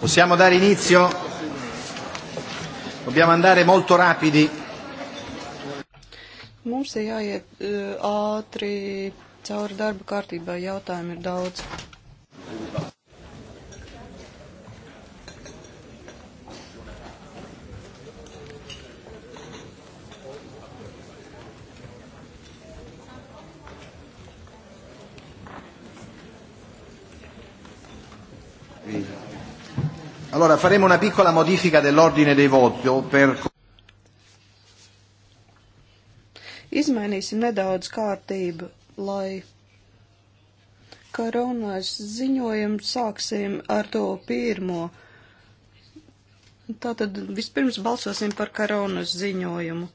Possiamo dare inizio? Dobbiamo andare molto rapidi. Mums ir jāiet eh, ātri cauri darba kārtībai, jautājumu ir daudz. Allora faremo una piccola modifica dell'ordine dei voti per. Izmainīsim nedaudz kārtību, lai koronas ziņojumu sāksim ar to pirmo. Tātad vispirms balsosim par koronas ziņojumu.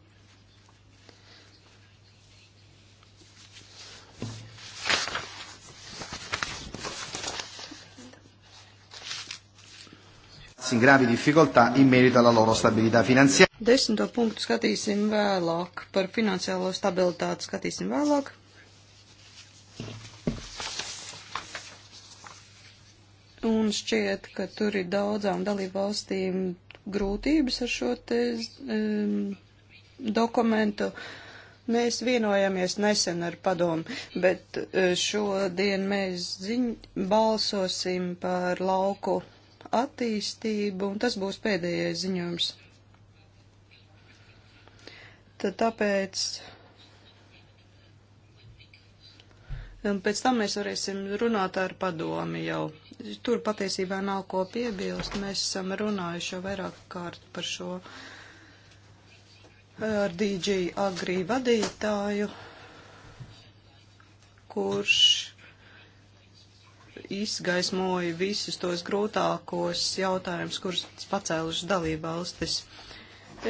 in gravi difficoltà in merito alla loro stabilità finanziaria. Desmito punktu skatīsim vēlāk. Par finansiālo stabilitāti skatīsim vēlāk. Un šķiet, ka tur ir daudzām dalībvalstīm grūtības ar šo te um, dokumentu. Mēs vienojamies nesen ar padomu, bet eh, šodien mēs ziņ, balsosim par lauku attīstību, un tas būs pēdējais ziņojums. Tad tāpēc. Un pēc tam mēs varēsim runāt ar padomi jau. Tur patiesībā nav ko piebilst. Mēs esam runājuši jau vairāk kārt par šo ar DJ agrī vadītāju, kurš izgaismoja visus tos grūtākos jautājumus, kurus pacēlušas dalībvalstis.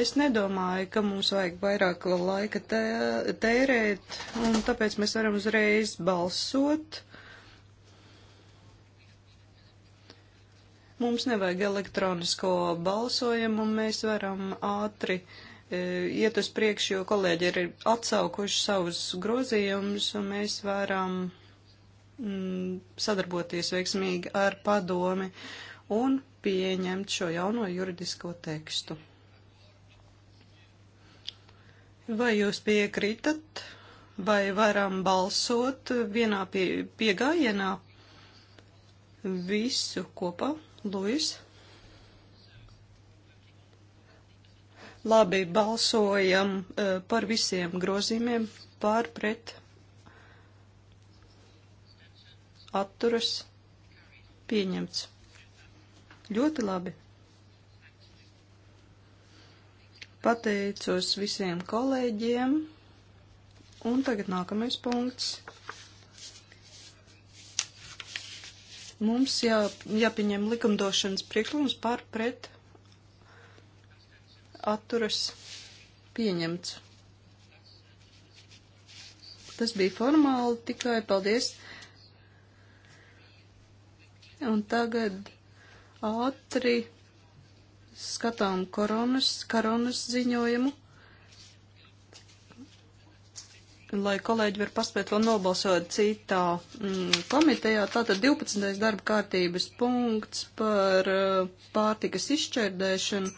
Es nedomāju, ka mums vajag vairāk laika tērēt, un tāpēc mēs varam uzreiz balsot. Mums nevajag elektronisko balsojumu, un mēs varam ātri e, iet uz priekšu, jo kolēģi ir atsaukuši savus grozījumus, un mēs varam Mm, sadarboties veiksmīgi ar padomi un pieņemt šo jauno juridisko tekstu. Vai jūs piekritat, vai varam balsot vienā pie, piegājienā visu kopā, Luis? Labi, balsojam eh, par visiem grozījumiem, pār pret atturas pieņemts. Ļoti labi. Pateicos visiem kolēģiem. Un tagad nākamais punkts. Mums jā, jāpieņem likumdošanas priekšlikums par pret atturas pieņemts. Tas bija formāli tikai paldies Un tagad ātri skatām koronas, koronas ziņojumu, lai kolēģi var paspēt vēl nobalsot citā mm, komitejā. Tātad 12. darba kārtības punkts par uh, pārtikas izšķērdēšanu.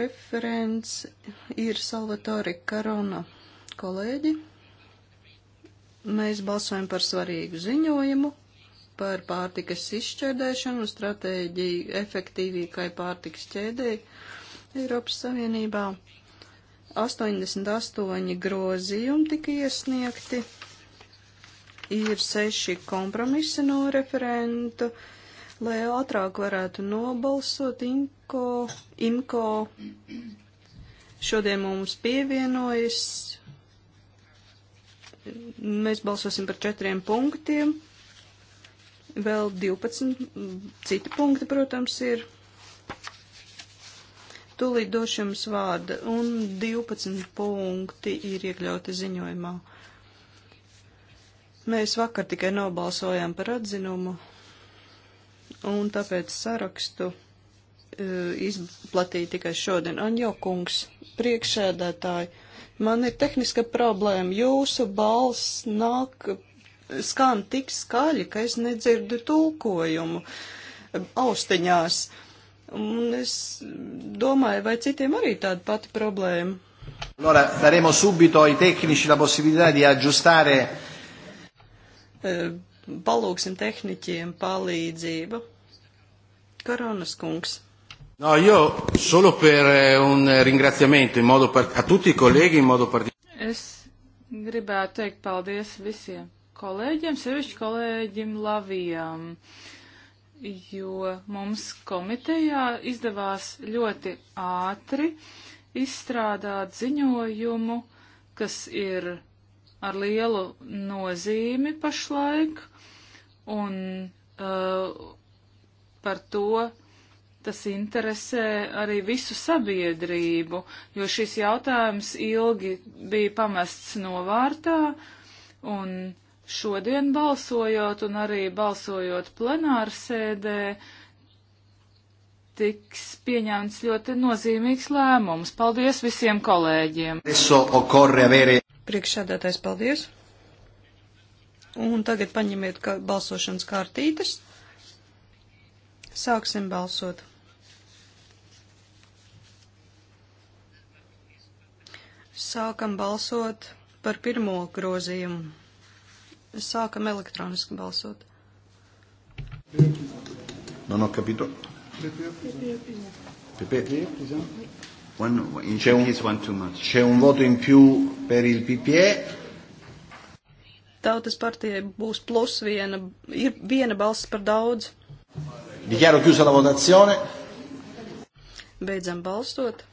Referents ir Salvatore Karona kolēģi. Mēs balsojam par svarīgu ziņojumu, par pārtikas izšķērdēšanu un stratēģiju efektīvīgai pārtikas ķēdēji Eiropas Savienībā. 88 grozījumi tika iesniegti, ir seši kompromisi no referentu, lai ātrāk varētu nobalsot IMCO. IMCO. Šodien mums pievienojas mēs balsosim par četriem punktiem vēl 12 mm, citi punkti, protams, ir. Tūlīt došu jums vārdu, un 12 punkti ir iekļauti ziņojumā. Mēs vakar tikai nobalsojām par atzinumu, un tāpēc sarakstu e, izplatīja tikai šodien. Anjo kungs, priekšēdētāji, man ir tehniska problēma. Jūsu balss nāk skan tik skaļi, ka es nedzirdu tulkojumu eh, austiņās. Un es domāju, vai citiem arī tāda pati problēma. Allora, daremo subito ai tecnici la possibilità di aggiustare. Eh, palūksim tehniķiem palīdzību. Koronas kungs. No, io solo per eh, un ringraziamento in modo par- a tutti i colleghi in modo particolare. Es gribētu teikt paldies visiem kolēģiem, sevišķi kolēģim Lavijam, jo mums komitejā izdevās ļoti ātri izstrādāt ziņojumu, kas ir ar lielu nozīmi pašlaik, un uh, par to tas interesē arī visu sabiedrību, jo šis jautājums ilgi bija pamests novārtā, un uh, šodien balsojot un arī balsojot plenārsēdē, tiks pieņemts ļoti nozīmīgs lēmums. Paldies visiem kolēģiem! Priekšsēdētājs, paldies! Un tagad paņemiet ka balsošanas kārtītes. Sāksim balsot. Sākam balsot par pirmo grozījumu. Sākam elektroniski balsot. Non ho capito. Pepe. Eh? One, in c'è, un, one too much. c'è un voto in più per il PPE. Tautas partijai būs plus viena, ir viena balss par daudz. Dichiaro chiusa la votazione. Beidzam balstot.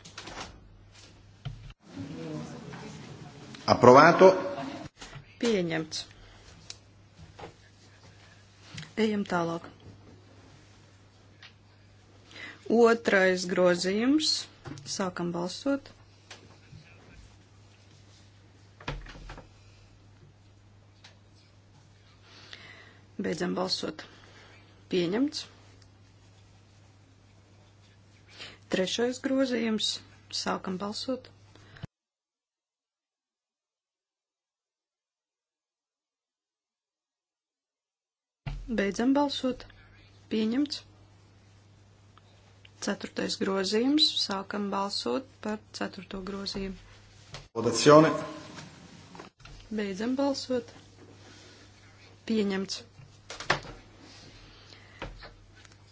Approvato. Pieņemts. Ejam tālāk. Otrais grozījums. Sākam balsot. Beidzam balsot. Pieņemts. Trešais grozījums. Sākam balsot. Beidzam balsot. Pieņemts. Ceturtais grozījums. Sākam balsot par ceturto grozījumu. Votazione. Beidzam balsot. Pieņemts.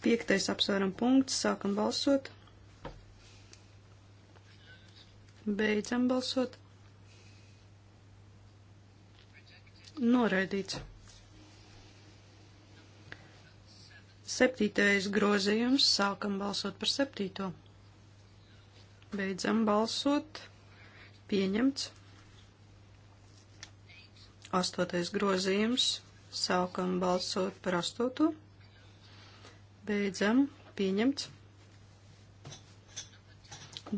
Piektais apsvērum punkts. Sākam balsot. Beidzam balsot. Noraidīts. Septītais grozījums. Sākam balsot par septīto. Beidzam balsot. Pieņemts. Astotais grozījums. Sākam balsot par astoto. Beidzam. Pieņemts.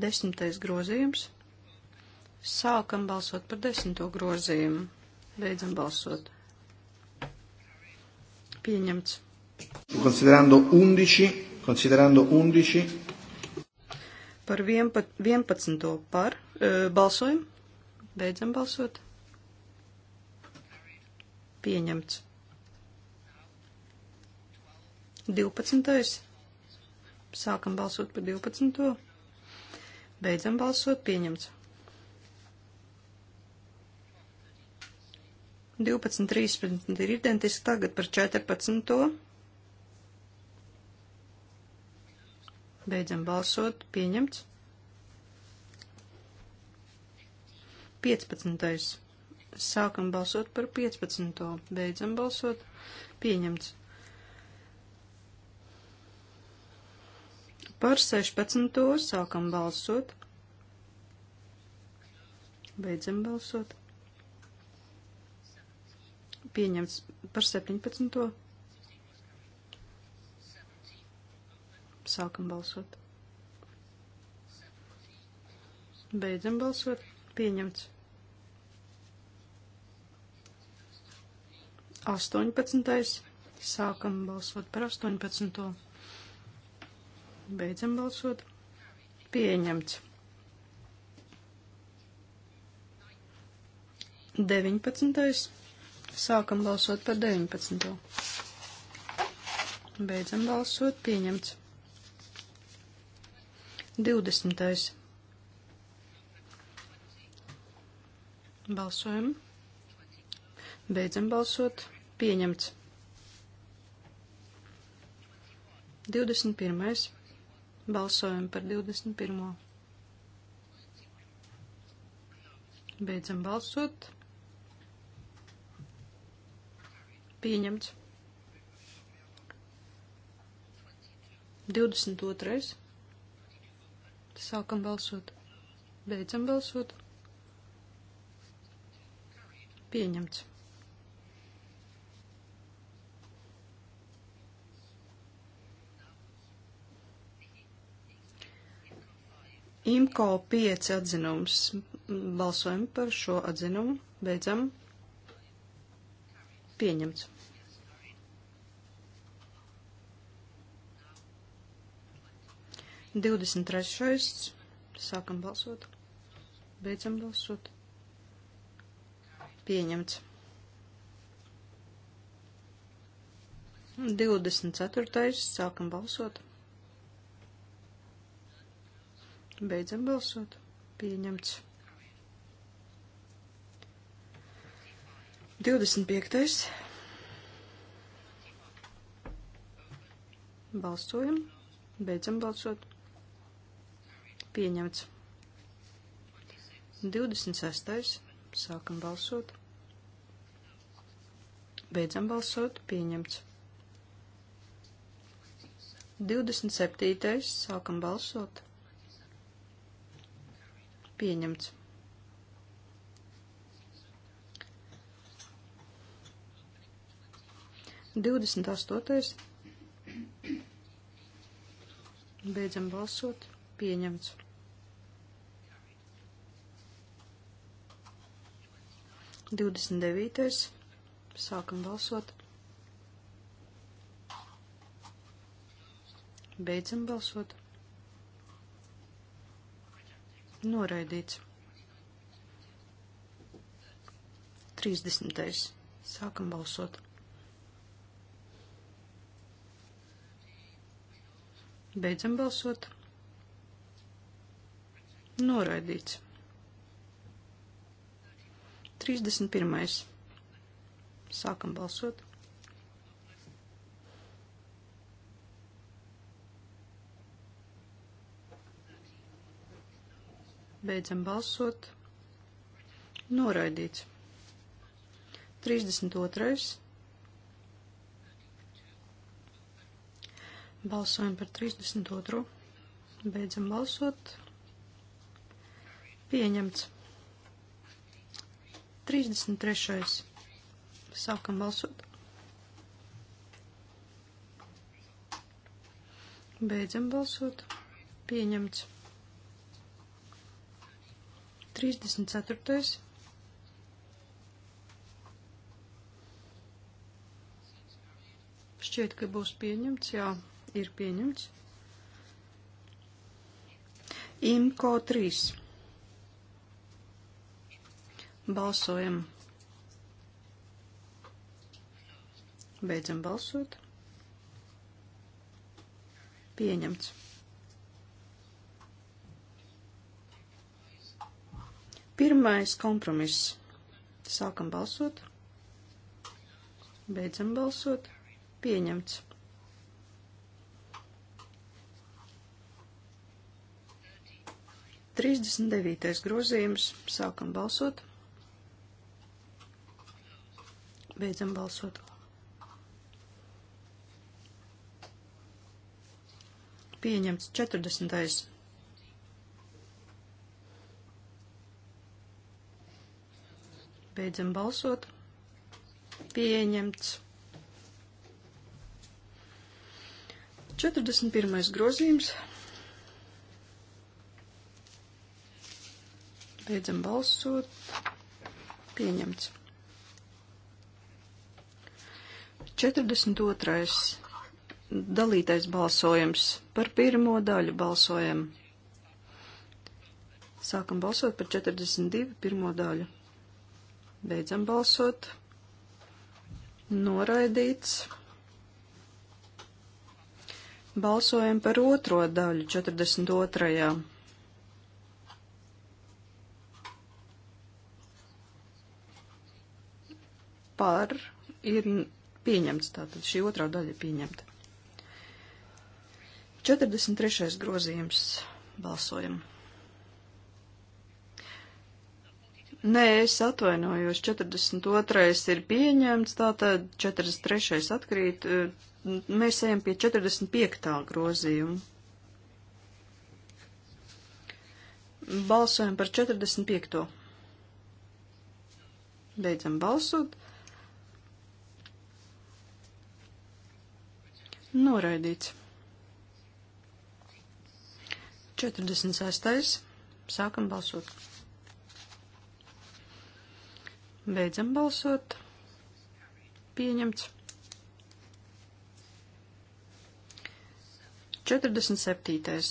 Desmitais grozījums. Sākam balsot par desmito grozījumu. Beidzam balsot. Pieņemts. Considerando 11, considerando 11. Par 11. 11 par e, balsojumu. Beidzam balsot. Pieņemts. 12. Sākam balsot par 12. Beidzam balsot. Pieņemts. 12, 13 ir identiski tagad par 14. Beidzam balsot. Pieņemts. 15. Sākam balsot par 15. Beidzam balsot. Pieņemts. Par 16. sākam balsot. Beidzam balsot. Pieņemts par 17. Sākam balsot. Beidzam balsot. Pieņemts. 18. Sākam balsot par 18. Beidzam balsot. Pieņemts. 19. Sākam balsot par 19. Beidzam balsot. Pieņemts. 20. Balsojam. Beidzam balsot. Pieņemts. 21. Balsojam par 21. Beidzam balsot. Pieņemts. 22. Sākam balsot. Beidzam balsot. Pieņemts. IMCO 5 atzinums. Balsojam par šo atzinumu. Beidzam. Pieņemts. 23. Sākam balsot. Beidzam balsot. Pieņemts. 24. Sākam balsot. Beidzam balsot. Pieņemts. 25. Balsojam. Beidzam balsot. Pieņemts. 26. Sākam balsot. Beidzam balsot. Pieņemts. 27. Sākam balsot. Pieņemts. Divdesmit astotais. Beidzam balsot. Pieņemts. 29. Sākam balsot. Beidzam balsot. Noraidīts. 30. Sākam balsot. Beidzam balsot. Noraidīts. 31. Sākam balsot. Beidzam balsot. Noraidīts. 32. Balsojam par 32. Beidzam balsot. Pieņemts. 33. Sākam balsot. Beidzam balsot. Pieņemts. 34. Šķiet, ka būs pieņemts. Jā, ir pieņemts. Imko 3. Balsojam. Beidzam balsot. Pieņemts. Pirmais kompromiss. Sākam balsot. Beidzam balsot. Pieņemts. Trīsdesmit devītais grozījums. Sākam balsot. Beidzam balsot. Pieņemts 40. Beidzam balsot. Pieņemts. 41. grozījums. Beidzam balsot. Pieņemts. 42. dalītais balsojums. Par pirmo daļu balsojam. Sākam balsot par 42. pirmo daļu. Beidzam balsot. Noraidīts. Balsojam par otro daļu 42. Par ir Pieņemts tātad šī otrā daļa ir pieņemta. 43. grozījums balsojam. Nē, es atvainojos, 42. ir pieņemts, tātad 43. atkrīt. Mēs ejam pie 45. grozījuma. Balsojam par 45. Beidzam balsot. Noraidīts. 46. Sākam balsot. Beidzam balsot. Pieņemts. 47.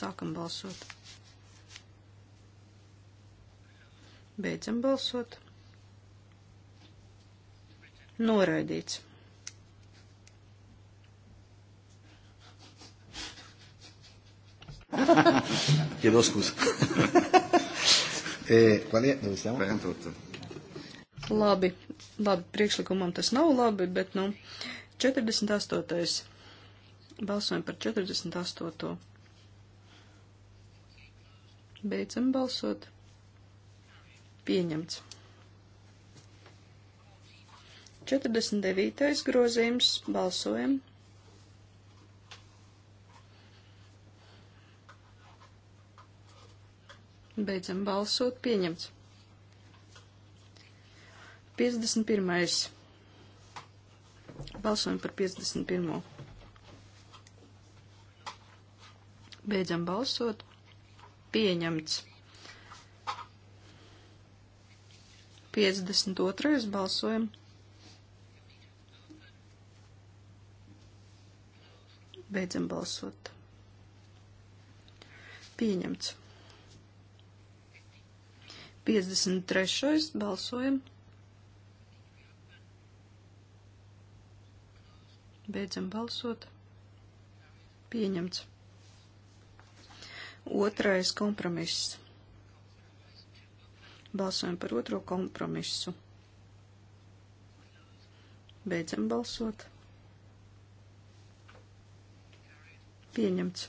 Sākam balsot. Beidzam balsot. Noraidīts. Chiedo scusa. e, qual è? Dove siamo? 48. Labi, labi, priekšlikumam tas nav labi, bet, nu, 48. Balsojam par 48. Beidzam balsot. Pieņemts. 49. grozījums. Balsojam. Beidzam balsot. Pieņemts. 51. Balsojam par 51. Beidzam balsot. Pieņemts. 52. Balsojam. Beidzam balsot. Pieņemts. 53. balsojam. Beidzam balsot. Pieņemts. Otrais kompromiss. Balsojam par otro kompromisu. Beidzam balsot. Pieņemts.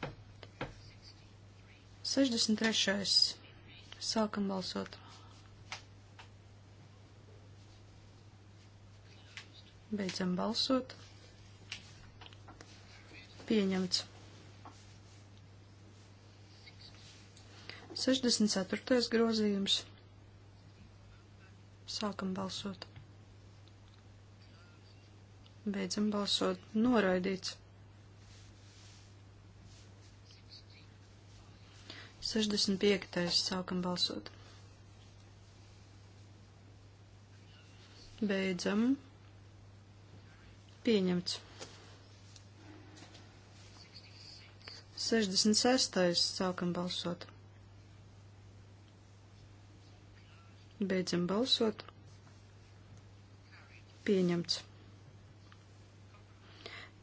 63. Sākam balsot. Beidzam balsot. Pieņemts. 64. grozījums. Sākam balsot. Beidzam balsot. Noraidīts. 65. sākam balsot. Beidzam. Pieņemts. 66. sākam balsot. Beidzam balsot. Pieņemts.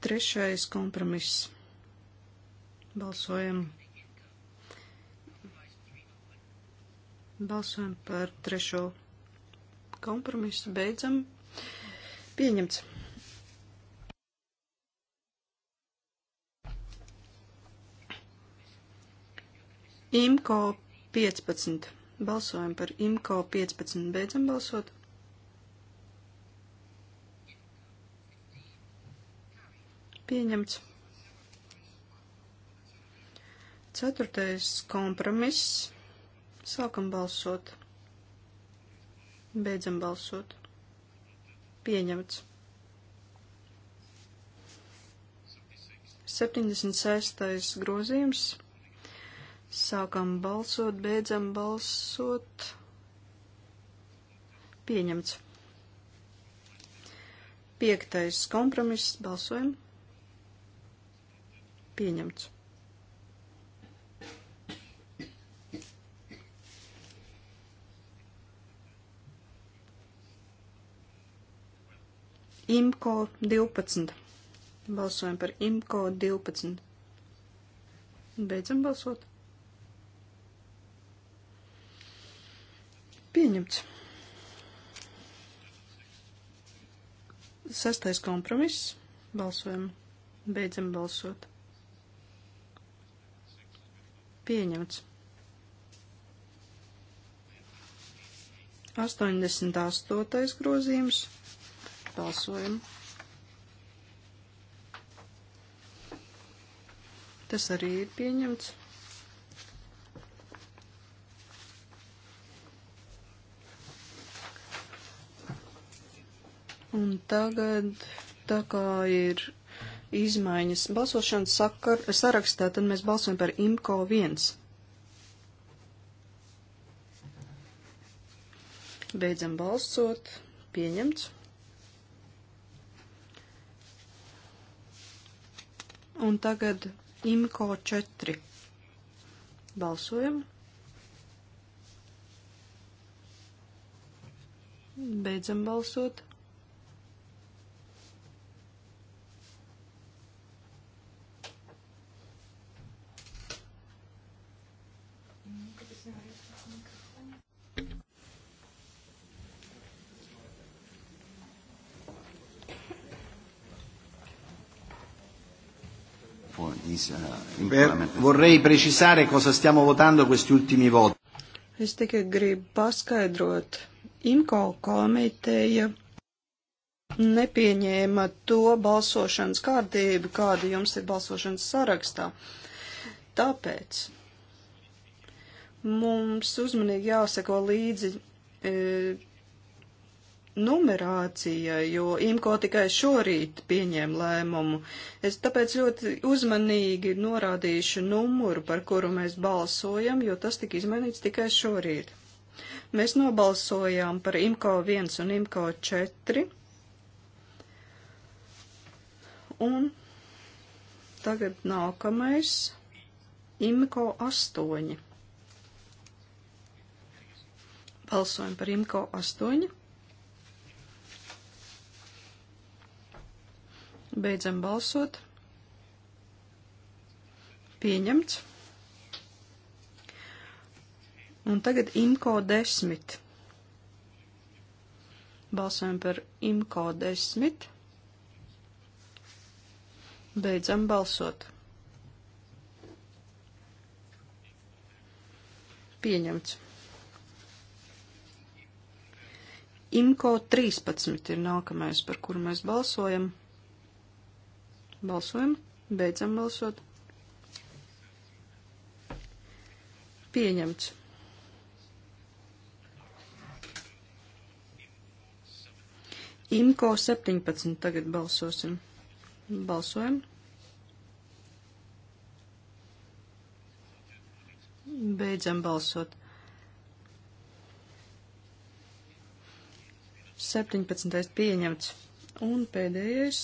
Trešais kompromiss. Balsojam. Balsojam par trešo kompromisu. Beidzam. Pieņemts. IMCO 15. Balsojam par IMCO 15. Beidzam balsot. Pieņemts. Ceturtais kompromiss. Sākam balsot. Beidzam balsot. Pieņemts. 76. grozījums. Sākam balsot, beidzam balsot. Pieņemts. Piektais kompromiss. Balsojam. Pieņemts. IMCO 12. Balsojam par IMCO 12. Beidzam balsot. Pieņemts. Sastais kompromiss. Balsojam. Beidzam balsot. Pieņemts. 88. grozījums balsojumu. Tas arī ir pieņemts. Un tagad, tā kā ir izmaiņas balsošanas sakar, sarakstā, tad mēs balsojam par IMCO 1. Beidzam balsot. Pieņemts. Un tagad IMCO 4. Balsojam. Beidzam balsot. is, uh, eh, per, vorrei precisare cosa stiamo votando questi ultimi voti. Es tikai gribu paskaidrot, IMCO komiteja nepieņēma to balsošanas kārtību, kāda jums ir balsošanas sarakstā. Tāpēc mums uzmanīgi jāseko līdzi e, numerācija, jo IMCO tikai šorīt pieņēma lēmumu. Es tāpēc ļoti uzmanīgi norādīšu numuru, par kuru mēs balsojam, jo tas tika izmainīts tikai šorīt. Mēs nobalsojām par IMCO 1 un IMCO 4. Un tagad nākamais IMCO 8. Balsojam par IMCO 8. Beidzam balsot. Pieņemts. Un tagad IMCO 10. Balsojam par IMCO 10. Beidzam balsot. Pieņemts. IMCO 13 ir nākamais, par kuru mēs balsojam. Balsojam. Beidzam balsot. Pieņemts. Imko 17 tagad balsosim. Balsojam. Beidzam balsot. 17. pieņemts. Un pēdējais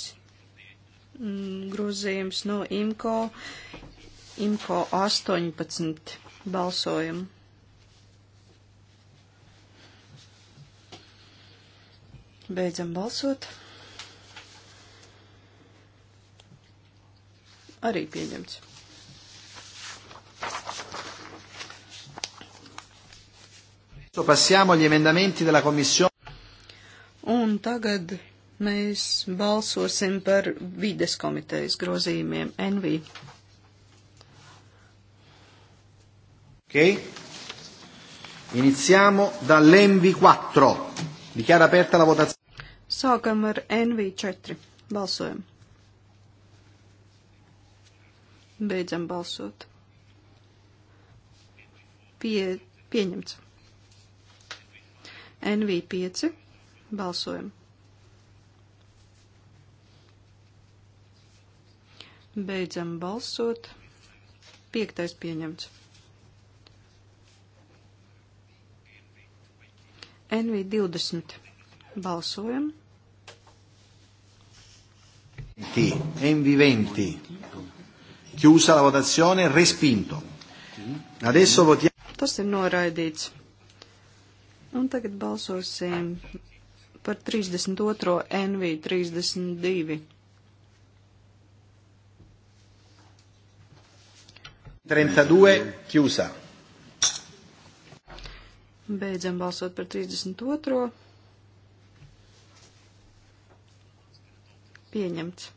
Mm, grozījums no IMCO, IMCO 18 balsojumu. Beidzam balsot. Arī pieņemts. Passiamo agli emendamenti della Commissione. Un tagad Mēs balsosim par vides komitejas grozījumiem NV. Ok. Iniziamo dall'NV4. E Dichiara aperta la votazione. Sākam ar NV4. Balsojam. Beidzam balsot. Pie, pieņemts. NV5. Balsojam. Beidzam balsot. Piektais pieņemts. NV20. Balsojam. NV20. Chiusa la votazione, respinto. Adesso votiamo. Tas ir noraidīts. Un tagad balsosim par 32. NV32. 32 chiusa. Beidzam balsot par 32. Pieņemts.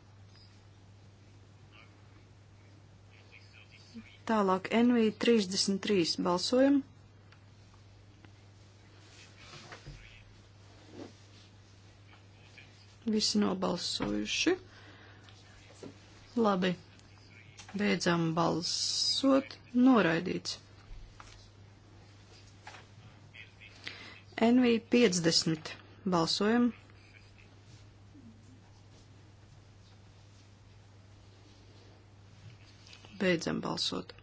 Tālāk NV 33 balsojam. Visi nobalsojuši. Labi. Beidzam balsot. Noraidīts. NV 50. Balsojam. Beidzam balsot.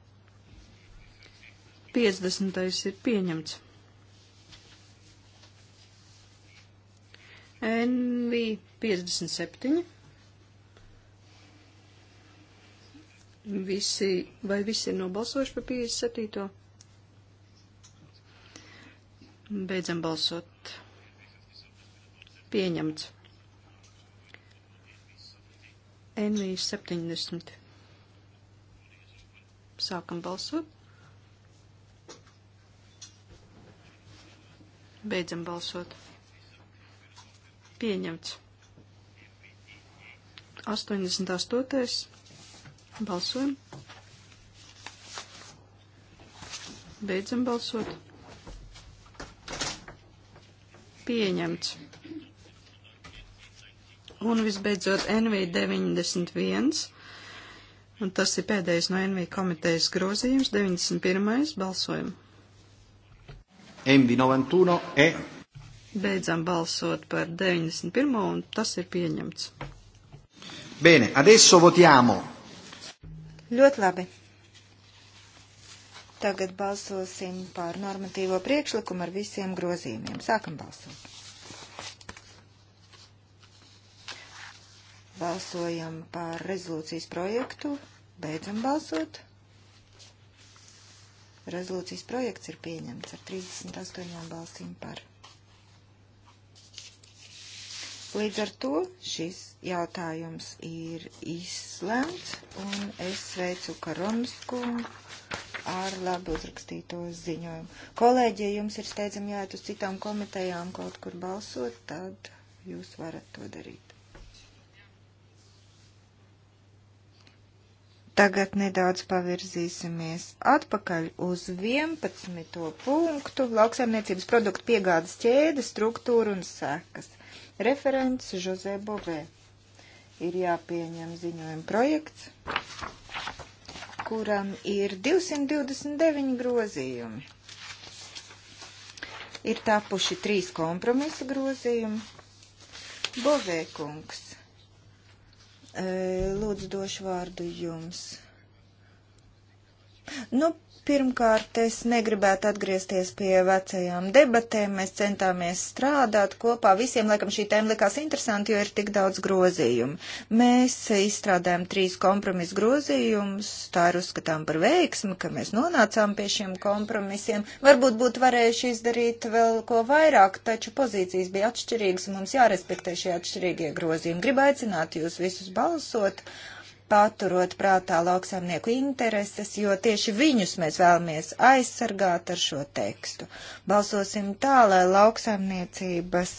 50. ir pieņemts. NV 57. Visi, vai visi ir nobalsojuši par 57. Beidzam balsot. Pieņemts. NV 70. Sākam balsot. Beidzam balsot. Pieņemts. 88. Balsojam. Beidzam balsot. Pieņemts. Un visbeidzot NV91. Un tas ir pēdējais no NV komitejas grozījums. 91. balsojam. NV91 e. Beidzam balsot par 91. un tas ir pieņemts. Bene, adesso votiamo Ļoti labi. Tagad balsosim par normatīvo priekšlikumu ar visiem grozījumiem. Sākam balsot. Balsojam par rezolūcijas projektu. Beidzam balsot. Rezolūcijas projekts ir pieņemts ar 38 balsīm par. Līdz ar to šis jautājums ir izslēgts, un es sveicu Karonas kungu ar labi uzrakstīto ziņojumu. Kolēģi, ja jums ir steidzami jāiet uz citām komitejām kaut kur balsot, tad jūs varat to darīt. Tagad nedaudz pavirzīsimies atpakaļ uz 11. punktu - lauksaimniecības produktu piegādes ķēde, struktūra un sekas. Referents Žozē Bovē. Ir jāpieņem ziņojuma projekts, kuram ir 229 grozījumi. Ir tapuši trīs kompromisa grozījumi. Bovē kungs, eh, lūdzu došu vārdu jums. Nu, Pirmkārt, es negribētu atgriezties pie vecajām debatēm. Mēs centāmies strādāt kopā. Visiem, laikam, šī tēma likās interesanti, jo ir tik daudz grozījumu. Mēs izstrādājam trīs kompromisu grozījumus. Tā ir uzskatām par veiksmi, ka mēs nonācām pie šiem kompromisiem. Varbūt būtu varējuši izdarīt vēl ko vairāk, taču pozīcijas bija atšķirīgas un mums jārespektē šie atšķirīgie grozījumi. Gribu aicināt jūs visus balsot paturot prātā lauksaimnieku intereses, jo tieši viņus mēs vēlamies aizsargāt ar šo tekstu. Balsosim tā, lai lauksaimniecības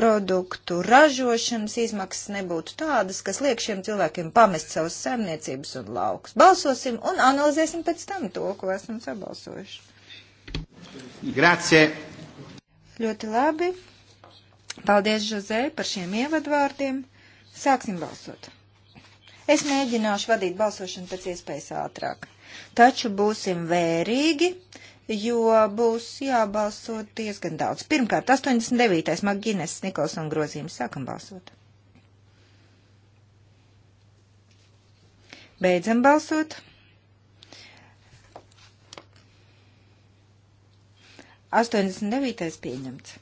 produktu ražošanas izmaksas nebūtu tādas, kas liek šiem cilvēkiem pamest savus saimniecības un laukus. Balsosim un analizēsim pēc tam to, ko esam sabalsojuši. Grazie! Ļoti labi. Paldies, Žozē, par šiem ievadvārdiem. Sāksim balsot. Es mēģināšu vadīt balsošanu pēc iespējas ātrāk. Taču būsim vērīgi, jo būs jābalso diezgan daudz. Pirmkārt, 89. Magines Nikols un grozījums. Sākam balsot. Beidzam balsot. 89. pieņemts.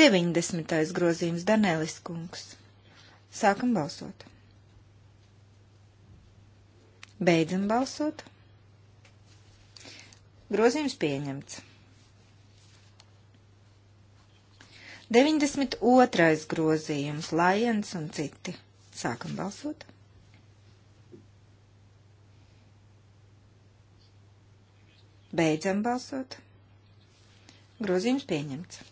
90. grozījums Danēlis kungs. Sākam balsot. Beidzam balsot. Grozījums pieņemts. 92. grozījums, Lajens un citi. Sākam balsot. Beidzam balsot. Grozījums pieņemts.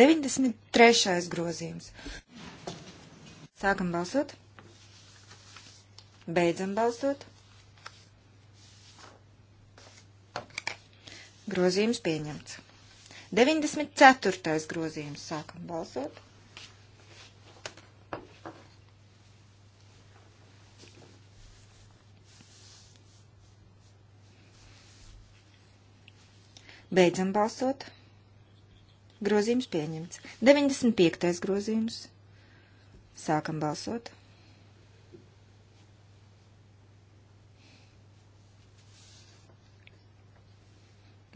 93. grozījums. Sākam balsot. Beidzam balsot. Grozījums pieņemts. 94. grozījums. Sākam balsot. Beidzam balsot. Grozījums pieņemts. 95. grozījums. Sākam balsot.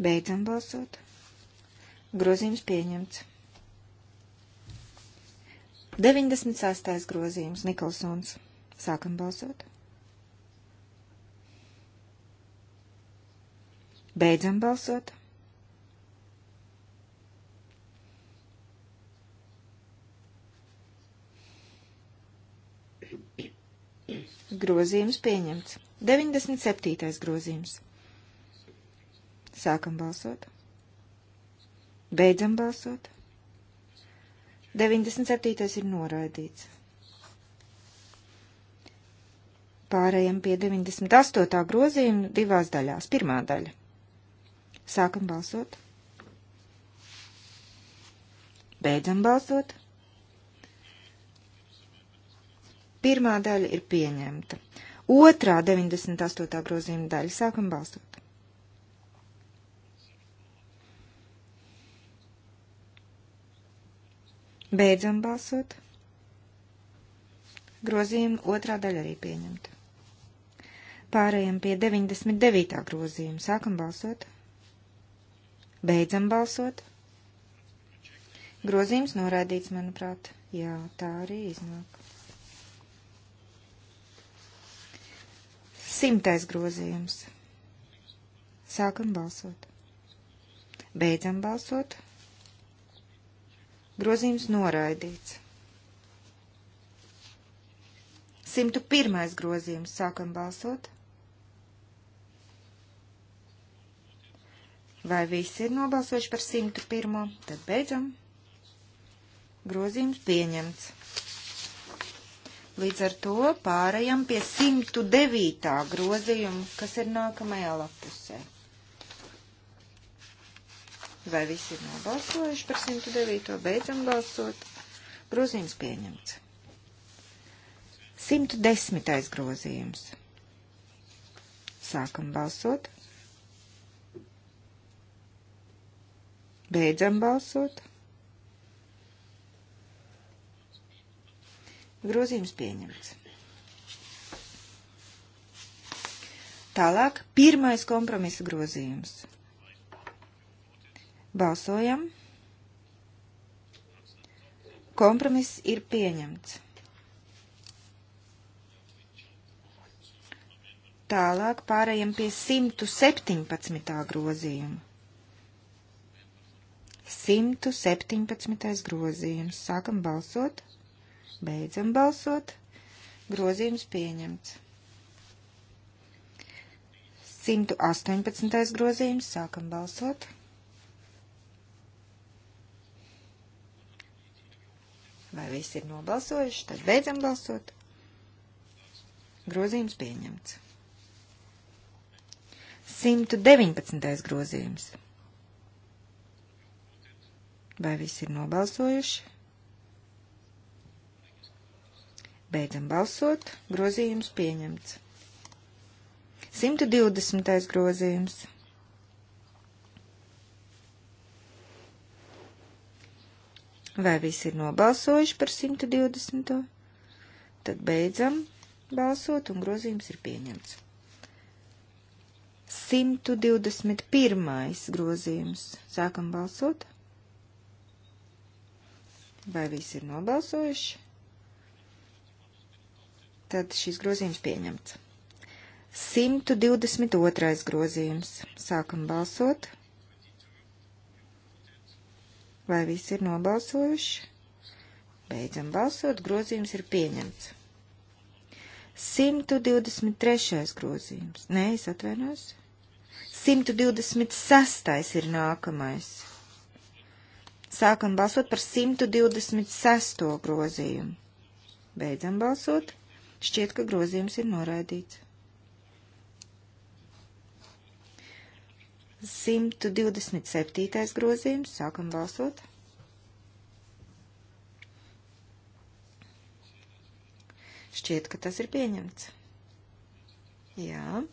Beidzam balsot. Grozījums pieņemts. 96. grozījums Nikolsons. Sākam balsot. Beidzam balsot. Grozījums pieņemts. 97. grozījums. Sākam balsot. Beidzam balsot. 97. ir noraidīts. Pārējiem pie 98. grozījuma divās daļās. Pirmā daļa. Sākam balsot. Beidzam balsot. Pirmā daļa ir pieņemta. Otrā 98. grozījuma daļa. Sākam balsot. Beidzam balsot. Grozījuma otrā daļa arī pieņemta. Pārējiem pie 99. grozījuma. Sākam balsot. Beidzam balsot. Grozījums norādīts, manuprāt. Jā, tā arī iznāk. Simtais grozījums. Sākam balsot. Beidzam balsot. Grozījums noraidīts. 101. grozījums. Sākam balsot. Vai visi ir nobalsojuši par 101? Tad beidzam. Grozījums pieņemts. Līdz ar to pārējām pie 109. grozījuma, kas ir nākamajā lapusē. Vai visi ir nobalsojuši par 109. beidzam balsot? Grozījums pieņemts. 110. grozījums. Sākam balsot. Beidzam balsot. Grozījums pieņemts. Tālāk, pirmais kompromisa grozījums. Balsojam. Kompromiss ir pieņemts. Tālāk pārējiem pie 117. grozījuma. 117. grozījums. Sākam balsot. Beidzam balsot. Grozījums pieņemts. 118. grozījums. Sākam balsot. Vai visi ir nobalsojuši? Tad beidzam balsot. Grozījums pieņemts. 119. grozījums. Vai visi ir nobalsojuši? Beidzam balsot. Grozījums pieņemts. 120. grozījums. Vai visi ir nobalsojuši par 120? Tad beidzam balsot un grozījums ir pieņemts. 121. grozījums. Sākam balsot. Vai visi ir nobalsojuši? tad šis grozījums pieņemts. 122. grozījums. Sākam balsot. Vai visi ir nobalsojuši? Beidzam balsot, grozījums ir pieņemts. 123. grozījums. Nē, es atvainojos. 126. ir nākamais. Sākam balsot par 126. grozījumu. Beidzam balsot. Šķiet, ka grozījums ir noraidīts. 127. grozījums. Sākam balsot. Šķiet, ka tas ir pieņemts. Jā.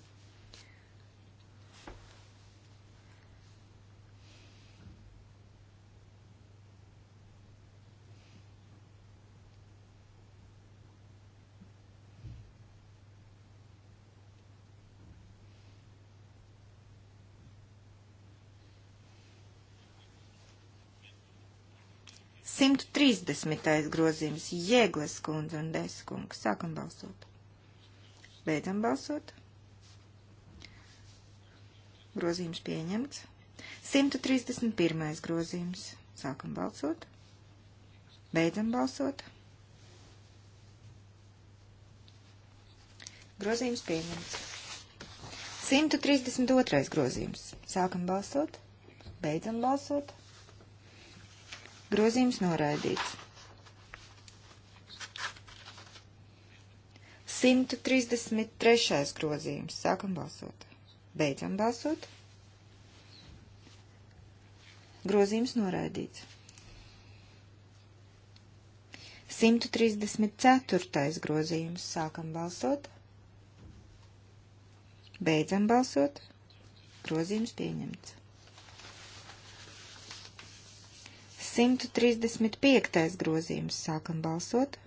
130. grozījums Jēgles kundze un Deskungs. Sākam balsot. Beidzam balsot. Grozījums pieņemts. 131. grozījums. Sākam balsot. Beidzam balsot. Grozījums pieņemts. 132. grozījums. Sākam balsot. Beidzam balsot grozījums noraidīts. 133. grozījums. Sākam balsot. Beidzam balsot. Grozījums noraidīts. 134. grozījums. Sākam balsot. Beidzam balsot. Grozījums pieņemts. 135. grozījums. Sākam balsot.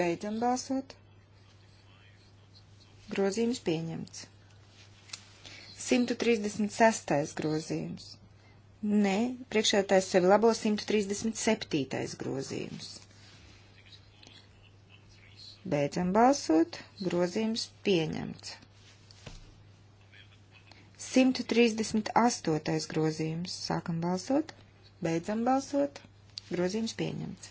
Beidzam balsot. Grozījums pieņemts. 136. grozījums. Nē, priekšētājs sevi labo 137. grozījums. Beidzam balsot. Grozījums pieņemts. 138. grozījums. Sākam balsot, beidzam balsot, grozījums pieņemts.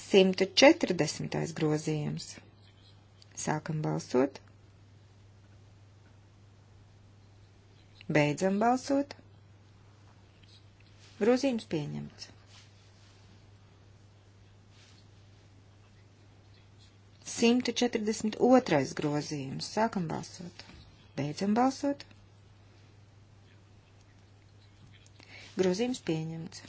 140. grozījums. Sākam balsot, beidzam balsot, grozījums pieņemts. 142. grozījums. Sākam balsot. Beidzam balsot. Grozījums pieņemts.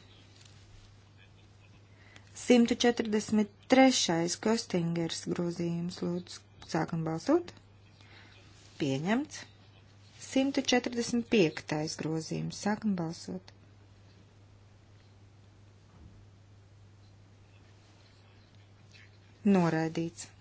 143. Kostingers grozījums. Lūdzu, sākam balsot. Pieņemts. 145. grozījums. Sākam balsot. Noraidīts.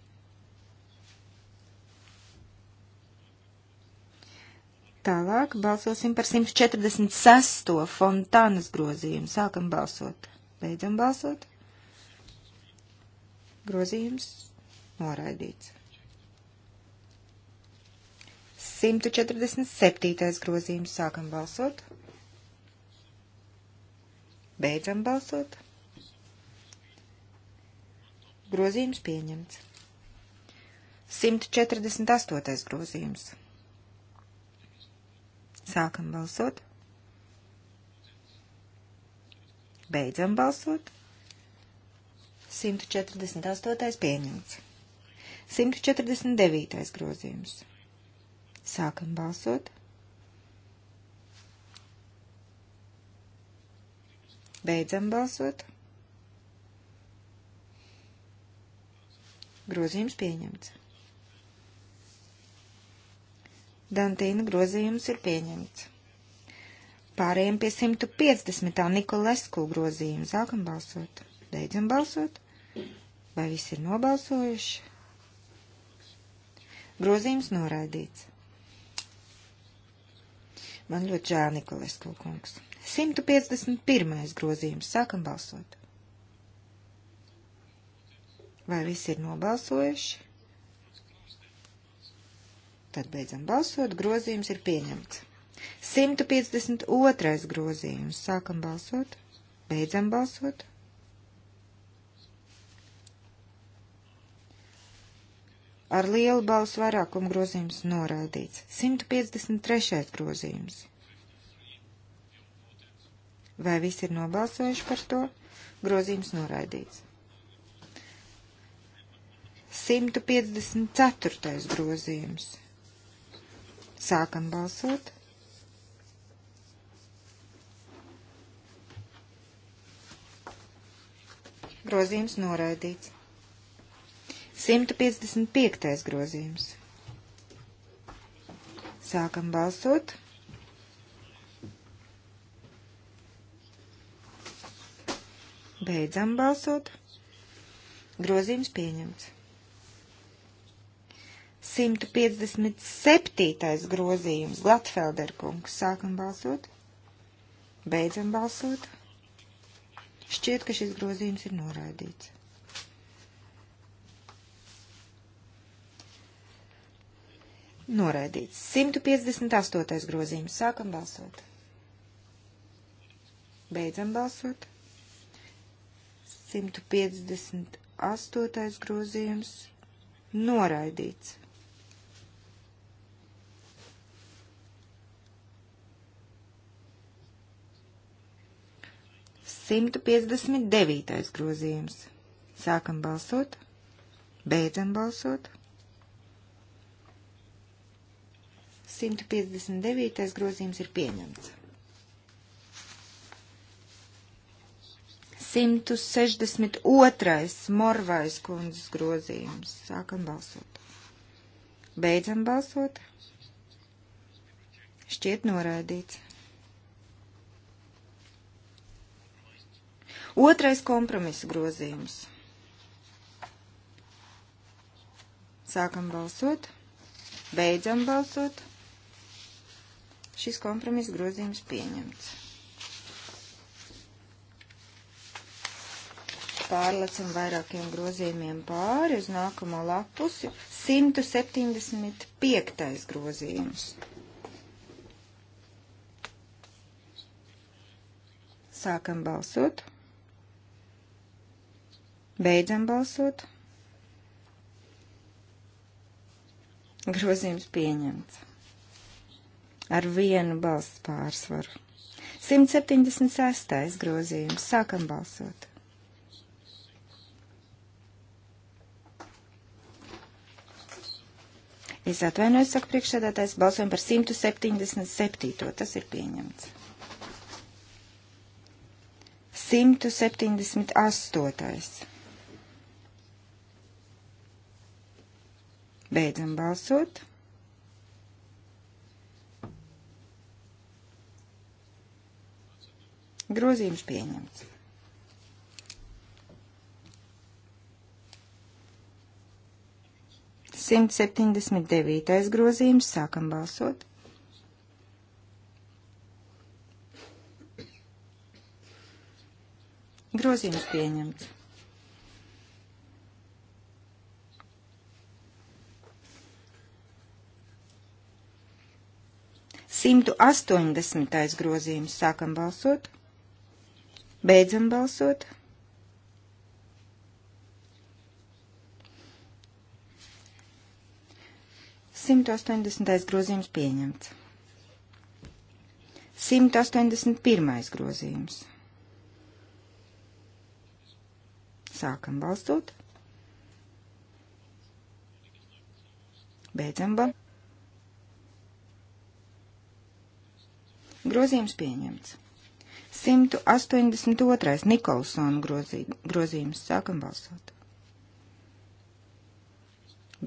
Tālāk balsosim par 146. fontānas grozījumu. Sākam balsot. Beidzam balsot. Grozījums noraidīts. 147. grozījums. Sākam balsot. Beidzam balsot. Grozījums pieņemts. 148. grozījums. Sākam balsot. Beidzam balsot. 148. pieņemts. 149. grozījums. Sākam balsot. Beidzam balsot. Grozījums pieņemts. Dantīna grozījums ir pieņemts. Pārējiem pie 150. Nikolesku grozījumu. Sākam balsot. Beidzam balsot. Vai visi ir nobalsojuši? Grozījums noraidīts. Man ļoti žēl, Nikolesku kungs. 151. grozījums. Sākam balsot. Vai visi ir nobalsojuši? Tad beidzam balsot, grozījums ir pieņemts. 152. grozījums. Sākam balsot, beidzam balsot. Ar lielu balsu vairākumu grozījums noraidīts. 153. grozījums. Vai visi ir nobalsojuši par to? Grozījums noraidīts. 154. grozījums. Sākam balsot. Grozījums noraidīts. 155. grozījums. Sākam balsot. Beidzam balsot. Grozījums pieņemts. 157. grozījums Glatfelderkungs. Sākam balsot. Beidzam balsot. Šķiet, ka šis grozījums ir noraidīts. Noraidīts. 158. grozījums. Sākam balsot. Beidzam balsot. 158. grozījums. Noraidīts. 159. grozījums. Sākam balsot, beidzam balsot. 159. grozījums ir pieņemts. 162. morvais kundzes grozījums. Sākam balsot. Beidzam balsot. Šķiet noraidīts. Otrais kompromisa grozījums. Sākam balsot, beidzam balsot. Šis kompromisa grozījums pieņemts. Pārlecam vairākiem grozījumiem pāri uz nākamo lapusi. 175. grozījums. Sākam balsot. Beidzam balsot. Grozījums pieņemts. Ar vienu balsts pārsvaru. 176. grozījums. Sākam balsot. Es atvainojos, saka priekšsēdētājs, balsojam par 177. Tas ir pieņemts. 178. Beidzam balsot. Grozījums pieņemts. Simt septiņdesmit devītais grozījums. Sākam balsot. Grozījums pieņemts. 180. grozījums. Sākam balsot. Beidzam balsot. Simt astoņdesmitais grozījums pieņemts. Simt astoņdesmit pirmais grozījums. Sākam balstot. Beidzam balstot. Grozījums pieņemts. 182. Nikolsona grozī, grozījums. Sākam balsot.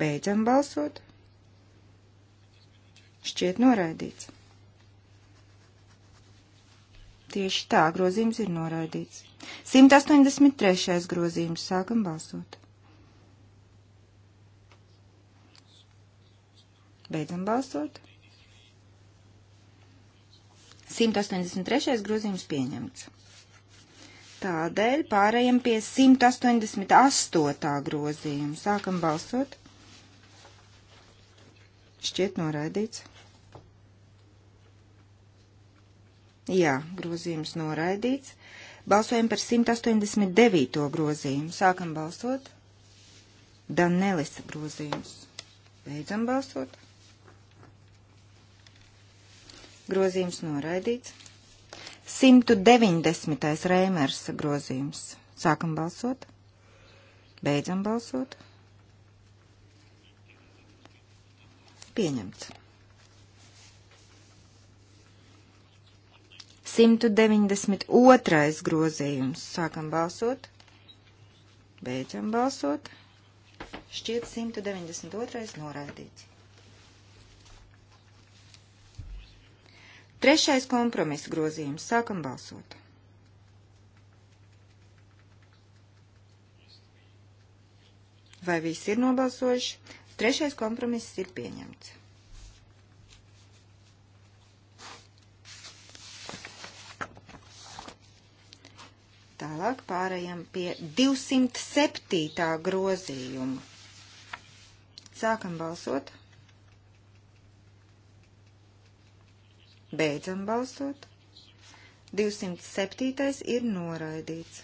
Beidzam balsot. Šķiet noraidīts. Tieši tā grozījums ir noraidīts. 183. grozījums. Sākam balsot. Beidzam balsot. 183. grozījums pieņemts. Tādēļ pārējiem pie 188. grozījuma. Sākam balsot. Šķiet noraidīts. Jā, grozījums noraidīts. Balsojam par 189. grozījumu. Sākam balsot. Danelis grozījums. Beidzam balsot grozījums noraidīts. 190. Rēmers grozījums. Sākam balsot. Beidzam balsot. Pieņemts. 192. grozījums. Sākam balsot. Beidzam balsot. Šķiet 192. noraidīts. Trešais kompromisa grozījums. Sākam balsot. Vai visi ir nobalsojuši? Trešais kompromiss ir pieņemts. Tālāk pārējām pie 207. grozījuma. Sākam balsot. 207. Beidzam balsot. 207. ir noraidīts.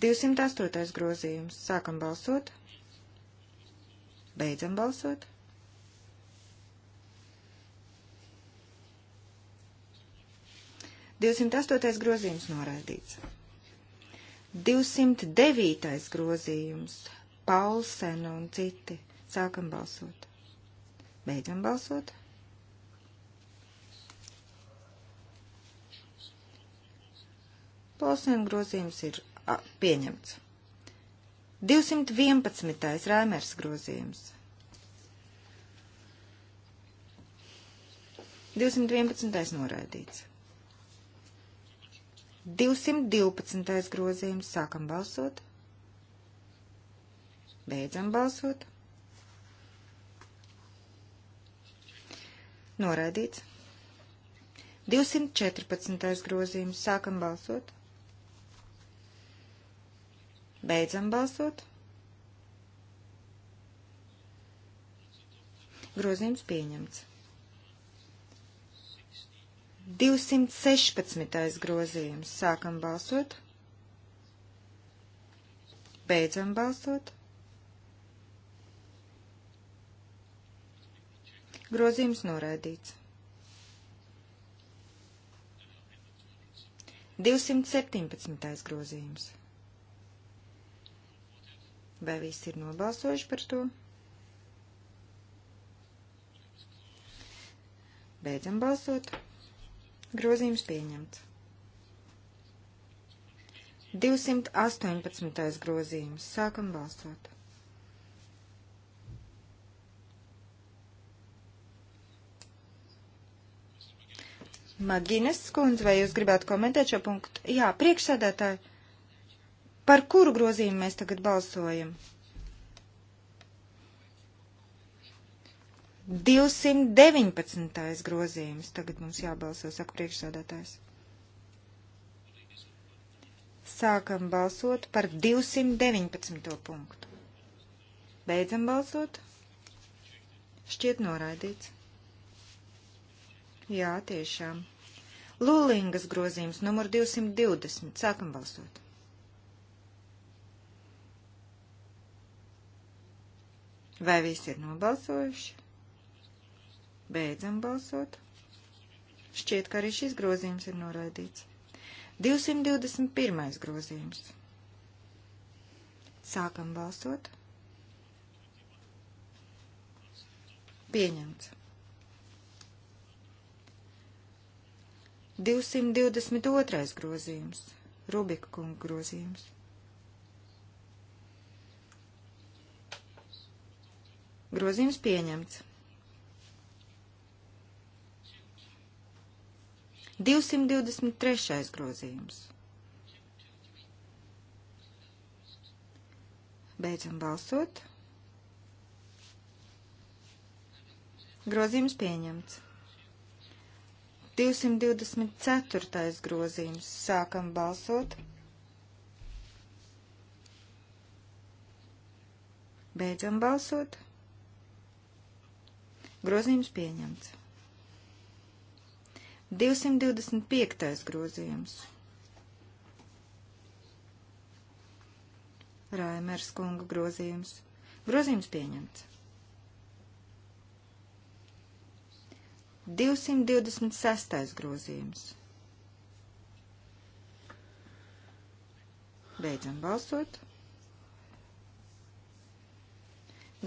208. grozījums. Sākam balsot. Beidzam balsot. Divsimt astotais grozījums noraidīts. 209. grozījums. Paulsen un citi. Sākam balsot. Beidzam balsot. Balsojuma grozījums ir a, pieņemts. 211. Rēmērs grozījums. 211. noraidīts. 212. grozījums. Sākam balsot. Beidzam balsot. Noraidīts. 214. grozījums. Sākam balsot. Beidzam balsot. Grozījums pieņemts. 216. grozījums. Sākam balsot. Beidzam balsot. Grozījums noraidīts. 217. grozījums. Vai visi ir nobalsojuši par to? Beidzam balsot. Grozījums pieņemts. 218. grozījums. Sākam balsot. Magines skundze, vai jūs gribētu komentēt šo punktu? Jā, priekšsēdētāji, par kuru grozījumu mēs tagad balsojam? 219. grozījums tagad mums jābalso, saka priekšsēdētājs. Sākam balsot par 219. punktu. Beidzam balsot. Šķiet noraidīts. Jā, tiešām. Lulingas grozījums numur 220. Sākam balsot. Vai visi ir nobalsojuši? Beidzam balsot. Šķiet, ka arī šis grozījums ir noraidīts. 221. grozījums. Sākam balsot. Pieņemts. 222. grozījums, Rubika kunga grozījums. Grozījums pieņemts. 223. grozījums. Beidzam balsot. Grozījums pieņemts. 224. grozījums. Sākam balsot. Beidzam balsot. Grozījums pieņemts. 225. grozījums. Raimers kunga grozījums. Grozījums pieņemts. 226. grozījums. Beidzam balsot.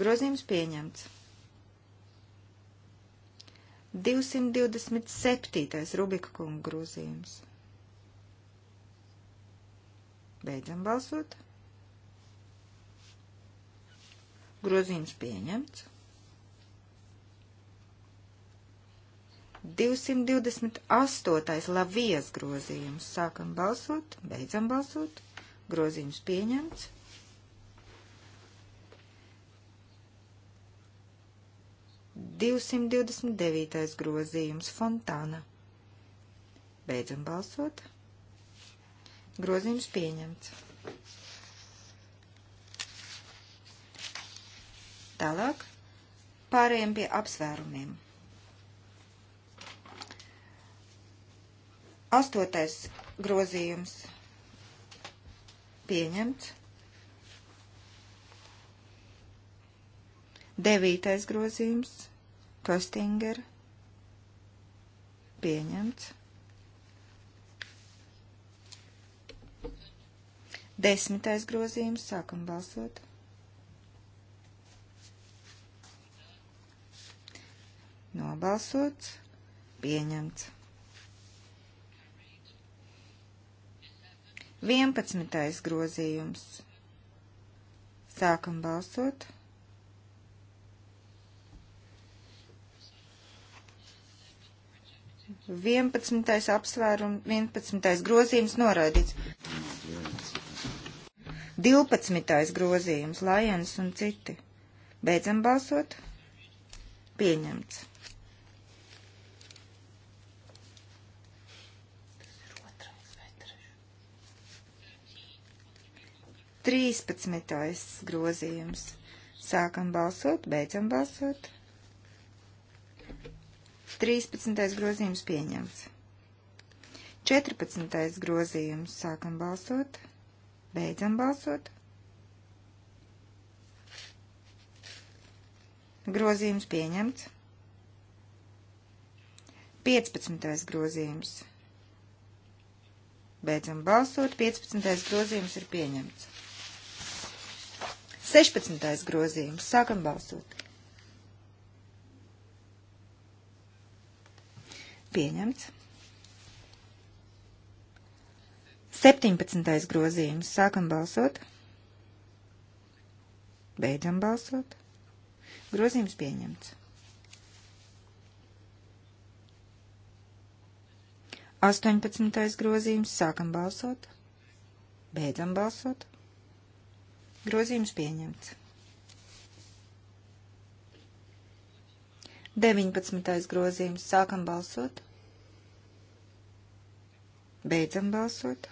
Grozījums pieņemts. 227. Rubika kunga grozījums. Beidzam balsot. Grozījums pieņemts. 228. Lavijas grozījums. Sākam balsot, beidzam balsot. Grozījums pieņemts. Divsimt divdesmit devītais grozījums Fontāna. Beidzam balsot. Grozījums pieņemts. Tālāk pārējiem pie apsvērumiem. Astotais grozījums pieņemts. Devītais grozījums Kostinger pieņemts. Desmitais grozījums sākam balsot. Nobalsots, pieņemts. 11. grozījums. Sākam balsot. Vienpadsmitais apsvērums, vienpadsmitais grozījums noraidīts. Divpadsmitais grozījums, Lajens un citi. Beidzam balsot. Pieņemts. 13. grozījums. Sākam balsot, beidzam balsot. 13. grozījums pieņemts. 14. grozījums. Sākam balsot, beidzam balsot. Grozījums pieņemts. 15. grozījums. Beidzam balsot. 15. grozījums ir pieņemts. 16. grozījums. Sākam balsot. Pieņemts. 17. grozījums. Sākam balsot. Beidzam balsot. Grozījums pieņemts. 18. grozījums. Sākam balsot. Beidzam balsot. Grozījums pieņemts. 19. grozījums. Sākam balsot. Beidzam balsot.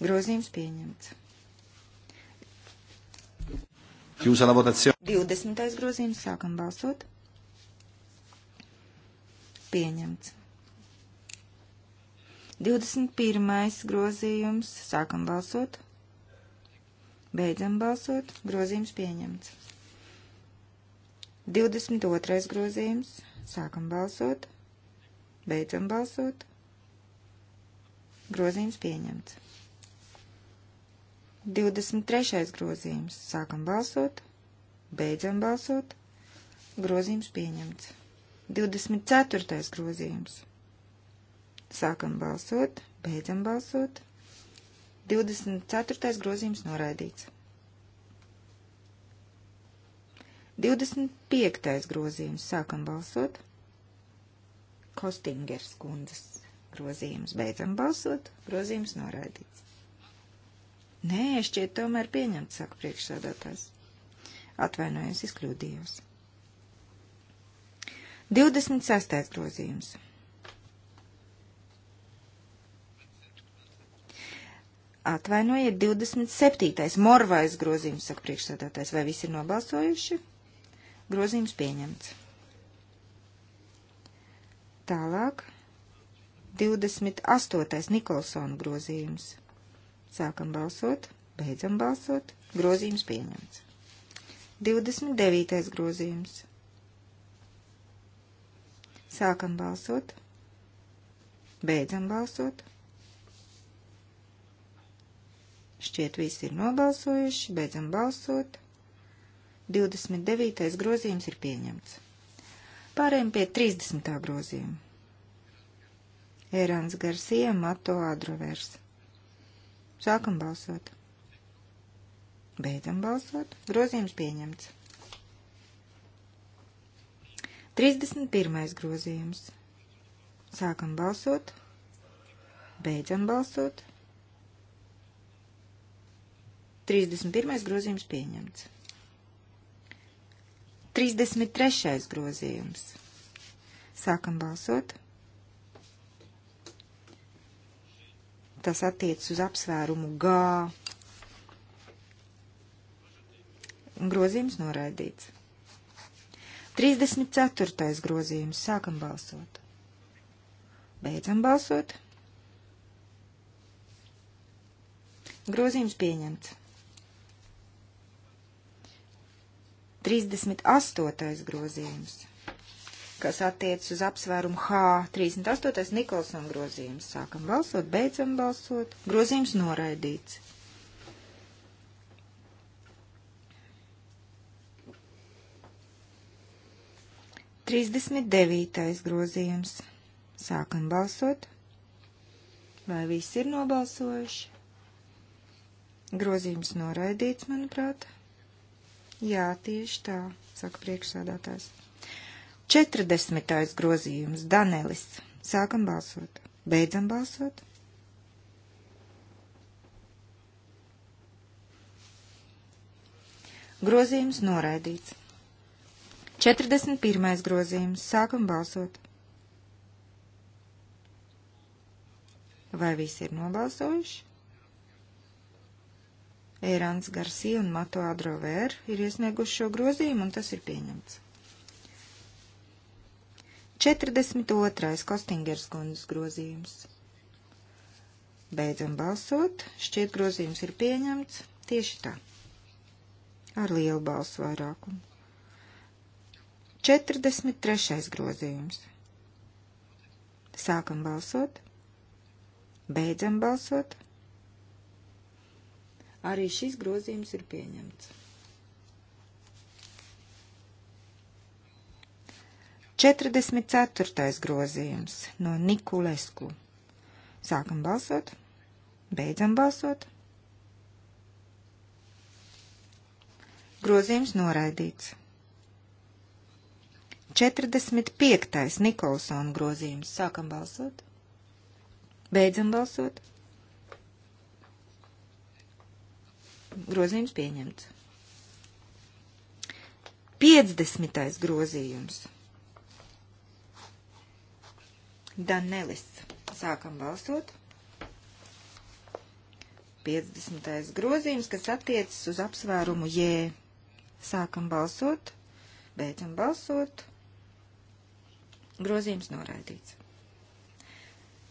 Grozījums pieņemts. 20. grozījums. Sākam balsot. Pieņemts. 21. grozījums. Sākam balsot. Beidzam balsot. Grozījums pieņemts. 22. grozījums. Sākam balsot. Beidzam balsot. Grozījums pieņemts. 23. grozījums. Sākam balsot. Beidzam balsot. Grozījums pieņemts. 24. grozījums. Sākam balsot. Beidzam balsot. 24. grozījums noraidīts. 25. grozījums sākam balsot. Kostingers kundzes grozījums beidzam balsot. Grozījums noraidīts. Nē, šķiet tomēr pieņemts, saka priekšsādātājs. Atvainojos, izkļūdījos. 26. grozījums. Atvainojiet, 27. morvais grozījums, saka priekšsēdētājs. Vai visi ir nobalsojuši? Grozījums pieņemts. Tālāk. 28. Nikolsona grozījums. Sākam balsot, beidzam balsot, grozījums pieņemts. 29. grozījums. Sākam balsot, beidzam balsot, Šķiet, visi ir nobalsojuši, beidzam balsot. 29. grozījums ir pieņemts. Pārējiem pie 30. grozījuma. Erāns Garsija Mato Adrovers. Sākam balsot. Beidzam balsot. Grozījums pieņemts. 31. grozījums. Sākam balsot. Beidzam balsot. 31. grozījums pieņemts. 33. grozījums. Sākam balsot. Tas attiecas uz apsvērumu G. Grozījums noraidīts. 34. grozījums. Sākam balsot. Beidzam balsot. Grozījums pieņemts. 38. grozījums, kas attiecas uz apsvērumu H. 38. Nikolson grozījums. Sākam balsot, beidzam balsot. Grozījums noraidīts. Trīsdesmit devītais grozījums. Sākam balsot. Vai visi ir nobalsojuši? Grozījums noraidīts, manuprāt. Jā, tieši tā, saka priekšsādātājs. 40. grozījums Danelis. Sākam balsot. Beidzam balsot. Grozījums noraidīts. 41. grozījums. Sākam balsot. Vai visi ir nobalsojuši? Eirāns Garsī un Mato Adrovēr ir iesnieguši šo grozījumu, un tas ir pieņemts. 42. Kostingers kundzes grozījums. Beidzam balsot. Šķiet grozījums ir pieņemts tieši tā. Ar lielu balsu vairākumu. 43. grozījums. Sākam balsot. Beidzam balsot. Arī šis grozījums ir pieņemts. 44. grozījums no Nikulesku. Sākam balsot, beidzam balsot. Grozījums noraidīts. 45. Nikolsona grozījums. Sākam balsot, beidzam balsot. Grozījums pieņemts. 50. grozījums. Danelis. Sākam balsot. 50. grozījums, kas attiecas uz apsvērumu J. Sākam balsot, beidzam balsot. Grozījums noraidīts.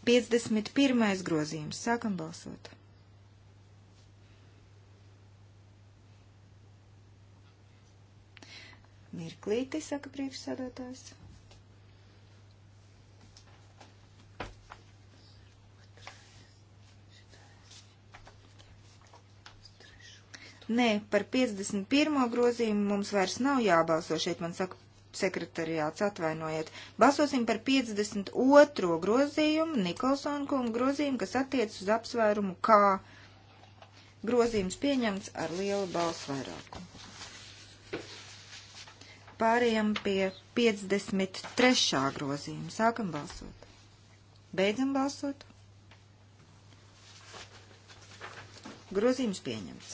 51. grozījums. Sākam balsot. Mirklīti, saka priekšsēdētājs. Nē, par 51. grozījumu mums vairs nav jābalso šeit, man saka sekretariāts, atvainojiet. Balsosim par 52. grozījumu, Nikolsona kungu grozījumu, kas attiec uz apsvērumu K. Grozījums pieņemts ar lielu balsu vairākumu. Pārējām pie 53. grozījuma. Sākam balsot. Beidzam balsot. Grozījums pieņemts.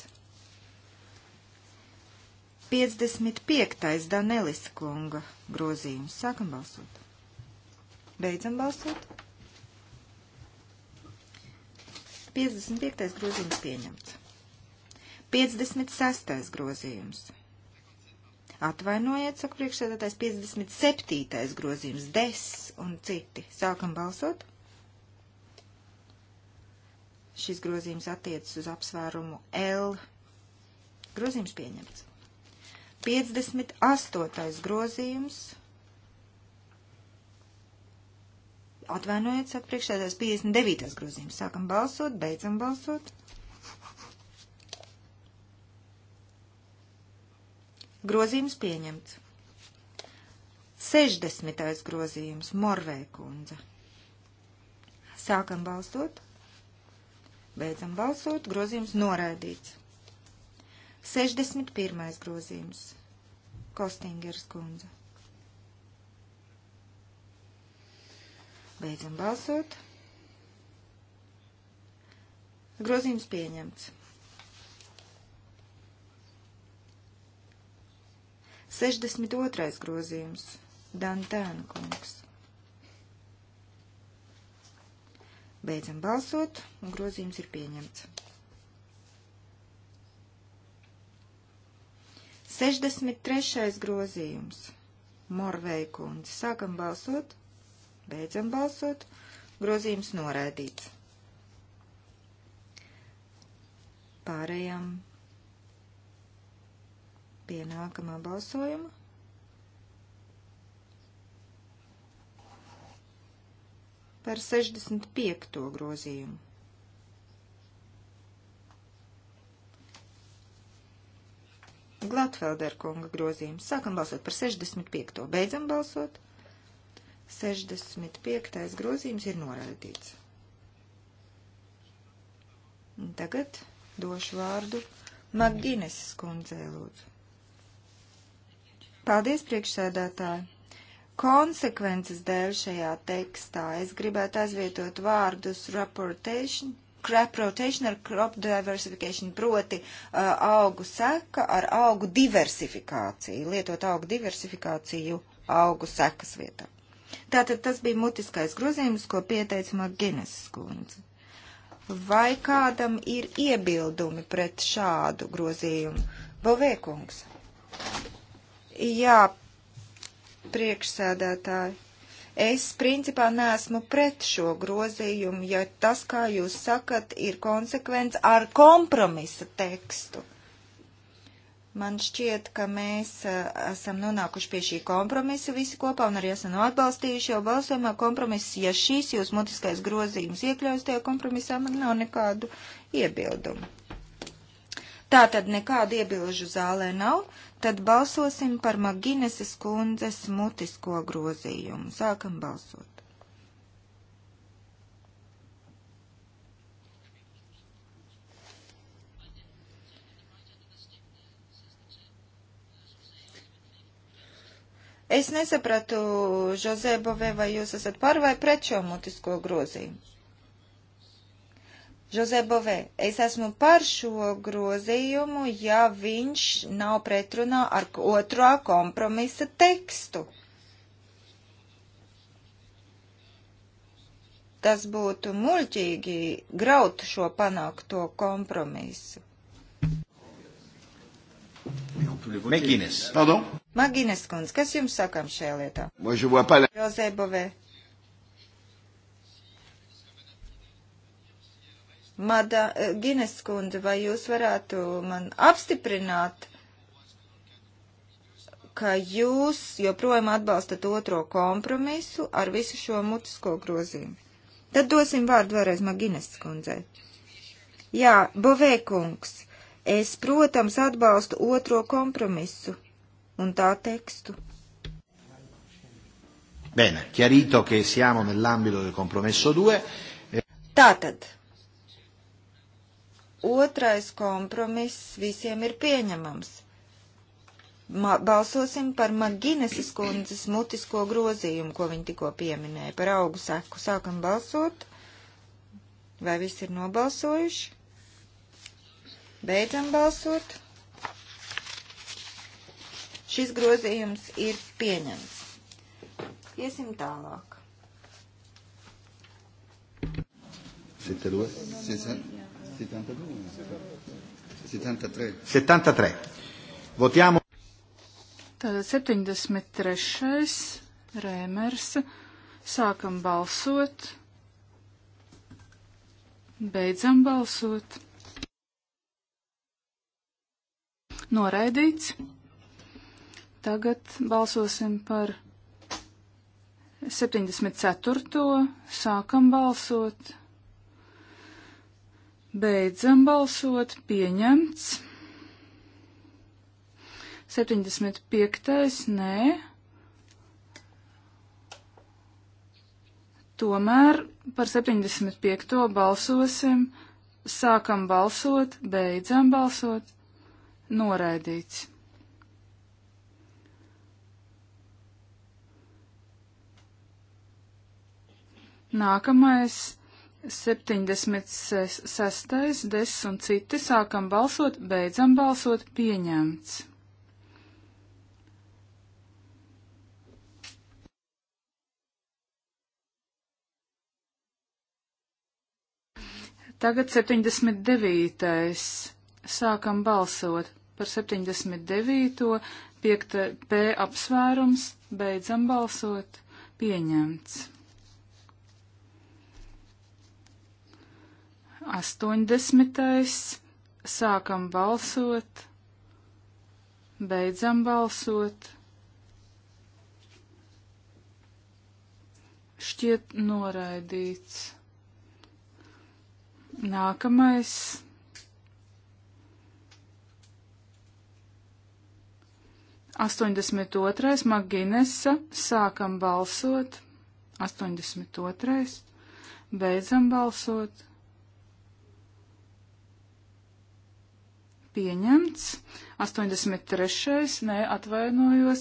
55. Danelis kunga grozījums. Sākam balsot. Beidzam balsot. 55. grozījums pieņemts. 56. grozījums. Atvainojiet, saka priekšsēdētājs, 57. grozījums, des un citi. Sākam balsot. Šis grozījums attiecas uz apsvērumu L. Grozījums pieņemts. 58. grozījums. Atvainojiet, saka priekšsēdētājs, 59. grozījums. Sākam balsot, beidzam balsot. Grozījums pieņemts. 60. grozījums Morvē kundze. Sākam balsot. Beidzam balsot. Grozījums noraidīts. 61. grozījums Kostingers kundze. Beidzam balsot. Grozījums pieņemts. 62. grozījums Dantēna kungs. Beidzam balsot, un grozījums ir pieņemts. 63. grozījums Morvei kundze. Sākam balsot, beidzam balsot, grozījums noraidīts. Pārējām pie nākamā balsojuma. Par 65. grozījumu. Glatfelder kunga grozījums. Sākam balsot par 65. Beidzam balsot. 65. grozījums ir noraidīts. Un tagad došu vārdu Magines skundzē lūdzu. Paldies, priekšsēdētāji! Konsekvences dēļ šajā tekstā es gribētu aizvietot vārdus reportation crop rotation ar crop diversification, proti uh, augu seka ar augu diversifikāciju, lietot augu diversifikāciju augu sekas vietā. Tātad tas bija mutiskais grozījums, ko pieteica Maginas skundze. Vai kādam ir iebildumi pret šādu grozījumu? Bovēkungs. Jā, priekšsēdētāji. Es principā neesmu pret šo grozījumu, ja tas, kā jūs sakat, ir konsekvents ar kompromisa tekstu. Man šķiet, ka mēs eh, esam nonākuši pie šī kompromisa visi kopā un arī esam atbalstījuši jau balsojumā kompromisu. Ja šīs jūs mutiskais grozījums iekļaus tajā kompromisā, man nav nekādu iebildumu. Tā tad nekādu iebilžu zālē nav. Tad balsosim par Magineses kundzes mutisko grozījumu. Sākam balsot. Es nesapratu, Žozebove, vai jūs esat par vai pret šo mutisko grozījumu? Žozē Bovē, es esmu par šo grozījumu, ja viņš nav pretrunā ar otrā kompromisa tekstu. Tas būtu muļķīgi graut šo panākto kompromisu. Magines, kundz, kas jums sakām šajā lietā? Jozē Bovē. Mada eh, Gines kundze, vai jūs varētu man apstiprināt, ka jūs joprojām atbalstat otro kompromisu ar visu šo mutisko grozīmu? Tad dosim vārdu vēlreiz Maginas kundzei. Jā, Bovēkungs, es, protams, atbalstu otro kompromisu un tā tekstu. Bene, chiarito che siamo nell'ambito del compromesso 2. Tātad Otrais kompromiss visiem ir pieņemams. Ma balsosim par Magineses kundzes mutisko grozījumu, ko viņa tikko pieminēja, par augu seku. Sākam balsot. Vai visi ir nobalsojuši? Beidzam balsot. Šis grozījums ir pieņemts. Iesim tālāk. C'était l'ouest, c'est ça 72, 73. 73. Votiamo. Tātad 73. Rēmers. Sākam balsot. Beidzam balsot. Noraidīts. Tagad balsosim par 74. Sākam balsot. Beidzam balsot. Pieņemts. 75. Nē. Tomēr par 75. balsosim. Sākam balsot, beidzam balsot. Noraidīts. Nākamais 76. des un citi sākam balsot, beidzam balsot, pieņemts. Tagad 79. Sākam balsot par 79. 5. P apsvērums, beidzam balsot, pieņemts. 80. Sākam balsot. Beidzam balsot. Šķiet noraidīts. Nākamais. Astoņdesmit otrais Maginesa. Sākam balsot. Astoņdesmit otrais. Beidzam balsot. pieņemts. 83. Nē, atvainojos.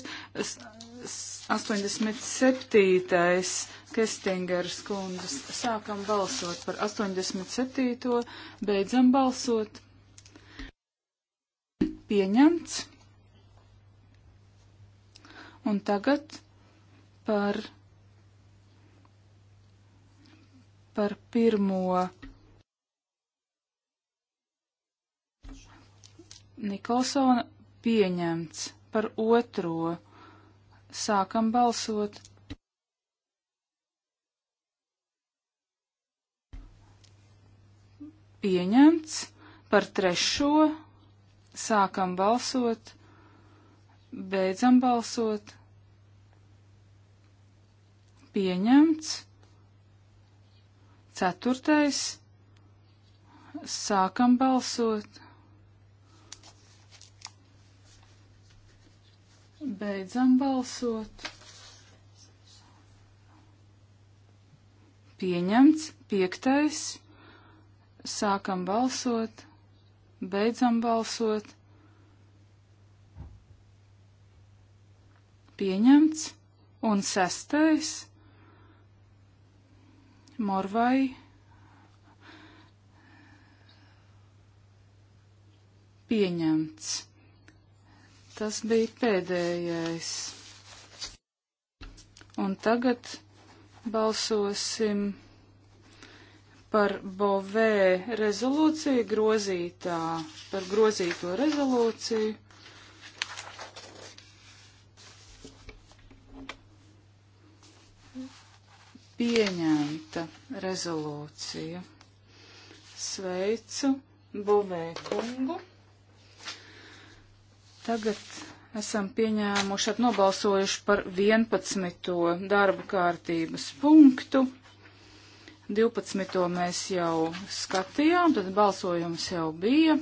87. Kestingers kundzes. Sākam balsot par 87. Beidzam balsot. Pieņemts. Un tagad par, par pirmo Nikolsona pieņemts par otro. Sākam balsot. Pieņemts par trešo. Sākam balsot. Beidzam balsot. Pieņemts. Ceturtais. Sākam balsot. Beidzam balsot. Pieņemts piektais. Sākam balsot. Beidzam balsot. Pieņemts. Un sestais. Morvai. Pieņemts. Tas bija pēdējais. Un tagad balsosim par Bovē rezolūciju grozītā, par grozīto rezolūciju. Pieņemta rezolūcija. Sveicu Bovē kungu. Tagad esam pieņēmuši, at nobalsojuši par 11. darba kārtības punktu. 12. mēs jau skatījām, tad balsojums jau bija.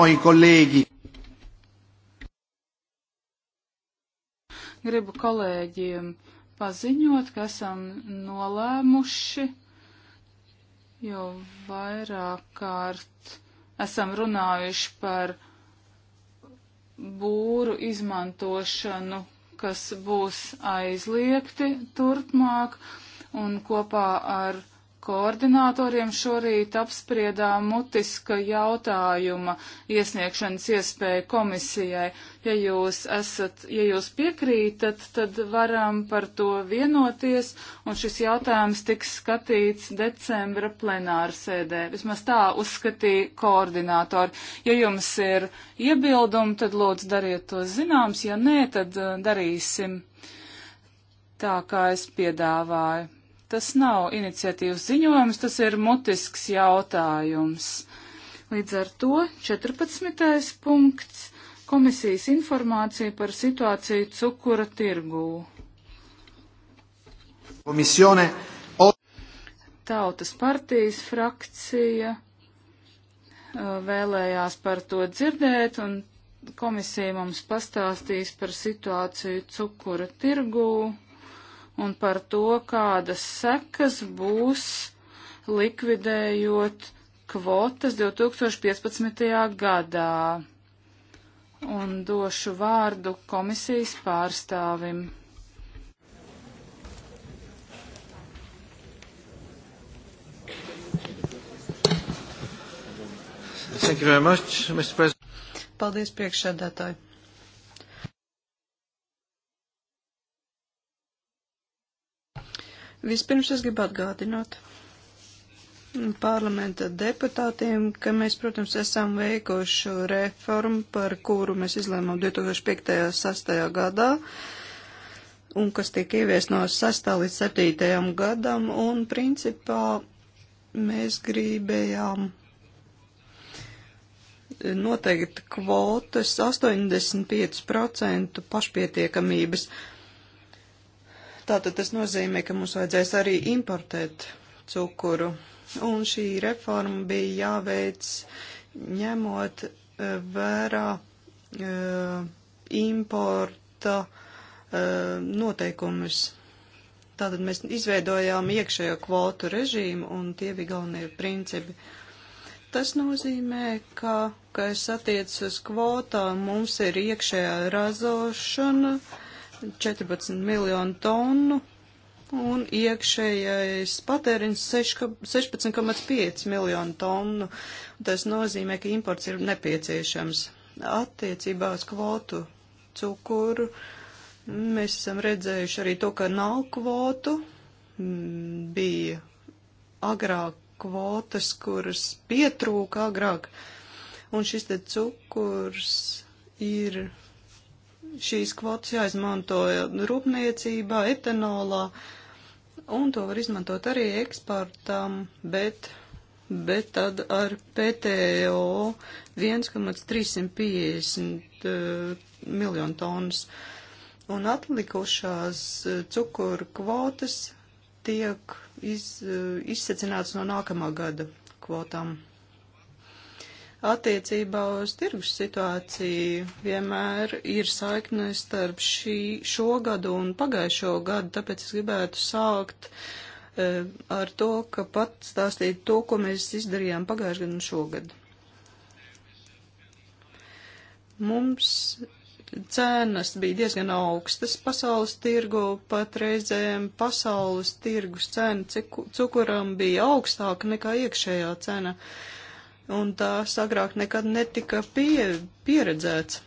Moi kolēģi. Gribu kolēģiem paziņot, ka esam nolēmuši jau vairāk kārt esam runājuši par būru izmantošanu, kas būs aizliegti turpmāk, un kopā ar koordinatoriem šorīt apspriedām mutiska jautājuma iesniegšanas iespēju komisijai. Ja jūs, esat, ja jūs piekrītat, tad varam par to vienoties, un šis jautājums tiks skatīts decembra plenāra sēdē. Vismaz tā uzskatīja koordinatori. Ja jums ir iebildumi, tad lūdzu dariet to zināms, ja nē, tad eh, darīsim tā, kā es piedāvāju. Tas nav iniciatīvas ziņojums, tas ir mutisks jautājums. Līdz ar to 14. punkts - komisijas informācija par situāciju cukura tirgū. Komisione. Tautas partijas frakcija uh, vēlējās par to dzirdēt, un komisija mums pastāstīs par situāciju cukura tirgū un par to, kādas sekas būs likvidējot kvotas 2015. gadā. Un došu vārdu komisijas pārstāvim. Much, Paldies, priekšsēdētāji. Vispirms es gribu atgādināt parlamenta deputātiem, ka mēs, protams, esam veikuši reformu, par kuru mēs izlēmām 2005.6. gadā un kas tiek ievies no 6. līdz 7. gadam, un principā mēs gribējām noteikt kvotas 85% pašpietiekamības. Uh, Tātad tas nozīmē, ka mums vajadzēs arī importēt cukuru. Un šī reforma bija jāveic ņemot eh, vērā uh, importa uh, noteikumus. Tātad mēs izveidojām iekšējo kvotu režīmu un tie bija galvenie principi. Tas nozīmē, ka, kas attiec uz kvotām, mums ir iekšējā razošana, uh, 14 miljonu tonu un iekšējais patēriņš 16,5 miljonu tonu. Tas nozīmē, ka imports ir nepieciešams. Attiecībā uz kvotu cukuru mēs esam redzējuši arī to, ka nav kvotu. Mm, bija agrāk kvotas, kuras pietrūka agrāk, un šis te cukurs ir Šīs kvotas jāizmanto rūpniecībā, etanolā, un to var izmantot arī eksportam, bet, bet tad ar PTO 1,350 uh, miljonu tonnas. Un atlikušās eh, cukuru kvotas tiek iz, eh, izsacināts no nākamā gada kvotām. Attiecībā uz tirgus situāciju vienmēr ir saikne starp šī, šo gadu un pagājušo gadu, tāpēc es gribētu sākt e, ar to, ka pat stāstīt to, ko mēs izdarījām pagājušajā gadu un šogad. Mums cenas bija diezgan augstas pasaules tirgu, pat reizēm pasaules tirgus cena cukuram bija augstāka nekā iekšējā cena. Uh, un tās agrāk nekad netika pie, pieredzēts,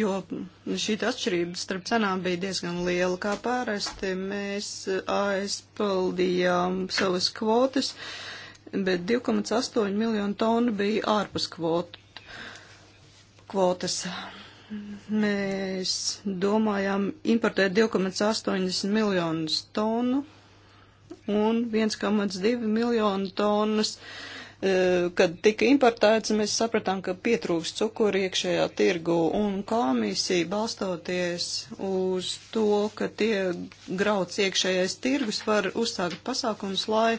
jo šī atšķirība starp cenām bija diezgan liela. Kā pārēsti mēs aizpildījām savas kvotas, bet 2,8 miljonu tonu bija ārpus kvotu, kvotas. Mēs domājām importēt 2,8 miljonus tonu un 1,2 miljonu tonnas uh, E, kad tika importēts, mēs sapratām, ka pietrūks cukuru iekšējā tirgu, un komisija balstoties uz to, ka tie grauds iekšējais tirgus var uzsākt pasākums, lai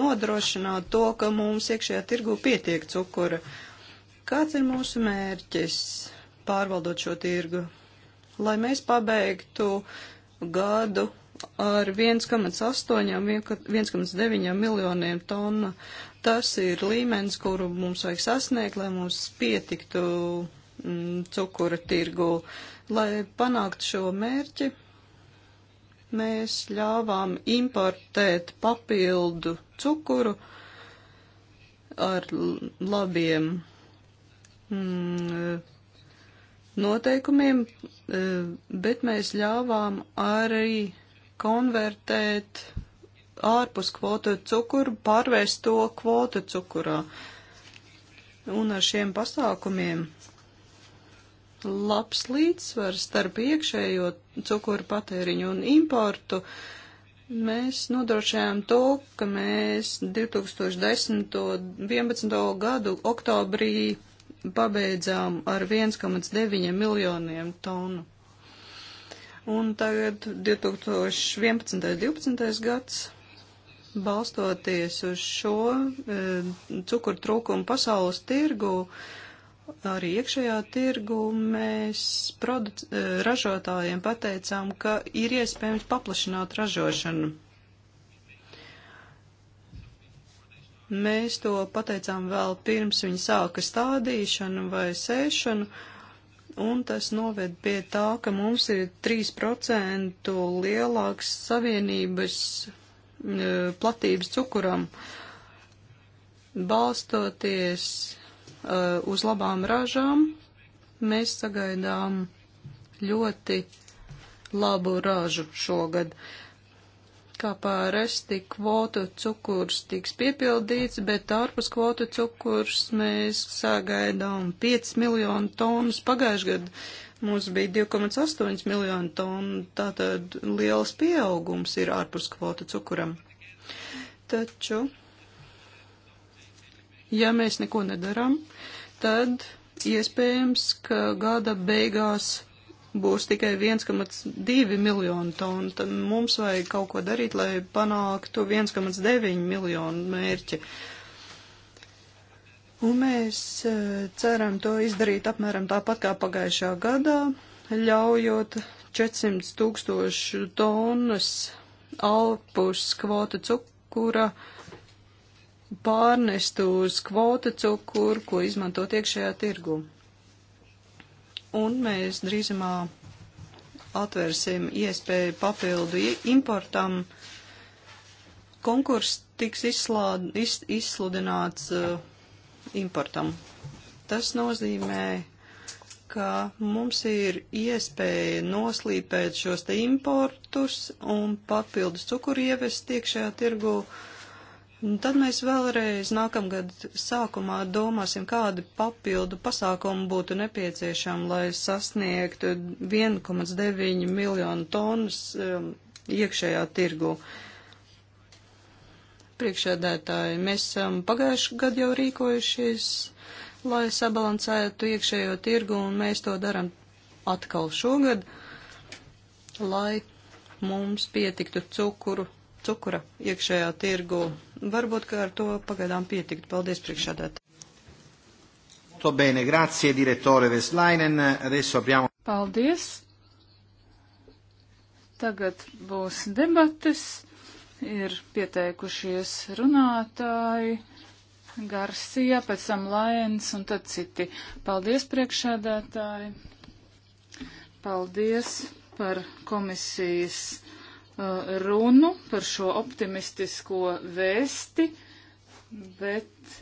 nodrošinātu to, ka mums iekšējā tirgu pietiek cukura. Kāds ir mūsu mērķis pārvaldot šo tirgu? Lai mēs pabeigtu gadu ar 1,8-1,9 miljoniem tonu. Tas ir līmenis, kuru mums vajag sasniegt, lai mums pietiktu mm, cukura tirgu. Lai panāktu šo mērķi, mēs ļāvām importēt papildu cukuru ar labiem mm, noteikumiem, eh, bet mēs ļāvām arī konvertēt ārpus kvotu cukuru, pārvērst to kvotu cukurā. Un ar šiem pasākumiem labs līdzsvars starp iekšējo cukuru patēriņu un importu. Mēs nodrošinājām to, ka mēs 2010. 11. gadu oktobrī pabeidzām ar 1,9 miljoniem tonu. Un tagad 2011. un 2012. gads, balstoties uz šo e, cukuru trūkumu pasaules tirgu, arī iekšējā tirgu, mēs produc, e, ražotājiem pateicām, ka ir iespējams paplašināt ražošanu. Mēs to pateicām vēl pirms viņa sāka stādīšanu vai sēšanu un tas noved pie tā, ka mums ir 3% lielāks savienības e, platības cukuram, balstoties e, uz labām ražām, mēs sagaidām ļoti labu ražu šogad. Uh, kā pārasti kvotu cukurs tiks piepildīts, bet ārpus kvotu cukurs mēs sagaidām 5 miljonu tonnas. Pagājuši gadu mums bija 2,8 miljonu tonu, tātad liels pieaugums ir ārpus kvotu cukuram. Taču, ja mēs neko nedaram, tad iespējams, ka gada beigās būs tikai 1,2 miljonu tonu, tad mums vajag kaut ko darīt, lai panāktu 1,9 miljonu mērķi. Un mēs e, ceram to izdarīt apmēram tāpat kā pagājušā gadā, ļaujot 400 tūkstošu tonnas alpus kvota cukura pārnest uz kvota cukuru, ko izmantot iekšējā tirgumā un mēs drīzumā atvērsim iespēju papildu importam. Konkurs tiks izslād, iz, izsludināts uh, importam. Tas nozīmē, ka mums ir iespēja noslīpēt šos te importus un papildus cukuru ievest iekšējā tirgu. Uh, Un tad mēs vēlreiz nākamgad sākumā domāsim, kādi papildu pasākumi būtu nepieciešami, lai sasniegtu 1,9 miljonu tonnas um, iekšējā tirgu. Priekšēdētāji, mēs esam um, pagājuši gadu jau rīkojušies, lai sabalansētu iekšējo tirgu, un mēs to daram atkal šogad, lai mums pietiktu cukuru, cukura iekšējā tirgu Varbūt, ka ar to pagaidām pietikt. Paldies, priekšādāt. Paldies. Tagad būs debates. Ir pieteikušies runātāji. Garcia, pēc tam Lajens un tad citi. Paldies, priekšādātāji. Paldies par komisijas Uh, runu par šo optimistisko vēsti, bet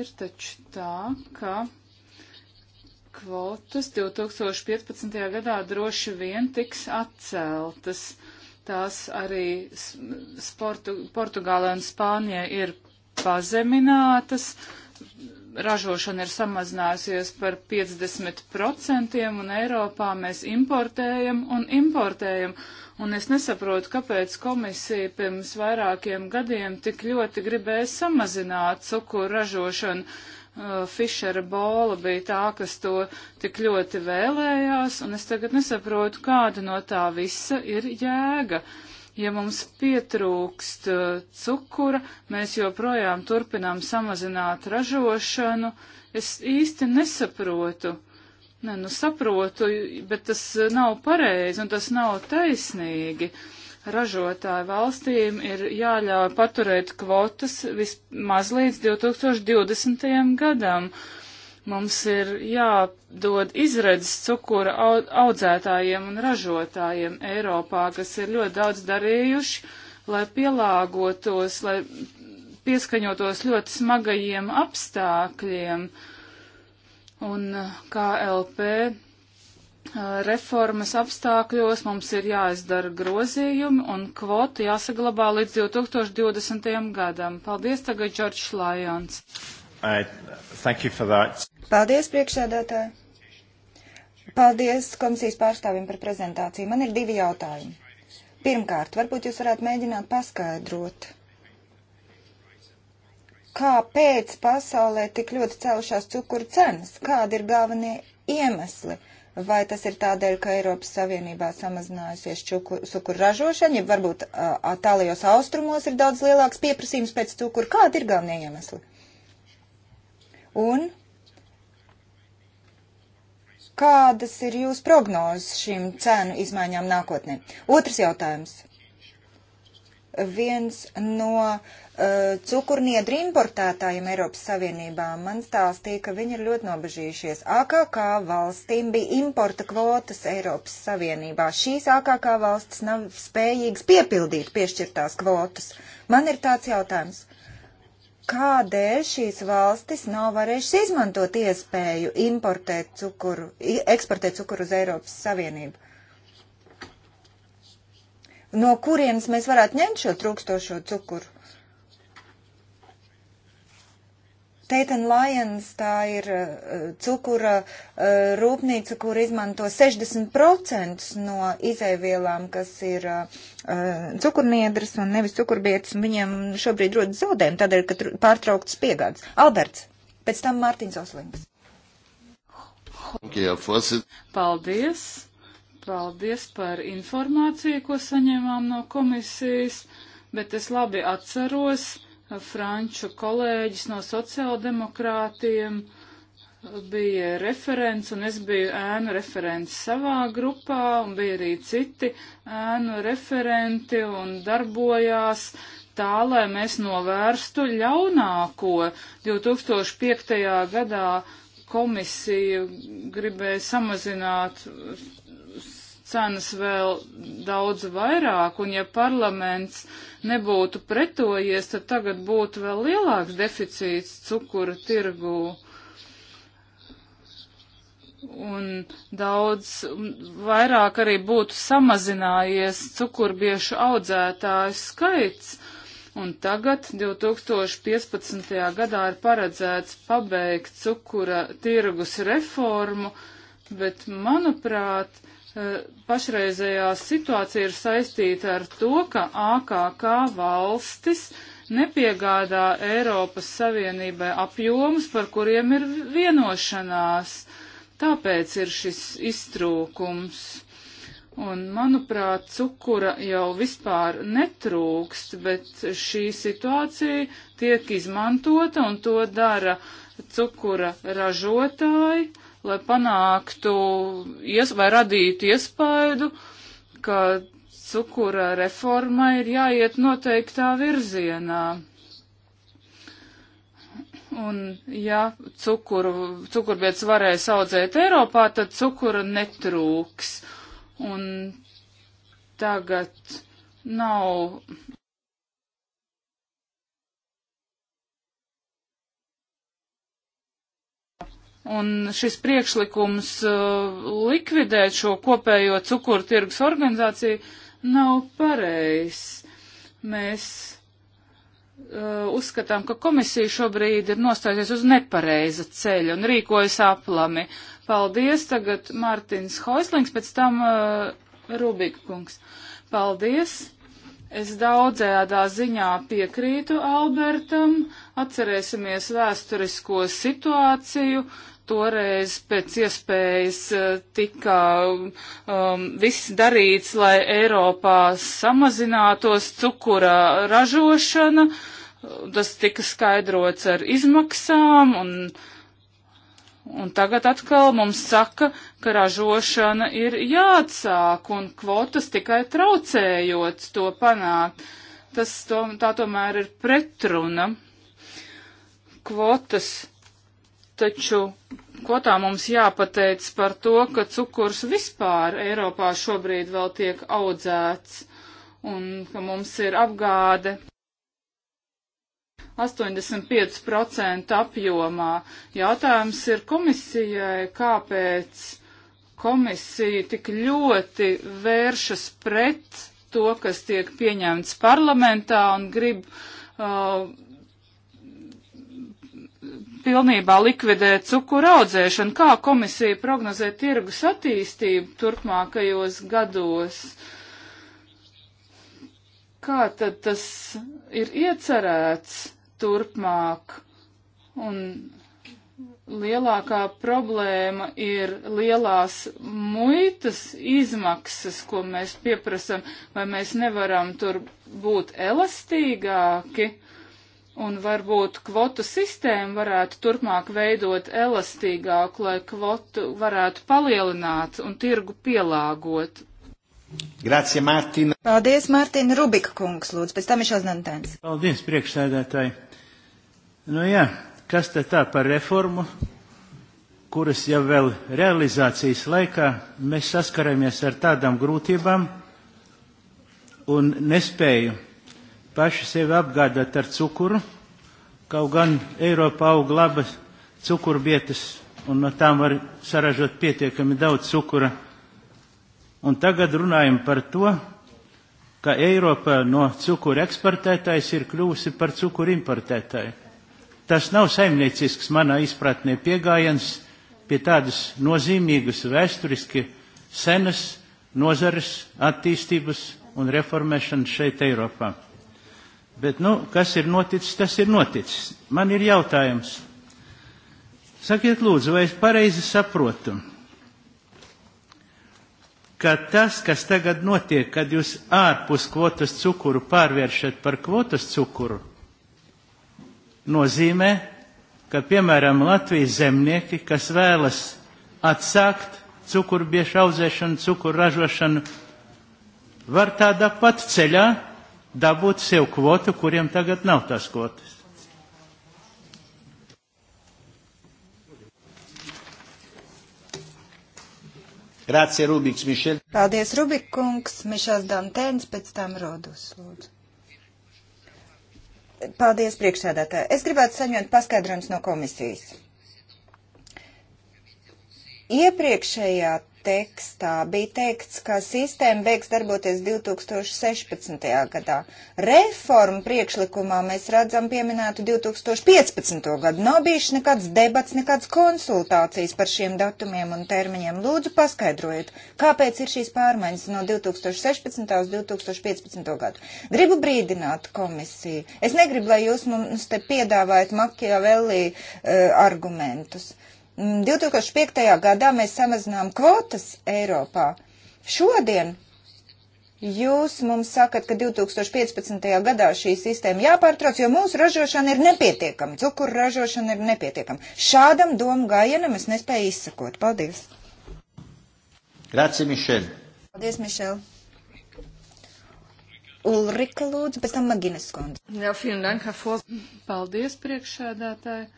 ir taču tā, ka kvotas 2015. gadā droši vien tiks atceltas. Tās arī sportu, Portugālē un Spānijā ir pazeminātas. Ražošana ir samazinājusies par 50% un Eiropā mēs importējam un importējam. Un es nesaprotu, kāpēc komisija pirms vairākiem gadiem tik ļoti gribēja samazināt cukuru ražošanu. Uh, Fišera bola bija tā, kas to tik ļoti vēlējās, un es tagad nesaprotu, kāda no tā visa ir jēga. Ja mums pietrūkst uh, cukura, mēs joprojām turpinām samazināt ražošanu. Es īsti nesaprotu. Uh, Nē, nu saprotu, bet tas nav pareizi un tas nav taisnīgi. Ražotāju valstīm ir jāļauj paturēt kvotas vismaz līdz 2020. gadam. Mums ir jādod izredzes cukura audzētājiem un ražotājiem Eiropā, kas ir ļoti daudz darījuši, lai pielāgotos, lai pieskaņotos ļoti smagajiem apstākļiem. Uh, un eh, KLP eh, reformas apstākļos mums ir jāizdara grozījumi un kvotu jāsaglabā līdz 2020. gadam. Paldies tagad, Džordžs Lajons. Paldies, priekšsēdētāji. Paldies komisijas pārstāvim par prezentāciju. Man ir divi jautājumi. Pirmkārt, varbūt jūs varētu mēģināt paskaidrot kāpēc pasaulē tik ļoti celušās cukuru cenas, kādi ir galvenie iemesli. Vai tas ir tādēļ, ka Eiropas Savienībā samazinājusies cukuru ražošana, ja varbūt tālajos austrumos ir daudz lielāks pieprasījums pēc cukuru? Kādi ir galvenie iemesli? Un kādas ir jūsu prognozes šīm cenu izmaiņām nākotnē? Otrs jautājums viens no uh, cukurniedru importētājiem Eiropas Savienībā. Man stāstīja, ka viņi ir ļoti nobežījušies. AKK valstīm bija importa kvotas Eiropas Savienībā. Šīs AKK valstis nav spējīgas piepildīt piešķirtās kvotas. Man ir tāds jautājums kādēļ šīs valstis nav varējušas izmantot iespēju importēt cukuru, eksportēt cukuru uz Eiropas Savienību no kurienes mēs varētu ņemt šo trūkstošo cukuru? Teitan Lions tā ir uh, cukura uh, rūpnīca, kur izmanto 60% no izēvielām, kas ir uh, cukurniedras un nevis cukurbietas, un viņiem šobrīd rodas zaudējumi, tādēļ, ka pārtrauktas piegādes. Alberts, pēc tam Mārtiņš Oslings. Paldies! Paldies par informāciju, ko saņēmām no komisijas, bet es labi atceros eh, franču kolēģis no sociāldemokrātiem eh, bija referents, un es biju ēnu referents savā grupā, un bija arī citi ēnu referenti, un darbojās tā, lai mēs novērstu ļaunāko. 2005. gadā komisija gribēja samazināt cenas vēl daudz vairāk, un ja parlaments nebūtu pretojies, tad tagad būtu vēl lielāks deficīts cukura tirgū. Un daudz vairāk arī būtu samazinājies cukurbiešu audzētāju skaits. Un tagad, 2015. gadā, ir paredzēts pabeigt cukura tirgus reformu, bet, manuprāt, Eh, pašreizējā situācija ir saistīta ar to, ka AKK valstis nepiegādā Eiropas Savienībai apjomus, par kuriem ir vienošanās. Tāpēc ir šis iztrūkums. Un, manuprāt, cukura jau vispār netrūkst, bet šī situācija tiek izmantota un to dara cukura ražotāji lai panāktu ies, vai radītu iespaidu, ka cukura reforma ir jāiet noteiktā virzienā. Un ja cukuru, cukurbietis varēs audzēt Eiropā, tad cukura netrūks. Un tagad nav Un šis priekšlikums uh, likvidēt šo kopējo cukuru tirgus organizāciju nav pareizs. Mēs uh, uzskatām, ka komisija šobrīd ir nostājusies uz nepareiza ceļa un rīkojas aplami. Paldies tagad Mārtiņš Hoislings, pēc tam uh, Rubika kungs. Paldies! Es daudzējādā ziņā piekrītu Albertam, atcerēsimies vēsturisko situāciju, uh, toreiz pēc iespējas eh, tika um, viss darīts, lai Eiropā samazinātos cukura ražošana. Tas tika skaidrots ar izmaksām, un, un tagad atkal mums saka, ka ražošana ir jāatsāk, un kvotas tikai traucējot to panākt. Tas to, tā tomēr ir pretruna. Kvotas Taču ko tā mums jāpateic par to, ka cukurs vispār Eiropā šobrīd vēl tiek audzēts un ka mums ir apgāde 85% apjomā. Jautājums ir komisijai, kāpēc komisija tik ļoti vēršas pret to, kas tiek pieņemts parlamentā un grib uh, pilnībā likvidēt cukura audzēšanu. Kā komisija prognozē tirgus attīstību turpmākajos gados? Kā tad tas ir iecerēts turpmāk? Un lielākā problēma ir lielās muitas izmaksas, ko mēs pieprasam, vai mēs nevaram tur būt elastīgāki. Un varbūt kvotu sistēmu varētu turpmāk veidot elastīgāku, lai kvotu varētu palielināt un tirgu pielāgot. Grazie, Mārtiņa. Paldies, Mārtiņa Rubika kungs, lūdzu, pēc tam ir Šoznantēns. Paldies, priekšsēdētāji. Nu jā, kas te tā par reformu, kuras jau vēl realizācijas laikā mēs saskaramies ar tādām grūtībām un nespēju paši sevi apgādāt ar cukuru, kaut gan Eiropā aug labas cukurbietas, un no tām var saražot pietiekami daudz cukura. Un tagad runājam par to, ka Eiropa no cukura eksportētājs ir kļuvusi par cukuru importētāju. Tas nav saimniecisks manā izpratnē piegājiens pie tādas nozīmīgas vēsturiski senas nozares attīstības un reformēšanas šeit Eiropā. Bet, nu, kas ir noticis, tas ir noticis. Man ir jautājums. Sakiet, lūdzu, vai es pareizi saprotu, ka tas, kas tagad notiek, kad jūs ārpus kvotas cukuru pārvēršat par kvotas cukuru, nozīmē, ka, piemēram, Latvijas zemnieki, kas vēlas atsākt cukurbiešu audzēšanu, cukuru ražošanu, var tādā pat ceļā dabūt sev kvotu, kuriem tagad nav tās kvotas. Grazie, Rubiks, Mišel. Paldies, Rubikungs, Mišels Dantēns, pēc tam Rodus, lūdzu. Paldies, priekšsēdētāji. Es gribētu saņemt paskaidrojumus no komisijas. Iepriekšējā tekstā bija teikts, ka sistēma beigs darboties 2016. gadā. Reformu priekšlikumā mēs redzam pieminētu 2015. gadu. Nav bijuši nekāds debats, nekāds konsultācijas par šiem datumiem un termiņiem. Lūdzu, paskaidrojiet, kāpēc ir šīs pārmaiņas no 2016. uz 2015. gadu. Gribu brīdināt komisiju. Es negribu, lai jūs mums te piedāvājat Makiavelli uh, eh, argumentus. Uh, 2005. Mm, gadā mēs samazinām kvotas Eiropā. Šodien jūs mums sakat, ka 2015. gadā šī sistēma jāpārtrauc, jo mūsu ražošana ir nepietiekama, cukuru ražošana ir nepietiekama. Šādam domu gājienam es nespēju izsakot. Paldies! Grazie, Mišel! Paldies, Mišel! Ulrika lūdzu, pēc tam Maginas kundze. Jā, ja, vielen dank, Herr Fors. Paldies, priekšsēdētāji.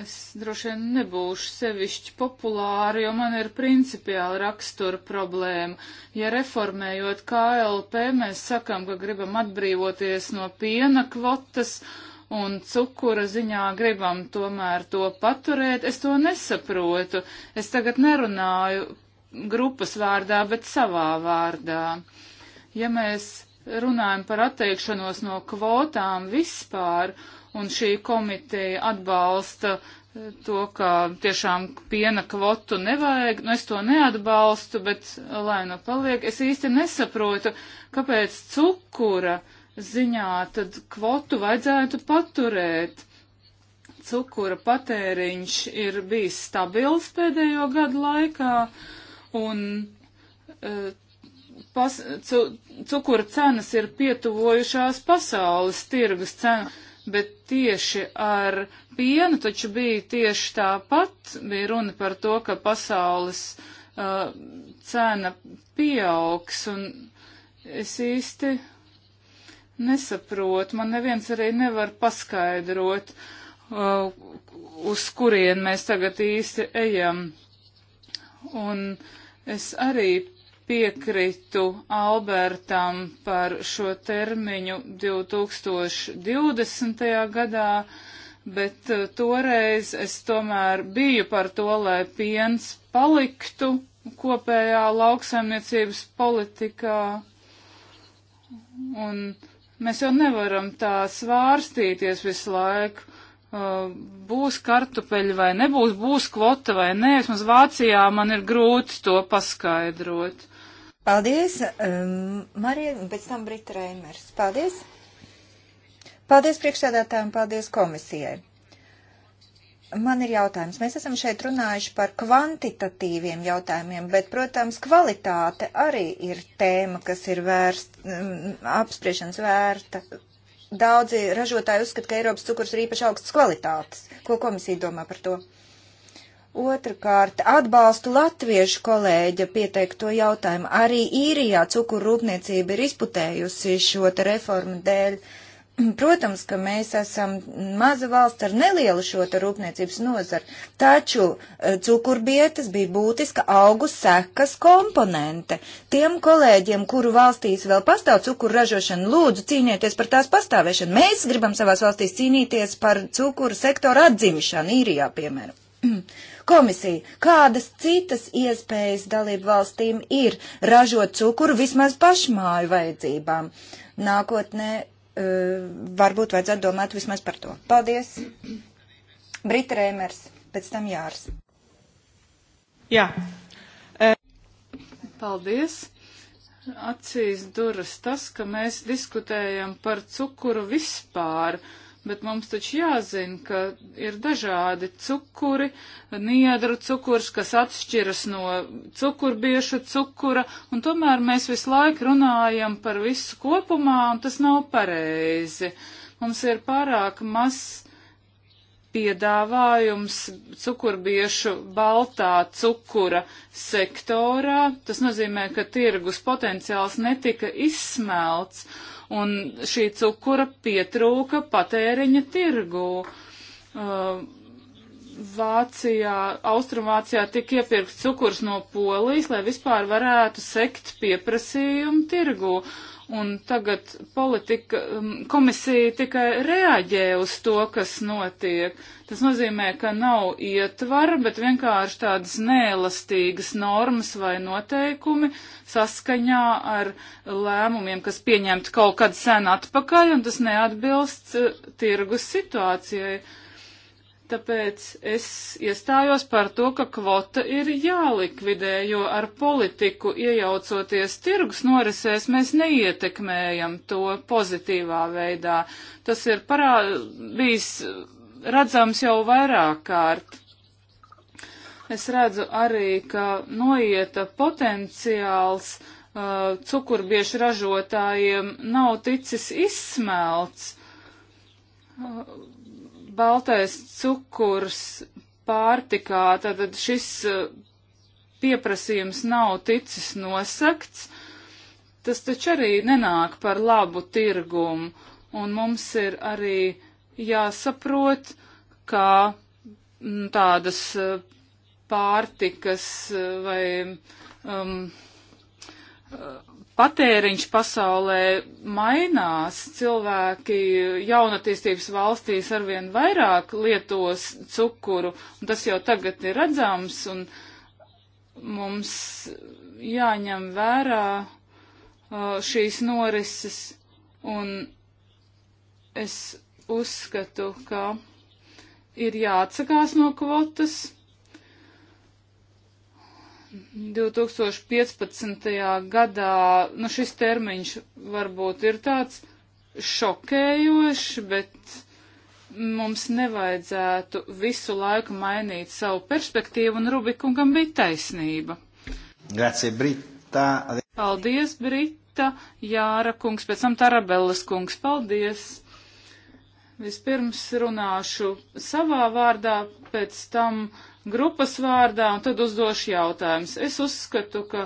Es droši vien nebūšu sevišķi populāra, jo man ir principiāli rakstura problēma. Ja reformējot KLP, mēs sakam, ka gribam atbrīvoties no piena kvotas un cukura ziņā gribam tomēr to paturēt, es to nesaprotu. Es tagad nerunāju grupas vārdā, bet savā vārdā. Ja mēs runājam par atteikšanos no kvotām vispār, un šī komiteja atbalsta eh, to, ka tiešām piena kvotu nevajag, nu es to neatbalstu, bet eh, lai nu paliek, es īsti nesaprotu, kāpēc cukura ziņā tad kvotu vajadzētu paturēt. Cukura patēriņš ir bijis stabils pēdējo gadu laikā, un uh, pas, cu, cukura cenas ir pietuvojušās pasaules tirgus cenas bet tieši ar pienu taču bija tieši tāpat, bija runa par to, ka pasaules uh, cena pieaugs, un es īsti nesaprotu, man neviens arī nevar paskaidrot, uh, uz kurien mēs tagad īsti ejam. Un es arī Piekritu Albertam par šo termiņu 2020. gadā, bet eh, toreiz es tomēr biju par to, lai piens paliktu kopējā lauksaimniecības politikā. Un mēs jau nevaram tā svārstīties visu laiku. Eh, būs kartupeļi vai nebūs, būs kvota vai nē. Vismaz Vācijā man ir grūti to paskaidrot. Paldies, um, Marija, un pēc tam Brita Reimers. Paldies. Paldies priekšsēdētājiem, paldies komisijai. Man ir jautājums. Mēs esam šeit runājuši par kvantitatīviem jautājumiem, bet, protams, kvalitāte arī ir tēma, kas ir vērst, um, apspriešanas vērta. Daudzi ražotāji uzskata, ka Eiropas cukurs ir īpaši augstas kvalitātes. Ko komisija domā par to? Otrakārt, atbalstu latviešu kolēģa pieteikto jautājumu. Arī īrijā cukuru rūpniecība ir izputējusi šo te reformu dēļ. Protams, ka mēs esam maza valsts ar nelielu šo te rūpniecības nozaru, taču e, cukurbietas bija būtiska augu sekas komponente. Tiem kolēģiem, kuru valstīs vēl pastāv cukuru ražošana, lūdzu cīnieties par tās pastāvēšanu. Mēs gribam savās valstīs cīnīties par cukuru sektoru atzimšanu īrijā, piemēram. Komisija, kādas citas iespējas dalību valstīm ir ražot cukuru vismaz pašmāju vajadzībām? Nākotnē eh, varbūt vajadzētu domāt vismaz par to. Paldies! Brita Rēmers, pēc tam Jārs. Jā. Eh, Paldies! Acīs duras tas, ka mēs diskutējam par cukuru vispār bet mums taču jāzina, ka ir dažādi cukuri, niedru cukurs, kas atšķiras no cukurbiešu cukura, un tomēr mēs visu laiku runājam par visu kopumā, un tas nav pareizi. Mums ir pārāk maz piedāvājums cukurbiešu baltā cukura sektorā. Tas nozīmē, ka tirgus potenciāls netika izsmelts un šī cukura pietrūka patēriņa tirgū. Uh, Vācijā, Austrumvācijā tika iepirkts cukurs no Polijas, lai vispār varētu sekt pieprasījumu tirgū. Uh, un tagad politika, um, komisija tikai reaģē uz to, kas notiek. Tas nozīmē, ka nav ietvara, bet vienkārši tādas neelastīgas normas vai noteikumi saskaņā ar lēmumiem, kas pieņemti kaut kad sen atpakaļ, un tas neatbilst uh, tirgus situācijai. Uh, Tāpēc es iestājos par to, ka kvota ir jālikvidē, jo ar politiku iejaucoties tirgus norisēs, mēs neietekmējam to pozitīvā veidā. Tas ir parā, bijis redzams jau vairāk kārt. Es redzu arī, ka noieta potenciāls uh, cukurbiešu ražotājiem nav ticis izsmelts. Uh, baltais cukurs pārtikā, tad šis uh, pieprasījums nav ticis nosakts, tas taču arī nenāk par labu tirgumu, un mums ir arī jāsaprot, kā mm, tādas uh, pārtikas uh, vai um, patēriņš pasaulē mainās, cilvēki jaunatīstības valstīs arvien vairāk lietos cukuru, un tas jau tagad ir redzams, un mums jāņem vērā uh, šīs norises, un es uzskatu, ka ir jāatsakās no kvotas 2015. gadā, nu šis termiņš varbūt ir tāds šokējošs, bet mums nevajadzētu visu laiku mainīt savu perspektīvu, un Rubikungam bija taisnība. Grazie, Brita. Paldies, Brita, Jāra kungs, pēc tam Tarabellas kungs, paldies. Vispirms runāšu savā vārdā, pēc tam grupas vārdā un tad uzdošu jautājumus. Es uzskatu, ka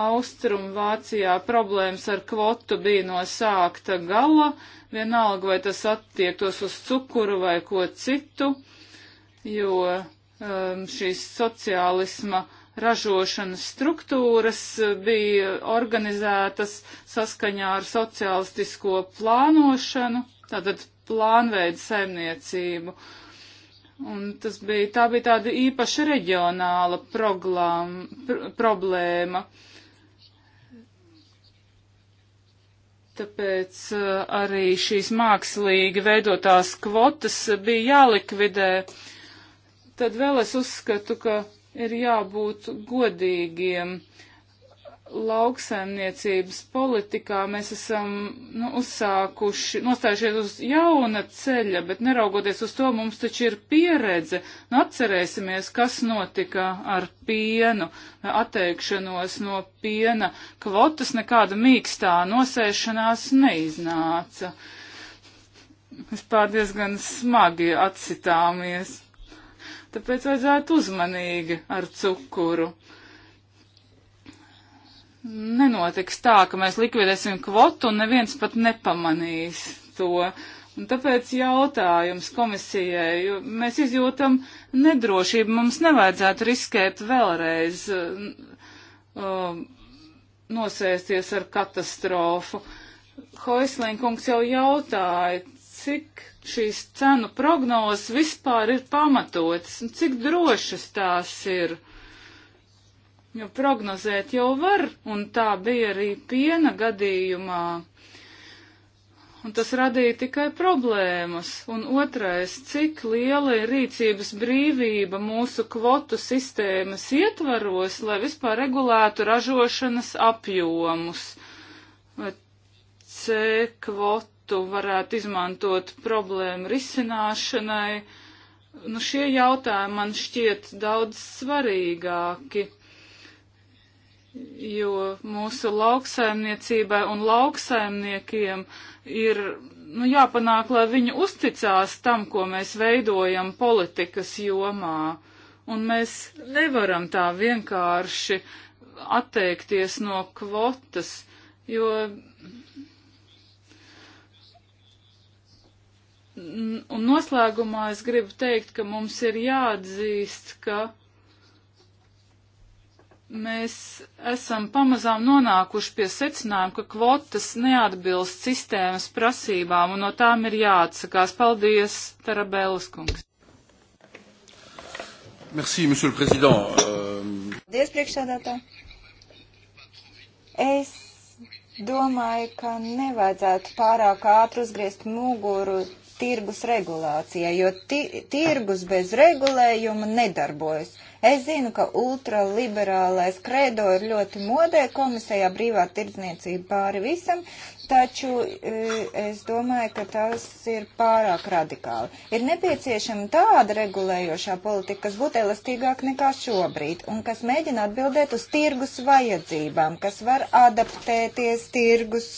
Austrumvācijā problēmas ar kvotu bija no sākta gala, vienalga vai tas attiektos uz cukuru vai ko citu, jo um, šīs sociālisma ražošanas struktūras uh, bija organizētas saskaņā ar sociālistisko plānošanu, tātad plānveidu saimniecību. Uh, Un tas bija, tā bija tāda īpaša reģionāla proglām, pr problēma. Tāpēc uh, arī šīs mākslīgi veidotās kvotas bija jālikvidē. Tad vēl es uzskatu, ka ir jābūt godīgiem. Uh, lauksaimniecības politikā mēs esam nu, uzsākuši, nostājušies uz jauna ceļa, bet neraugoties uz to, mums taču ir pieredze. Nu, atcerēsimies, kas notika ar pienu, atteikšanos no piena kvotas, nekāda mīkstā nosēšanās neiznāca. Vispār diezgan smagi atsitāmies. Tāpēc vajadzētu uzmanīgi ar cukuru nenotiks tā, ka mēs likvidēsim kvotu un neviens pat nepamanīs to. Un tāpēc jautājums komisijai, jo mēs izjūtam nedrošību, mums nevajadzētu riskēt vēlreiz uh, um, nosēsties ar katastrofu. Hoislinkungs jau jautāja, cik šīs cenu prognozes vispār ir pamatotas un cik drošas tās ir. Jo prognozēt jau var, un tā bija arī piena gadījumā. Un tas radīja tikai problēmas. Un otrais, cik liela ir rīcības brīvība mūsu kvotu sistēmas ietvaros, lai vispār regulētu ražošanas apjomus. Vai C kvotu varētu izmantot problēmu risināšanai? Nu, šie jautājumi man šķiet daudz svarīgāki jo mūsu lauksaimniecībai un lauksaimniekiem ir nu, jāpanāk, lai viņi uzticās tam, ko mēs veidojam politikas jomā. Un mēs nevaram tā vienkārši atteikties no kvotas, jo. Un noslēgumā es gribu teikt, ka mums ir jāatzīst, ka mēs esam pamazām nonākuši pie secinājuma, ka kvotas neatbilst sistēmas prasībām un no tām ir jāatsakās. Paldies, Tarabēlas kungs. Merci, monsieur le président. Paldies, priekšsādātā. Es domāju, ka nevajadzētu pārāk ātri uzgriezt muguru tirgus regulācijai, jo ti tirgus bez regulējuma nedarbojas. Uh, Es zinu, ka ultraliberālais kredo ir ļoti modē komisijā brīvā tirdzniecība pāri visam, taču e, es domāju, ka tas ir pārāk radikāli. Ir nepieciešama tāda regulējošā politika, kas būtu elastīgāk nekā šobrīd un kas mēģina atbildēt uz tirgus vajadzībām, kas var adaptēties tirgus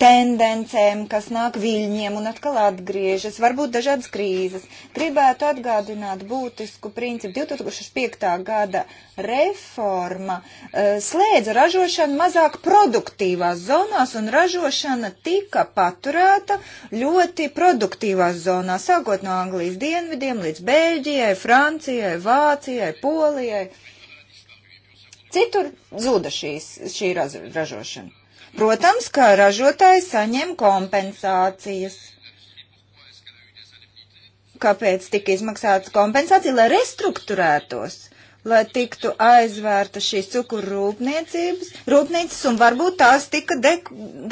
tendencēm, kas nāk viļņiem un atkal atgriežas, varbūt dažādas krīzes. Gribētu atgādināt būtisku principu. 2005. gada reforma uh, eh, slēdza ražošanu mazāk produktīvās zonās un ražošana tika paturēta ļoti produktīvās zonās, sākot no Anglijas dienvidiem līdz Bēļģijai, Francijai, Vācijai, Polijai. Citur zuda šīs, šī ražošana. Protams, ka ražotāji saņem kompensācijas. Kāpēc tika izmaksāts kompensācija, lai restruktūrētos, lai tiktu aizvērta šīs cukuru rūpniecības, rūpnīcas un varbūt tās tika de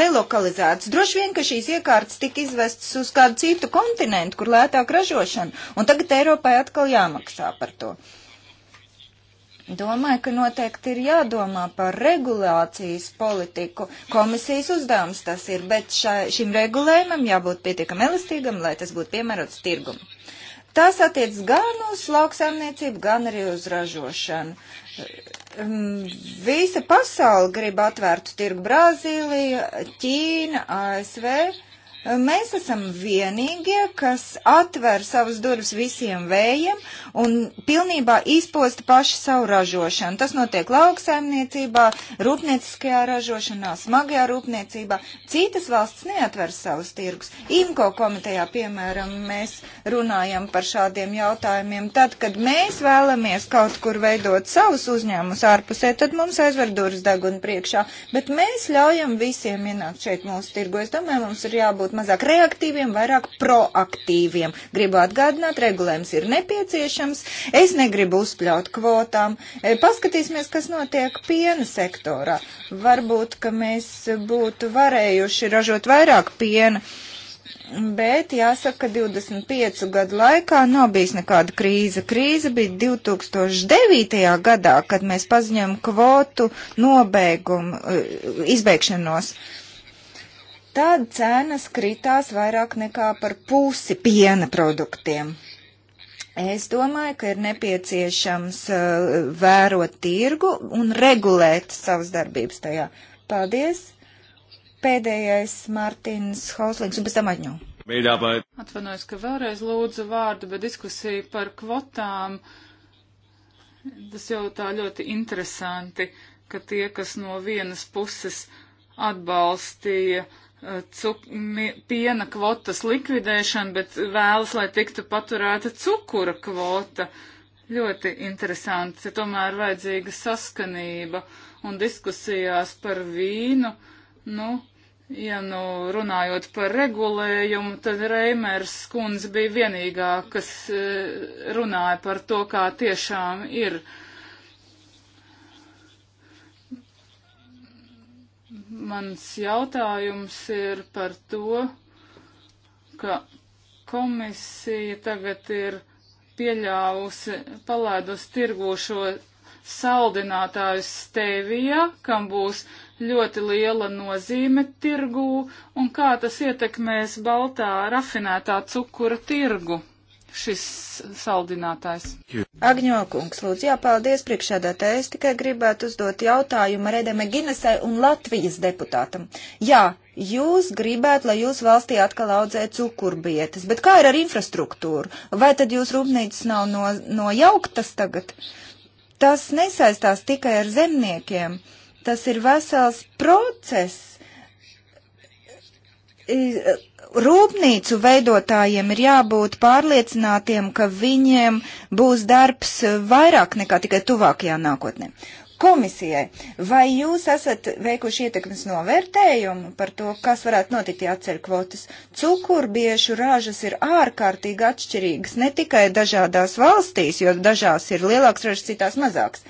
delokalizētas. Droši vien, ka šīs iekārtas tika izvestas uz kādu citu kontinentu, kur lētāk ražošana, un tagad Eiropai atkal jāmaksā par to. Uh, Domāju, ka noteikti ir jādomā par regulācijas politiku. Komisijas uzdevums tas ir, bet šai, šim regulējumam jābūt pietiekam elastīgam, lai tas būtu piemērots tirgum. Tas attiec gan uz lauksaimniecību, gan arī uz ražošanu. Mm, visa pasaule grib atvērtu tirgu Brazīlija, Ķīna, ASV Mēs esam vienīgie, kas atver savus durvis visiem vējiem un pilnībā izposta paši savu ražošanu. Tas notiek lauksaimniecībā, rūpnieciskajā ražošanā, smagajā rūpniecībā. Citas valsts neatver savus tirgus. IMKO komitejā, piemēram, mēs runājam par šādiem jautājumiem. Tad, kad mēs vēlamies kaut kur veidot savus uzņēmumus ārpusē, tad mums aizver durvis deguna priekšā. Bet mēs ļaujam visiem ienākt šeit mūsu tirgu. Es domāju, mums ir jābūt mazāk reaktīviem, vairāk proaktīviem. Gribu atgādināt, regulējums ir nepieciešams, es negribu uzpļaut kvotām. E, paskatīsimies, kas notiek piena sektorā. Varbūt, ka mēs būtu varējuši ražot vairāk piena bet jāsaka, ka 25 gadu laikā nav bijis nekāda krīze. Krīze bija 2009. gadā, kad mēs paziņojam kvotu nobeigumu, e, izbeigšanos. Uh, tad cenas kritās vairāk nekā par pusi piena produktiem. Es domāju, ka ir nepieciešams uh, vērot tirgu un regulēt savas darbības tajā. Paldies! Pēdējais Mārtiņš Hauslings un pēc tam atņu. Atvainojos, ka vēlreiz lūdzu vārdu, bet diskusija par kvotām, tas jau tā ļoti interesanti, ka tie, kas no vienas puses atbalstīja uh, cuk, mi, piena kvotas likvidēšanu, bet vēlas, lai tiktu paturēta cukura kvota. Ļoti interesants, ja tomēr vajadzīga saskanība un diskusijās par vīnu, nu, ja nu runājot par regulējumu, tad Reimers skundze bija vienīgā, kas eh, runāja par to, kā tiešām ir uh, Mans jautājums ir par to, ka komisija tagad ir pieļāvusi, palaidusi tirgū šo saldinātāju stevijā, kam būs ļoti liela nozīme tirgū, un kā tas ietekmēs baltā rafinētā cukura tirgu šis saldinātājs. Agņokungs, lūdzu, jā, paldies priekšādātāji. Es tikai gribētu uzdot jautājumu Redeme Ginesai un Latvijas deputātam. Jā, jūs gribētu, lai jūs valstī atkal audzē cukurbietes, bet kā ir ar infrastruktūru? Vai tad jūs rūpnīcas nav no, nojauktas tagad? Tas nesaistās tikai ar zemniekiem. Tas ir vesels process rūpnīcu veidotājiem ir jābūt pārliecinātiem, ka viņiem būs darbs vairāk nekā tikai tuvākajā nākotnē. Komisijai, vai jūs esat veikuši ietekmes novērtējumu par to, kas varētu notikt, ja atceļ kvotas? Cukurbiešu ražas ir ārkārtīgi atšķirīgas ne tikai dažādās valstīs, jo dažās ir lielāks ražas, citās mazāks.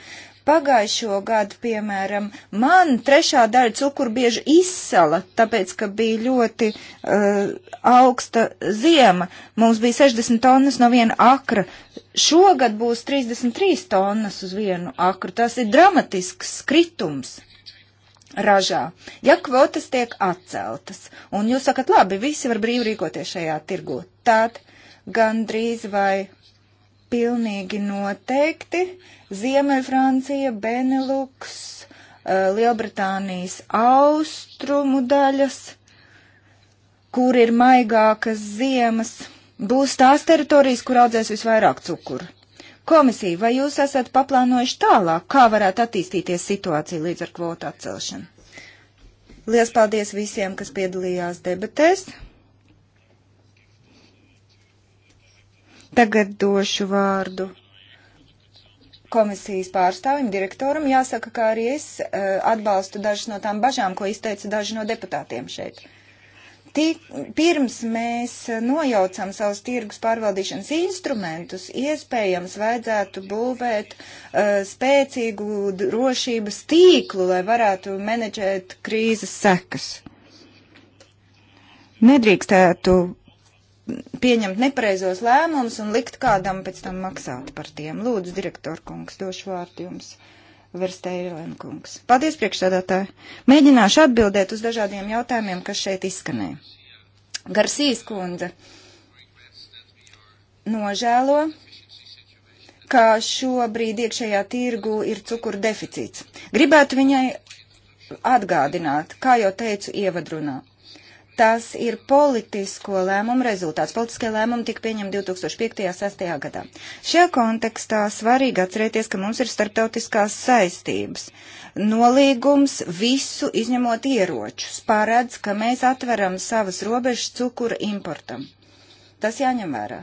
Pagājušo gadu, piemēram, man trešā daļa cukuru bieži izsala, tāpēc, ka bija ļoti uh, augsta ziema. Mums bija 60 tonnas no viena akra. Šogad būs 33 tonnas uz vienu akru. Tas ir dramatisks kritums ražā. Ja kvotas tiek atceltas, un jūs sakat, labi, visi var brīvi rīkoties šajā tirgu, tad gandrīz vai pilnīgi noteikti Ziemeļfrancija, Beneluks, eh, Lielbritānijas austrumu daļas, kur ir maigākas ziemas, būs tās teritorijas, kur audzēs visvairāk cukuru. Komisija, vai jūs esat paplānojuši tālāk, kā varētu attīstīties situācija līdz ar kvotu atcelšanu? Lielas paldies visiem, kas piedalījās debatēs! Tagad došu vārdu komisijas pārstāvim, direktoram. Jāsaka, ka arī es eh, atbalstu dažas no tām bažām, ko izteica daži no deputātiem šeit. Tik, pirms mēs nojaucam savus tirgus pārvaldīšanas instrumentus, iespējams vajadzētu būvēt uh, spēcīgu drošības tīklu, lai varētu menedžēt krīzes sekas. Nedrīkstētu pieņemt nepareizos lēmumus un likt kādam pēc tam maksāt par tiem. Lūdzu, direktor kungs, došu vārdu jums. Versteirlen kungs. Paldies priekšsādātāji. Mēģināšu atbildēt uz dažādiem jautājumiem, kas šeit izskanēja. Garsīs kundze nožēlo, ka šobrīd iekšējā tirgu ir cukuru deficīts. Gribētu viņai atgādināt, kā jau teicu ievadrunā, tas ir politisko lēmumu rezultāts. Politiskie lēmumi tika pieņemti 2005.6. gadā. Šajā kontekstā svarīgi atcerēties, ka mums ir starptautiskās saistības. Nolīgums visu izņemot ieročus paredz, ka mēs atveram savas robežas cukura importam. Tas jāņem vērā.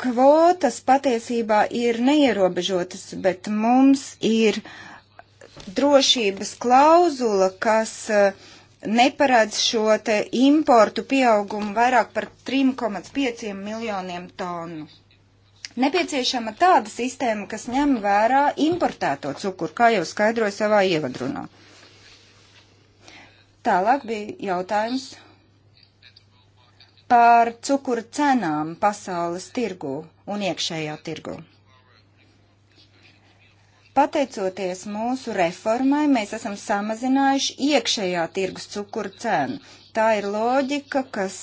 Kvotas patiesībā ir neierobežotas, bet mums ir uh, drošības klauzula, kas eh, neparādz šo te importu pieaugumu vairāk par 3,5 miljoniem tonu. Nepieciešama tāda sistēma, kas ņem vērā importēto cukuru, kā jau skaidroju savā ievadrunā. Tālāk bija jautājums par cukuru cenām pasaules tirgu un iekšējā tirgu. Pateicoties mūsu reformai, mēs esam samazinājuši iekšējā tirgus cukuru cenu. Tā ir loģika, kas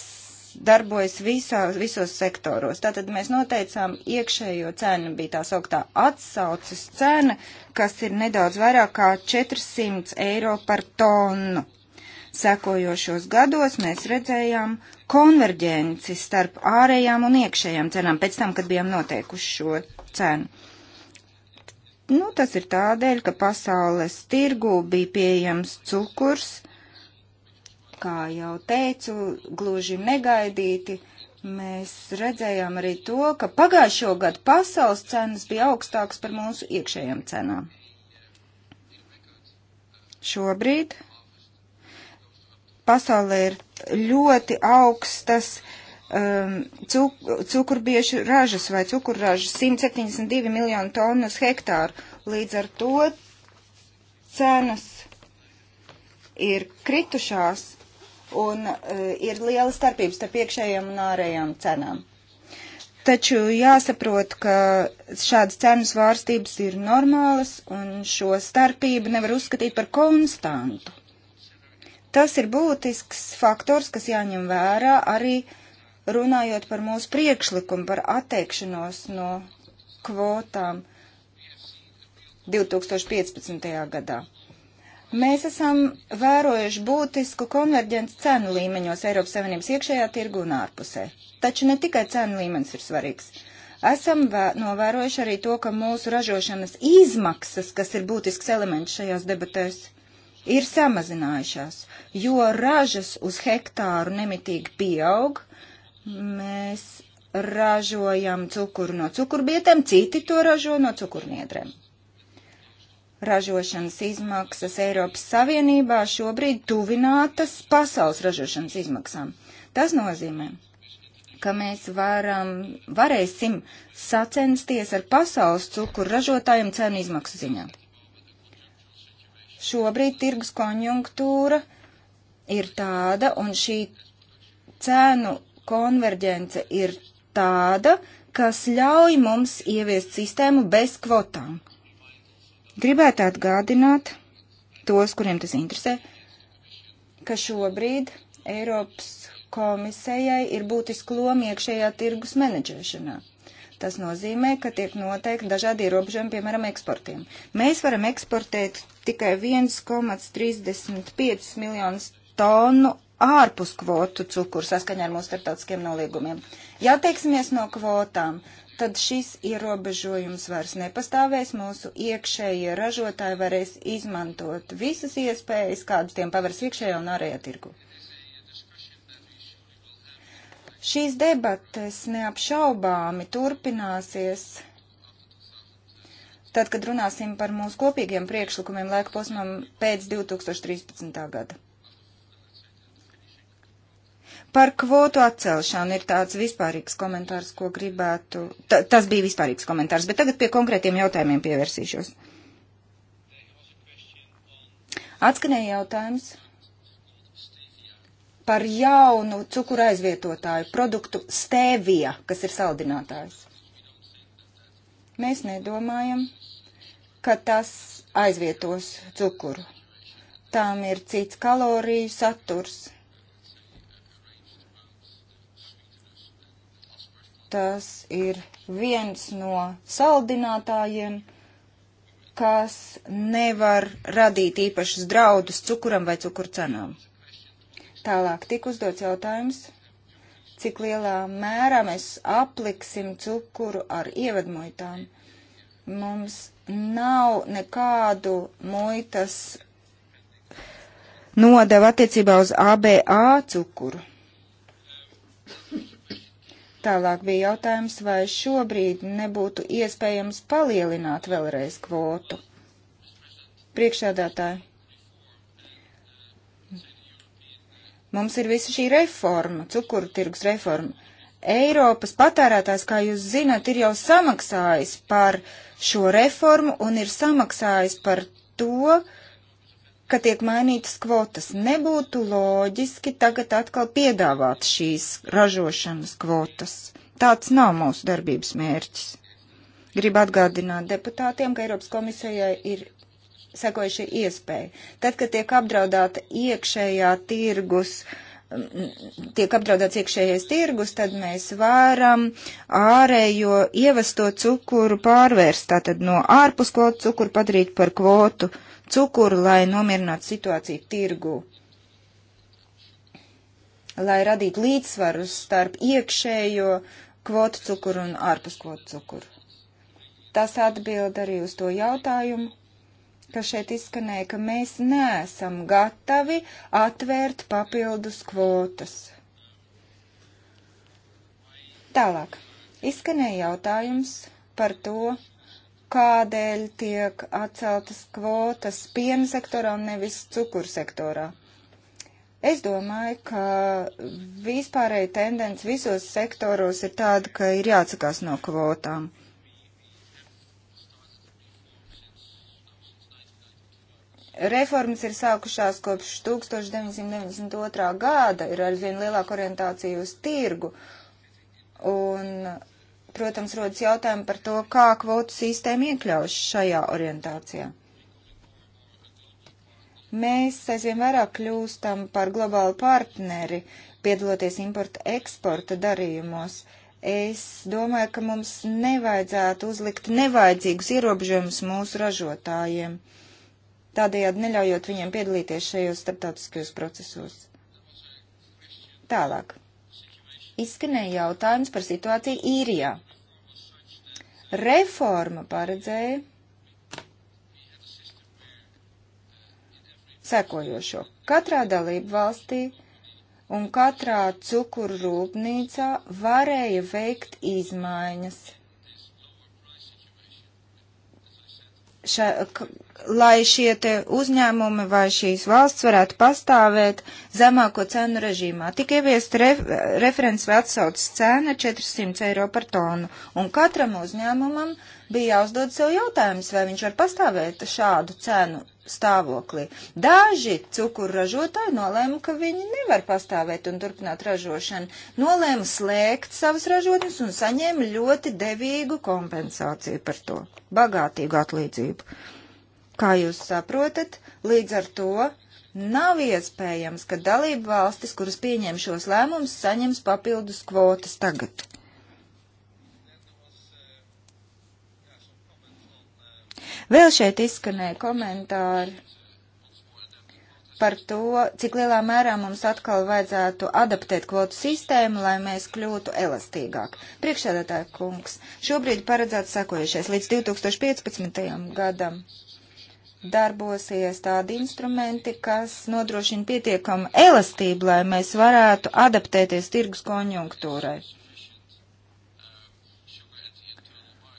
darbojas visā, visos sektoros. Tātad mēs noteicām iekšējo cenu, bija tā sauktā atsauces cena, kas ir nedaudz vairāk kā 400 eiro par tonu. Sekojošos gados mēs redzējām konverģenci starp ārējām un iekšējām cenām, pēc tam, kad bijām noteikuši šo cenu. Nu, tas ir tādēļ, ka pasaules tirgū bija pieejams cukurs, kā jau teicu, gluži negaidīti. Mēs redzējām arī to, ka pagājušo gadu pasaules cenas bija augstākas par mūsu iekšējām cenām. Šobrīd pasaulē ir ļoti augstas uh, um, cuk, cukurbiešu ražas vai cukurražas 172 miljonu tonu uz hektāru. Līdz ar to cenas ir kritušās un uh, ir liela starpība starp iekšējām un ārējām cenām. Taču jāsaprot, ka šādas cenu svārstības ir normālas un šo starpību nevar uzskatīt par konstantu. Tas ir būtisks faktors, kas jāņem vērā arī uh, runājot par mūsu priekšlikumu par atteikšanos no kvotām 2015. gadā. Mēs esam vērojuši būtisku konverģenci cenu līmeņos Eiropas Savienības iekšējā tirgu un ārpusē. Taču ne tikai cenu līmenis ir svarīgs. Esam novērojuši arī to, ka mūsu ražošanas izmaksas, kas ir būtisks elements šajās debatēs, ir samazinājušās, jo ražas uz hektāru nemitīgi pieaug, uh, Mēs ražojam cukuru no cukurbietēm, citi to ražo no cukurniedrēm. Ražošanas izmaksas Eiropas Savienībā šobrīd tuvinātas pasaules ražošanas izmaksām. Tas nozīmē, ka mēs varam, varēsim sacensties ar pasaules cukuru ražotājiem cenu izmaksu ziņā. Šobrīd tirgus konjunktūra ir tāda, un šī cēnu konverģence ir tāda, kas ļauj mums ieviest sistēmu bez kvotām. Gribētu atgādināt tos, kuriem tas interesē, ka šobrīd Eiropas komisējai ir būtiski loma iekšējā tirgus menedžēšanā. Tas nozīmē, ka tiek noteikti dažādi ierobežojumi, piemēram, eksportiem. Mēs varam eksportēt tikai 1,35 miljonus tonu ārpus kvotu cukuru saskaņā ar mūsu starptautiskiem nolīgumiem. Ja attieksimies no kvotām, tad šis ierobežojums vairs nepastāvēs. Mūsu iekšējie ražotāji varēs izmantot visas iespējas, kādas tiem pavars iekšējā un ārējā tirgu. Šīs debates neapšaubāmi turpināsies tad, kad runāsim par mūsu kopīgiem priekšlikumiem laika posmam pēc 2013. gada. Par kvotu atcelšanu ir tāds vispārīgs komentārs, ko gribētu. T tas bija vispārīgs komentārs, bet tagad pie konkrētiem jautājumiem pievērsīšos. Atskanēja jautājums par jaunu cukura aizvietotāju produktu stēvija, kas ir saldinātājs. Mēs nedomājam, ka tas aizvietos cukuru. Tām ir cits kaloriju saturs Tas ir viens no saldinātājiem, kas nevar radīt īpašas draudus cukuram vai cukurcenām. Tālāk tik uzdots jautājums, cik lielā mērā mēs apliksim cukuru ar ievadmuitām. Mums nav nekādu muitas nodevu attiecībā uz ABA cukuru. Tālāk bija jautājums, vai šobrīd nebūtu iespējams palielināt vēlreiz kvotu. Priekšsēdētāji, mums ir visa šī reforma, cukuru tirgus reforma. Eiropas patērētājs, kā jūs zināt, ir jau samaksājis par šo reformu un ir samaksājis par to, ka tiek mainītas kvotas. Nebūtu loģiski tagad atkal piedāvāt šīs ražošanas kvotas. Tāds nav mūsu darbības mērķis. Gribu atgādināt deputātiem, ka Eiropas komisijai ir sekojuši iespēja. Tad, kad tiek apdraudāta iekšējā tirgus, tiek apdraudāts iekšējais tirgus, tad mēs varam ārējo ievesto cukuru pārvērst, tātad no ārpus kvotu cukuru padarīt par kvotu uh, cukuru, lai nomierinātu situāciju tirgu, lai radītu līdzsvaru starp iekšējo kvotu cukuru un ārpus kvotu cukuru. Tas atbild arī uz to jautājumu, ka šeit izskanēja, ka mēs neesam gatavi atvērt papildus kvotas. Tālāk. Izskanēja jautājums par to, kādēļ tiek atceltas kvotas piena sektorā un nevis cukuru sektorā. Es domāju, ka vispārēja tendence visos sektoros ir tāda, ka ir jāatsakās no kvotām. Reformas ir sākušās kopš 1992. gada, ir arvien lielāka orientācija uz tirgu, un protams, rodas jautājumi par to, kā kvotu sistēma iekļaus šajā orientācijā. Mēs aizvien vairāk kļūstam par globālu partneri, piedaloties importa eksporta darījumos. Es domāju, ka mums nevajadzētu uzlikt nevajadzīgus ierobežojumus mūsu ražotājiem, tādējādi neļaujot viņiem piedalīties šajos starptautiskajos procesos. Tālāk. Izskanēja jautājums par situāciju īrijā. Reforma paredzēja sekojošo. Katrā dalību valstī un katrā cukuru rūpnīcā varēja veikt izmaiņas. Šā, lai šie uzņēmumi vai šīs valsts varētu pastāvēt zemāko cenu režīmā. Tik ieviest ref, referents vai atsaucas cena 400 eiro par tonu, un katram uzņēmumam bija jāuzdod sev jautājums, vai viņš var pastāvēt šādu cenu stāvoklī. Daži cukurražotāji nolēma, ka viņi nevar pastāvēt un turpināt ražošanu, nolēma slēgt savas ražotnes un saņēma ļoti devīgu kompensāciju par to, bagātīgu atlīdzību. Kā jūs saprotat, līdz ar to nav iespējams, ka dalību valstis, kuras pieņem šos lēmumus, saņems papildus kvotas tagad. Vēl šeit izskanēja komentāri par to, cik lielā mērā mums atkal vajadzētu adaptēt kvotu sistēmu, lai mēs kļūtu elastīgāk. Priekšsēdētāja kungs, šobrīd paredzēts sekojušais līdz 2015. gadam darbosies tādi instrumenti, kas nodrošina pietiekamu elastību, lai mēs varētu adaptēties tirgus konjunktūrai.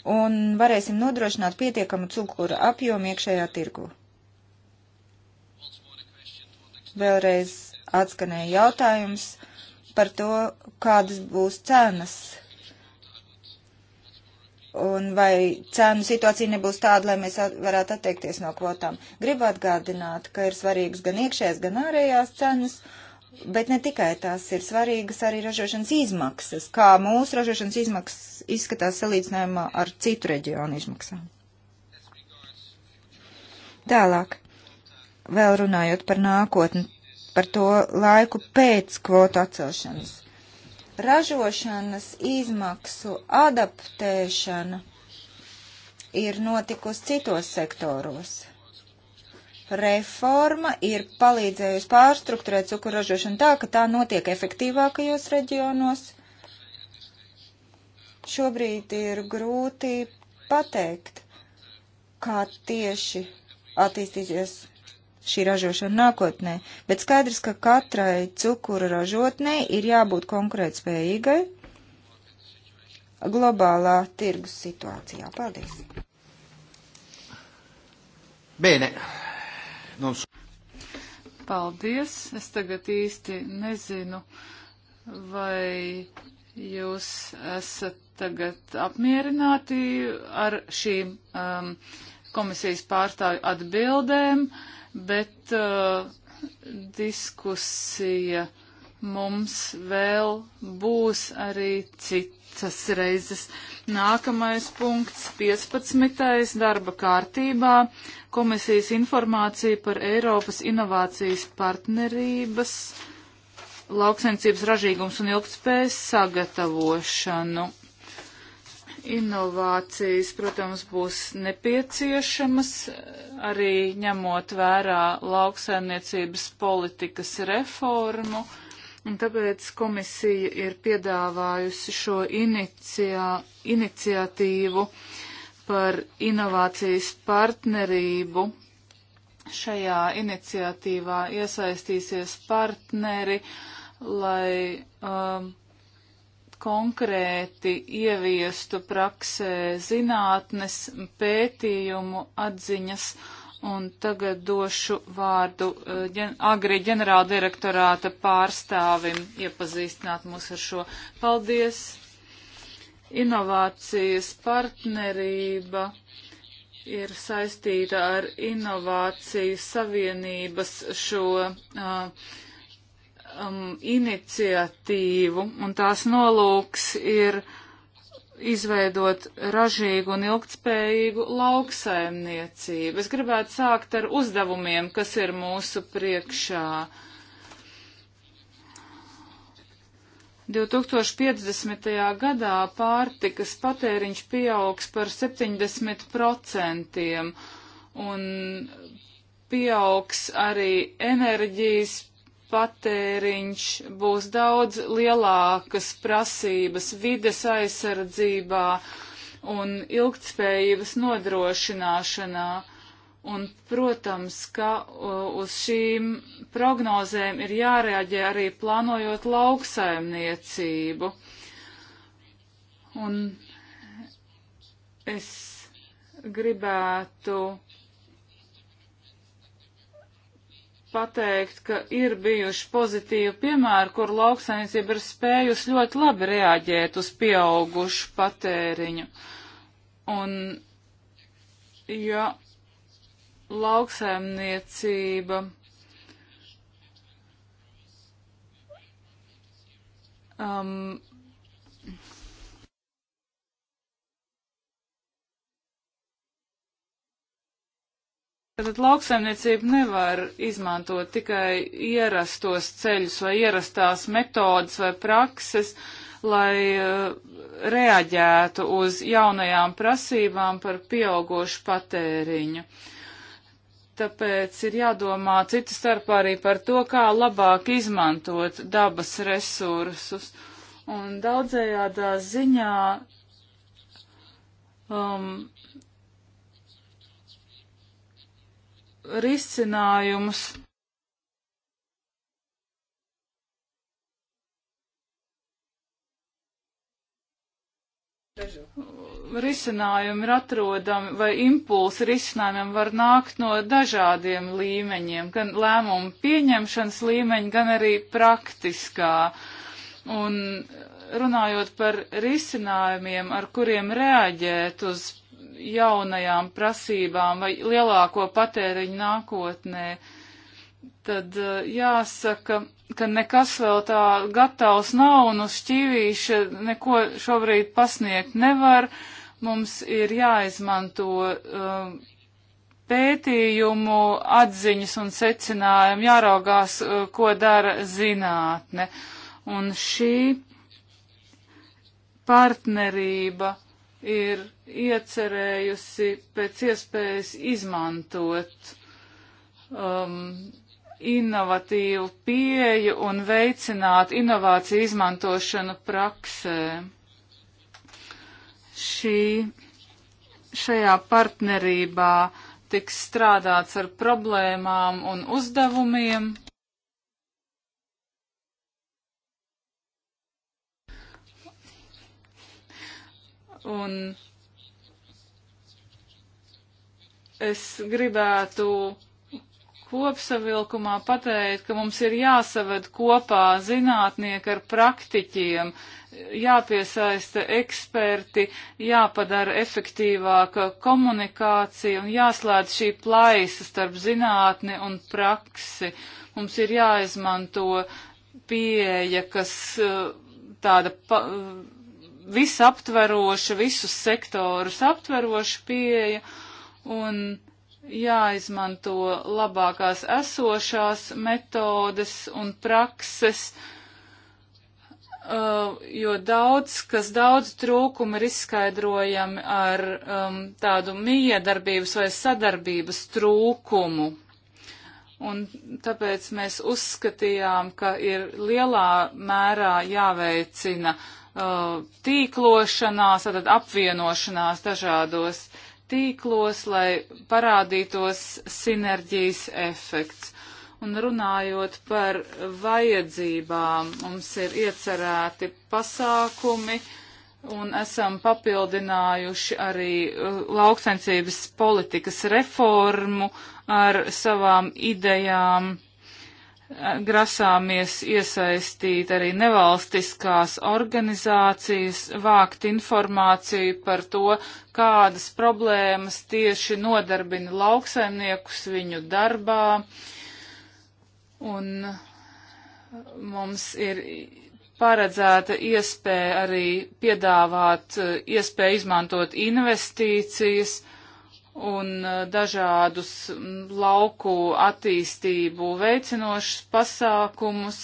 Un varēsim nodrošināt pietiekamu cukura apjomu iekšējā tirgu. Vēlreiz atskanēja jautājums par to, kādas būs cenas un vai cēnu situācija nebūs tāda, lai mēs at varētu atteikties no kvotām. Gribu atgādināt, ka ir svarīgas gan iekšējās, gan ārējās cenas, bet ne tikai tās ir svarīgas arī ražošanas izmaksas, kā mūsu ražošanas izmaksas izskatās salīdzinājumā ar citu reģionu izmaksām. Tālāk, vēl runājot par nākotni, par to laiku pēc kvotu atcelšanas ražošanas izmaksu adaptēšana ir notikusi citos sektoros. Reforma ir palīdzējusi pārstruktūrēt cukuru ražošanu tā, ka tā notiek efektīvākajos reģionos. Šobrīd ir grūti pateikt, kā tieši attīstīsies šī ražošana nākotnē, bet skaidrs, ka katrai cukura ražotnē ir jābūt konkurētspējīgai globālā tirgus situācijā. Paldies! Bene. Mums. Paldies! Es tagad īsti nezinu, vai jūs esat tagad apmierināti ar šīm um, komisijas pārstāvju atbildēm. Uh, bet uh, diskusija mums vēl būs arī citas reizes. Nākamais punkts, 15. darba kārtībā, komisijas informācija par Eiropas inovācijas partnerības lauksaimniecības ražīgums un ilgtspējas sagatavošanu. Inovācijas, protams, būs nepieciešamas eh, arī ņemot vērā lauksaimniecības politikas reformu, un tāpēc komisija ir piedāvājusi šo inicijā, iniciatīvu par inovācijas partnerību. Šajā iniciatīvā iesaistīsies partneri, lai um, konkrēti ieviestu praksē zinātnes, pētījumu, atziņas, un tagad došu vārdu eh, ģen, agri ģenerāldirektorāta pārstāvim iepazīstināt mūs ar šo. Paldies! Inovācijas partnerība ir saistīta ar inovāciju savienības šo uh, um, iniciatīvu, un tās nolūks ir izveidot ražīgu un ilgtspējīgu lauksaimniecību. Es gribētu sākt ar uzdevumiem, kas ir mūsu priekšā. 2050. gadā pārtikas patēriņš pieaugs par 70% un pieaugs arī enerģijas patēriņš, būs daudz lielākas prasības vides aizsardzībā un ilgtspējības nodrošināšanā. Un, protams, ka uz šīm prognozēm ir jārēģē arī plānojot lauksaimniecību. Un es gribētu pateikt, ka ir bijuši pozitīvi piemēri, kur lauksainicība ir spējusi ļoti labi reaģēt uz pieaugušu patēriņu. Un, ja lauksaimniecība um, Tātad lauksaimniecība nevar izmantot tikai ierastos ceļus vai ierastās metodas vai prakses, lai uh, reaģētu uz jaunajām prasībām par pieaugošu patēriņu. Tāpēc ir jādomā cita starpā arī par to, kā labāk izmantot dabas resursus. Un daudzējādā ziņā um, risinājumus. Risinājumi ir atrodami, vai impulsi risinājumiem var nākt no dažādiem līmeņiem, gan lēmumu pieņemšanas līmeņa, gan arī praktiskā. Un runājot par risinājumiem, ar kuriem reaģēt uz jaunajām prasībām vai lielāko patēriņu nākotnē, tad e, jāsaka, ka nekas vēl tā gatavs nav un uz šķīvīša neko šobrīd pasniegt nevar. Mums ir jāizmanto um, pētījumu, atziņas un secinājumu, jāraugās, e, ko dara zinātne. Un šī partnerība ir iecerējusi pēc iespējas izmantot um, inovatīvu pieju un veicināt inovāciju izmantošanu praksē. Šī, šajā partnerībā tiks strādāts ar problēmām un uzdevumiem. Un es gribētu kopsavilkumā pateikt, ka mums ir jāsaved kopā zinātnieki ar praktiķiem, jāpiesaista eksperti, jāpadara efektīvāka komunikācija un jāslēdz šī plaisa starp zinātni un praksi. Mums ir jāizmanto pieeja, kas eh, tāda pa, eh, visaptveroša, visus sektorus aptveroša pieeja un jāizmanto labākās esošās metodes un prakses, uh, jo daudz, kas daudz trūkumu ir izskaidrojami ar um, tādu miedarbības vai sadarbības trūkumu. Un tāpēc mēs uzskatījām, ka ir lielā mērā jāveicina uh, tīklošanās, tātad apvienošanās dažādos uh, tīklos, lai parādītos sinerģijas efekts. Un runājot par vajadzībām, mums ir iecerēti pasākumi un esam papildinājuši arī uh, lauksainsības politikas reformu ar savām idejām grasāmies iesaistīt arī nevalstiskās organizācijas, vākt informāciju par to, kādas problēmas tieši nodarbina lauksaimniekus viņu darbā. Un mums ir paredzēta iespēja arī piedāvāt iespēju izmantot investīcijas un uh, dažādus mm, lauku attīstību veicinošus pasākumus,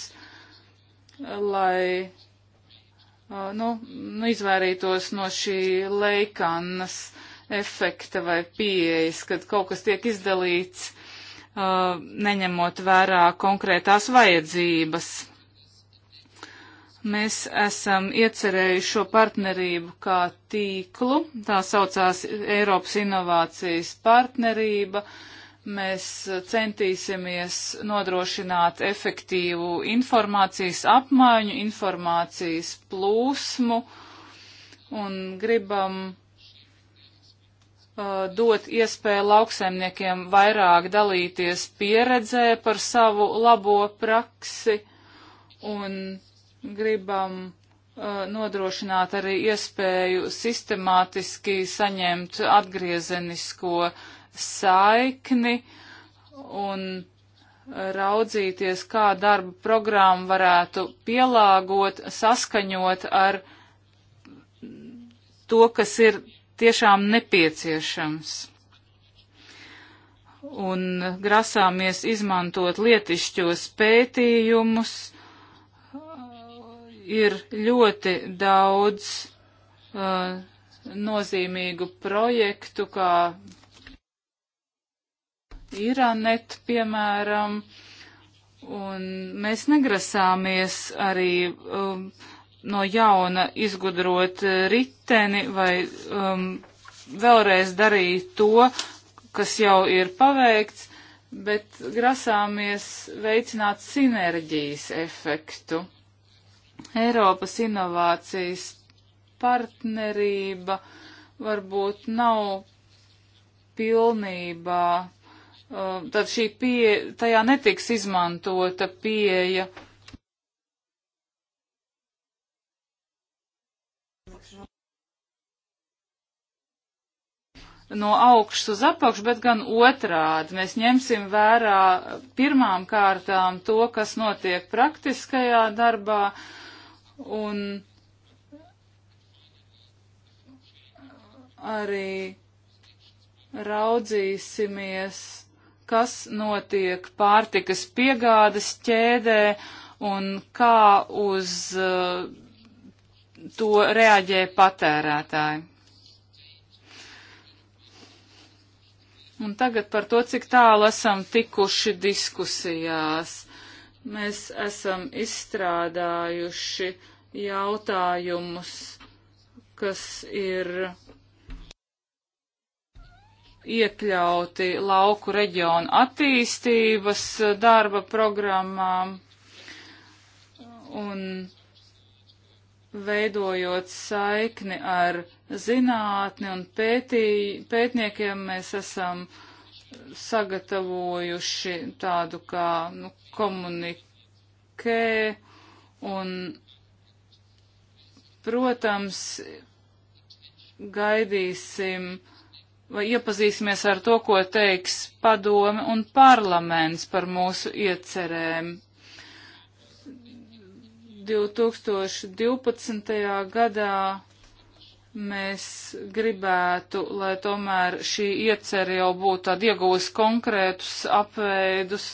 lai uh, nu, nu, izvairītos no šī leikannas efekta vai pieejas, kad kaut kas tiek izdalīts, uh, neņemot vērā konkrētās vajadzības. Mēs esam iecerējuši šo partnerību kā tīklu, tā saucās Eiropas inovācijas partnerība. Mēs centīsimies nodrošināt efektīvu informācijas apmaiņu, informācijas plūsmu un gribam uh, dot iespēju lauksaimniekiem vairāk dalīties pieredzē par savu labo praksi un gribam uh, nodrošināt arī iespēju sistemātiski saņemt atgriezenisko saikni un raudzīties, kā darba programmu varētu pielāgot, saskaņot ar to, kas ir tiešām nepieciešams. Un grasāmies izmantot lietišķos pētījumus, ir ļoti daudz uh, nozīmīgu projektu, kā Iranet, piemēram, un mēs negrasāmies arī um, no jauna izgudrot uh, riteni vai um, vēlreiz darīt to, kas jau ir paveikts, bet grasāmies veicināt sinerģijas efektu. Eiropas inovācijas partnerība varbūt nav pilnībā, um, tad šī pie, tajā netiks izmantota pieeja. No augšas uz apakšu, bet gan otrādi. Mēs ņemsim vērā pirmām kārtām to, kas notiek praktiskajā darbā, uh, un arī raudzīsimies, kas notiek pārtikas piegādes ķēdē un kā uz uh, to reaģē patērētāji. Un tagad par to, cik tālu esam tikuši diskusijās. Mēs esam izstrādājuši jautājumus, kas ir iekļauti lauku reģionu attīstības darba programmām un veidojot saikni ar zinātni un pētī, pētniekiem mēs esam uh, sagatavojuši tādu kā nu, komunikē un, protams, gaidīsim vai iepazīsimies ar to, ko teiks padome un parlaments par mūsu iecerēm. 2012. gadā Mēs gribētu, lai tomēr šī iecere jau būtu tāda iegūst konkrētus apveidus,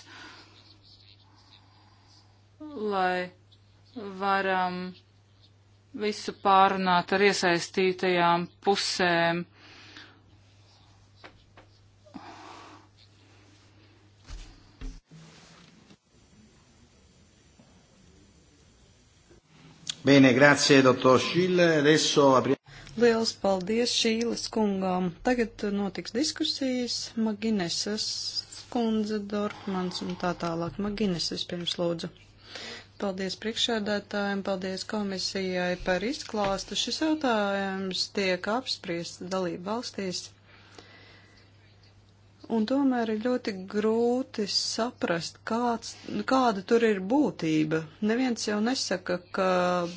lai varam visu pārunāt ar iesaistītajām pusēm. Bene, grazie dottor Schill. Adesso apriamo. Liels paldies Šīles kungām. Tagad notiks diskusijas. Magineses kundze, Dorfmans un tā tālāk. Magineses pirms lūdzu. Paldies priekšēdētājiem, paldies komisijai par izklāstu. Šis jautājums tiek apspriests dalību valstīs un tomēr ir ļoti grūti saprast, kāds, kāda tur ir būtība. Neviens jau nesaka, ka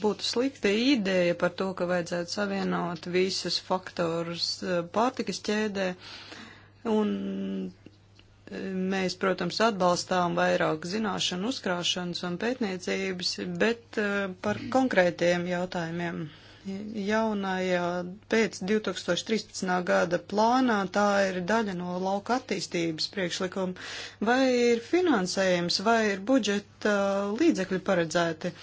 būtu slikta ideja par to, ka vajadzētu savienot visus faktorus eh, pārtikas ķēdē, un eh, mēs, protams, atbalstām vairāk zināšanu uzkrāšanas un pētniecības, bet eh, par konkrētiem jautājumiem jaunajā pēc 2013. gada plānā tā ir daļa no lauka attīstības priekšlikuma. Vai ir finansējums, vai ir budžeta uh, līdzekļi paredzēti?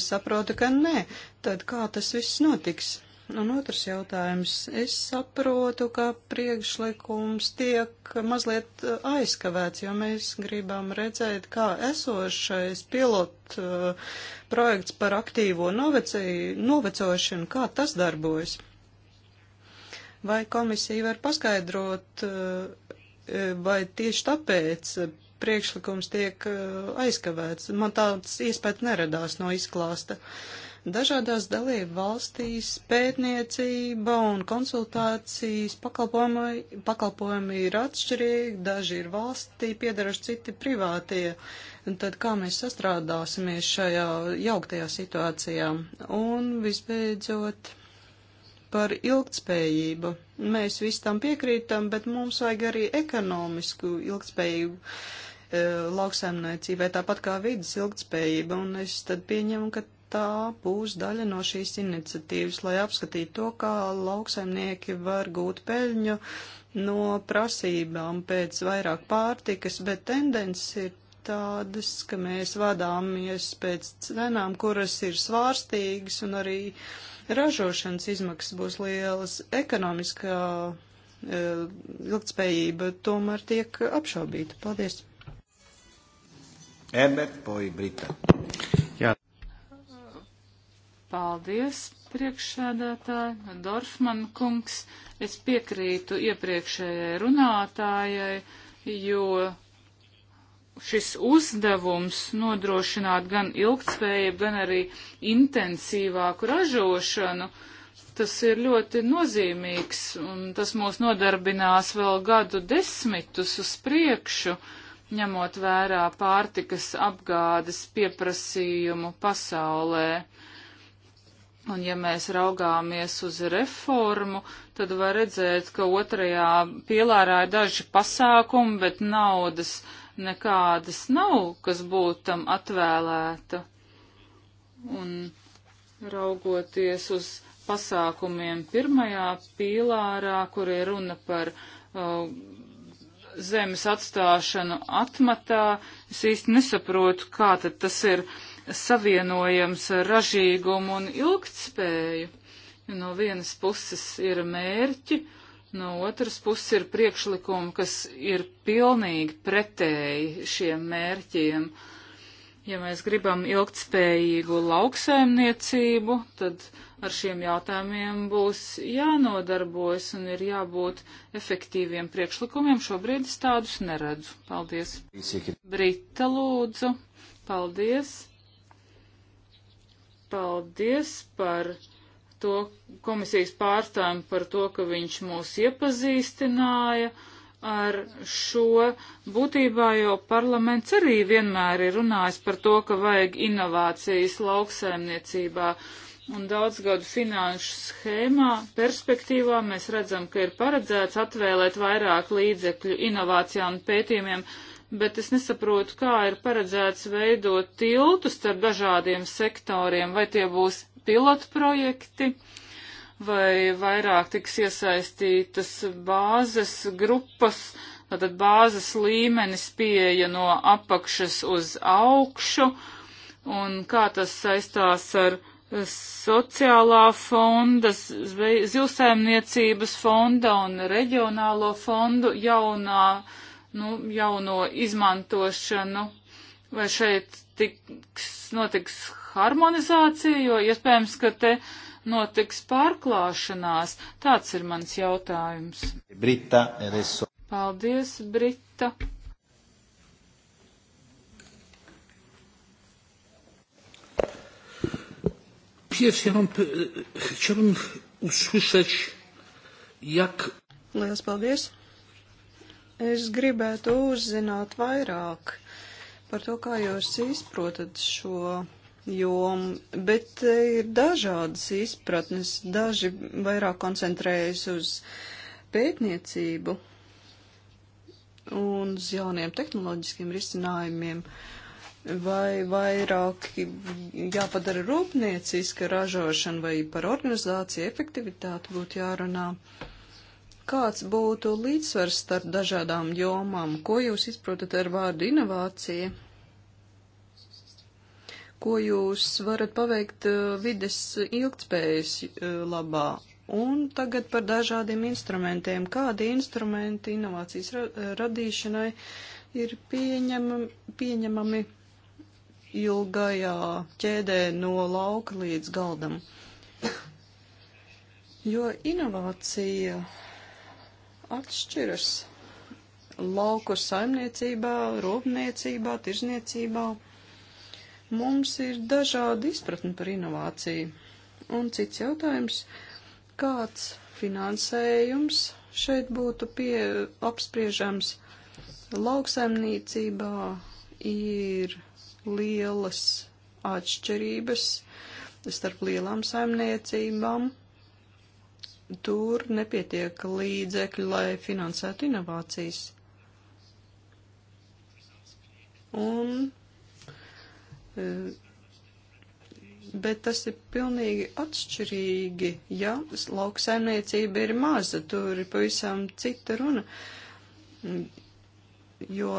Es saprotu, ka nē. Tad kā tas viss notiks? Un otrs jautājums. Es saprotu, ka priekšlikums tiek mazliet uh, aizkavēts, jo mēs gribam redzēt, kā esošais pilot uh, projekts par aktīvo noveciju, novecošanu, kā tas darbojas. Vai komisija var paskaidrot, uh, vai tieši tāpēc priekšlikums tiek uh, aizkavēts? Man tāds iespējas neradās no izklāsta. Uh, Dažādās dalību valstīs pētniecība un konsultācijas pakalpojumi, pakalpojumi ir atšķirīgi, daži ir valstī piedaroši, citi privātie. Un tad kā mēs sastrādāsimies šajā jauktajā situācijā? Un visbeidzot par ilgtspējību. Mēs visi tam piekrītam, bet mums vajag arī ekonomisku ilgtspējību e, lauksaimniecībai, tāpat kā vidas ilgtspējība. Un es tad pieņemu, ka tā būs daļa no šīs iniciatīvas, lai apskatītu to, kā lauksaimnieki var gūt peļņu no prasībām pēc vairāk pārtikas, bet tendences ir tādas, ka mēs vadāmies pēc cenām, kuras ir svārstīgas un arī ražošanas izmaksas būs lielas. Ekonomiskā e, ilgtspējība tomēr tiek apšaubīta. Paldies! Ebert poi Brita. Paldies, priekšsēdētāji, Dorfman kungs. Es piekrītu iepriekšējai runātājai, jo šis uzdevums nodrošināt gan ilgtspējību, gan arī intensīvāku ražošanu, tas ir ļoti nozīmīgs un tas mūs nodarbinās vēl gadu desmitus uz priekšu, ņemot vērā pārtikas apgādes pieprasījumu pasaulē. Un ja mēs raugāmies uz reformu, tad var redzēt, ka otrajā pielārā ir daži pasākumi, bet naudas nekādas nav, kas būtu tam atvēlēta. Un raugoties uz pasākumiem pirmajā pīlārā, kur ir runa par uh, zemes atstāšanu atmatā, es īsti nesaprotu, kā tad tas ir uh, savienojams ar ražīgumu un ilgtspēju. No vienas puses ir mērķi, no otras puses ir priekšlikumi, kas ir pilnīgi pretēji šiem mērķiem. Ja mēs gribam ilgtspējīgu lauksaimniecību, tad ar šiem jautājumiem būs jānodarbojas un ir jābūt efektīviem priekšlikumiem. Šobrīd es tādus neredzu. Paldies. Brita lūdzu. Paldies. Paldies par to komisijas pārstāvjumu par to, ka viņš mūs iepazīstināja ar šo. Būtībā jau parlaments arī vienmēr ir runājis par to, ka vajag inovācijas lauksaimniecībā. Un daudzgadu finanšu schēmā perspektīvā mēs redzam, ka ir paredzēts atvēlēt vairāk līdzekļu inovācijām un pētījumiem bet es nesaprotu, kā ir paredzēts veidot tiltus starp dažādiem sektoriem, vai tie būs pilotprojekti, vai vairāk tiks iesaistītas bāzes grupas, tātad bāzes līmenis pieeja no apakšas uz augšu, un kā tas saistās ar sociālā fonda, zivsaimniecības fonda un reģionālo fondu jaunā uh, nu, jauno izmantošanu, vai šeit tiks, notiks harmonizācija, jo iespējams, ka te notiks pārklāšanās. Tāds ir mans jautājums. Brita, edeso. Paldies, Brita. Pierws, ja mam, chciałbym usłyszeć, jak... Liels paldies. Es gribētu uzzināt vairāk par to, kā jūs izprotat šo jomu, bet ir dažādas izpratnes. Daži vairāk koncentrējas uz pētniecību un uz jauniem tehnoloģiskiem risinājumiem. Vai vairāk jāpadara rūpnieciska ražošana vai par organizāciju efektivitāti būtu jārunā? Uh, kāds būtu līdzsvars starp dažādām jomām? Ko jūs izprotat ar vārdu inovācija? Ko jūs varat paveikt uh, vides ilgtspējas uh, labā? Un tagad par dažādiem instrumentiem. Kādi instrumenti inovācijas ra uh, radīšanai ir pieņemami, pieņemami ilgajā ķēdē no lauka līdz galdam? Jo inovācija atšķiras lauku saimniecībā, rūpniecībā, tirzniecībā. Mums ir dažādi izpratni par inovāciju. Un cits jautājums, kāds finansējums šeit būtu pie, apspriežams lauksaimniecībā ir lielas atšķirības starp lielām saimniecībām tur nepietiek līdzekļi, lai finansētu inovācijas. Un, e, bet tas ir pilnīgi atšķirīgi, ja lauksaimniecība ir maza, tur ir pavisam cita runa, jo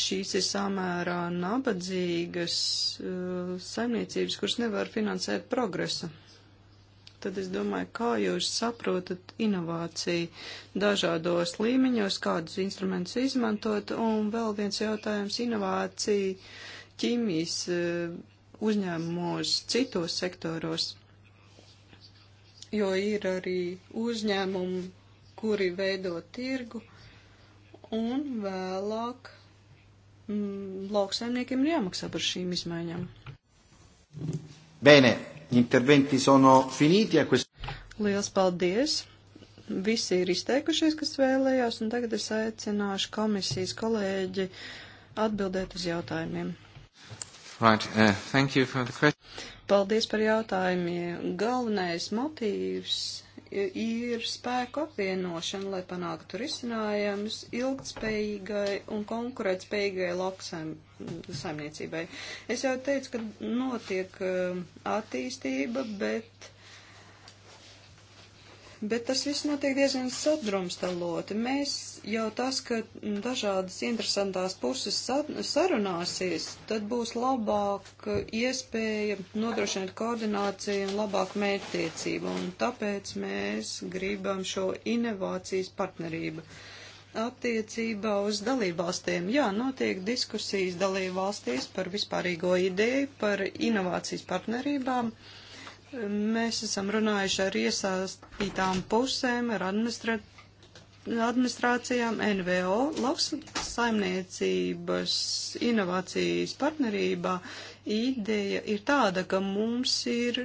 šīs ir samērā nabadzīgas e, saimniecības, kuras nevar finansēt progresu tad es domāju, kā jūs saprotat inovāciju dažādos līmeņos, kādus instrumentus izmantot, un vēl viens jautājums - inovācija ķīmijas eh, uzņēmumos citos sektoros, jo ir arī uzņēmumi, kuri veido tirgu, un vēlāk mm, lauksaimniekiem ir jāmaksā par šīm izmaiņām. Bene, Gli interventi sono finiti a questo. Liels paldies! Visi ir izteikušies, kas vēlējās, un tagad es aicināšu komisijas kolēģi atbildēt uz jautājumiem. Right, uh, thank you for the question. Paldies par jautājumiem. Galvenais motīvs ir spēku apvienošana, lai panāktu risinājumus ilgtspējīgai un konkurētspējīgai lauksaimniecībai. Es jau teicu, ka notiek eh, attīstība, bet Bet tas viss notiek diezgan sadrumstaloti. Mēs jau tas, ka dažādas interesantās puses sarunāsies, tad būs labāk iespēja nodrošināt koordināciju un labāku mērķtiecību. Un tāpēc mēs gribam šo inovācijas partnerību. Attiecībā uz dalībvalstiem. Jā, notiek diskusijas dalībvalstīs par vispārīgo ideju, par inovācijas partnerībām. Uh, Mēs esam runājuši ar iesaistītām pusēm, ar administra administrācijām, NVO, lauksaimniecības inovācijas partnerībā. Ideja ir tāda, ka mums ir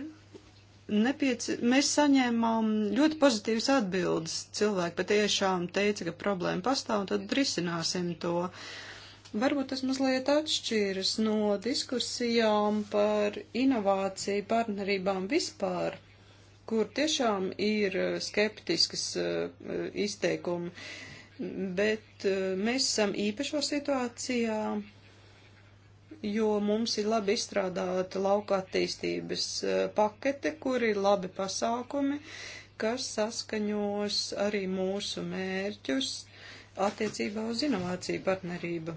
nepieci... mēs saņēmām ļoti pozitīvas atbildes. Cilvēki patiešām teica, ka problēma pastāv, un tad risināsim to. Uh, Varbūt tas mazliet atšķiras no diskusijām par inovāciju partnerībām vispār, kur tiešām ir eh, skeptiskas eh, izteikumi, bet eh, mēs esam īpašo situācijā, jo mums ir labi izstrādāta lauka attīstības pakete, kur ir labi pasākumi, kas saskaņos arī mūsu mērķus attiecībā uz inovāciju partnerību.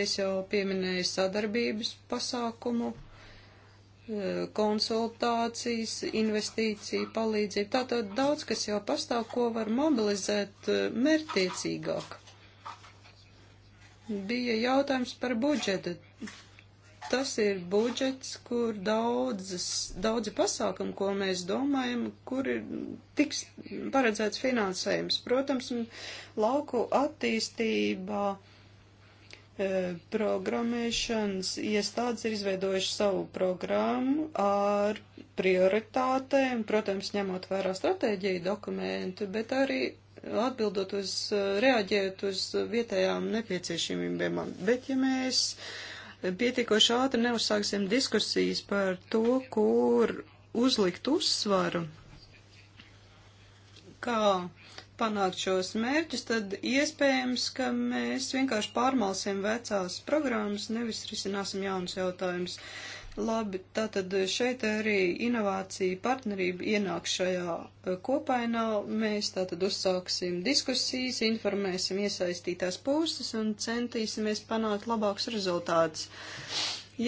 Es jau pieminēju sadarbības pasākumu, e, konsultācijas, investīciju palīdzību. Tātad daudz, kas jau pastāv, ko var mobilizēt e, mērtiecīgāk. Bija jautājums par budžetu. Tas ir budžets, kur daudzas, daudzi pasākumi, ko mēs domājam, kur ir tiks paredzēts finansējums. Protams, lauku attīstībā e, programmēšanas iestādes ir izveidojuši savu programmu ar prioritātēm, protams, ņemot vērā stratēģiju dokumentu, bet arī atbildot uz, reaģēt uz vietējām nepieciešamībām. Bet ja mēs uh, pietiekoši ātri neuzsāksim diskusijas par to, kur uzlikt uzsvaru, kā panākt šos mērķus, tad iespējams, ka mēs vienkārši pārmalsim vecās programmas, nevis risināsim jaunus jautājumus. Uh, Labi, tātad šeit arī inovācija partnerība ienāk šajā eh, kopainā. Mēs tātad uzsāksim diskusijas, informēsim iesaistītās puses un centīsimies panākt labāks rezultāts.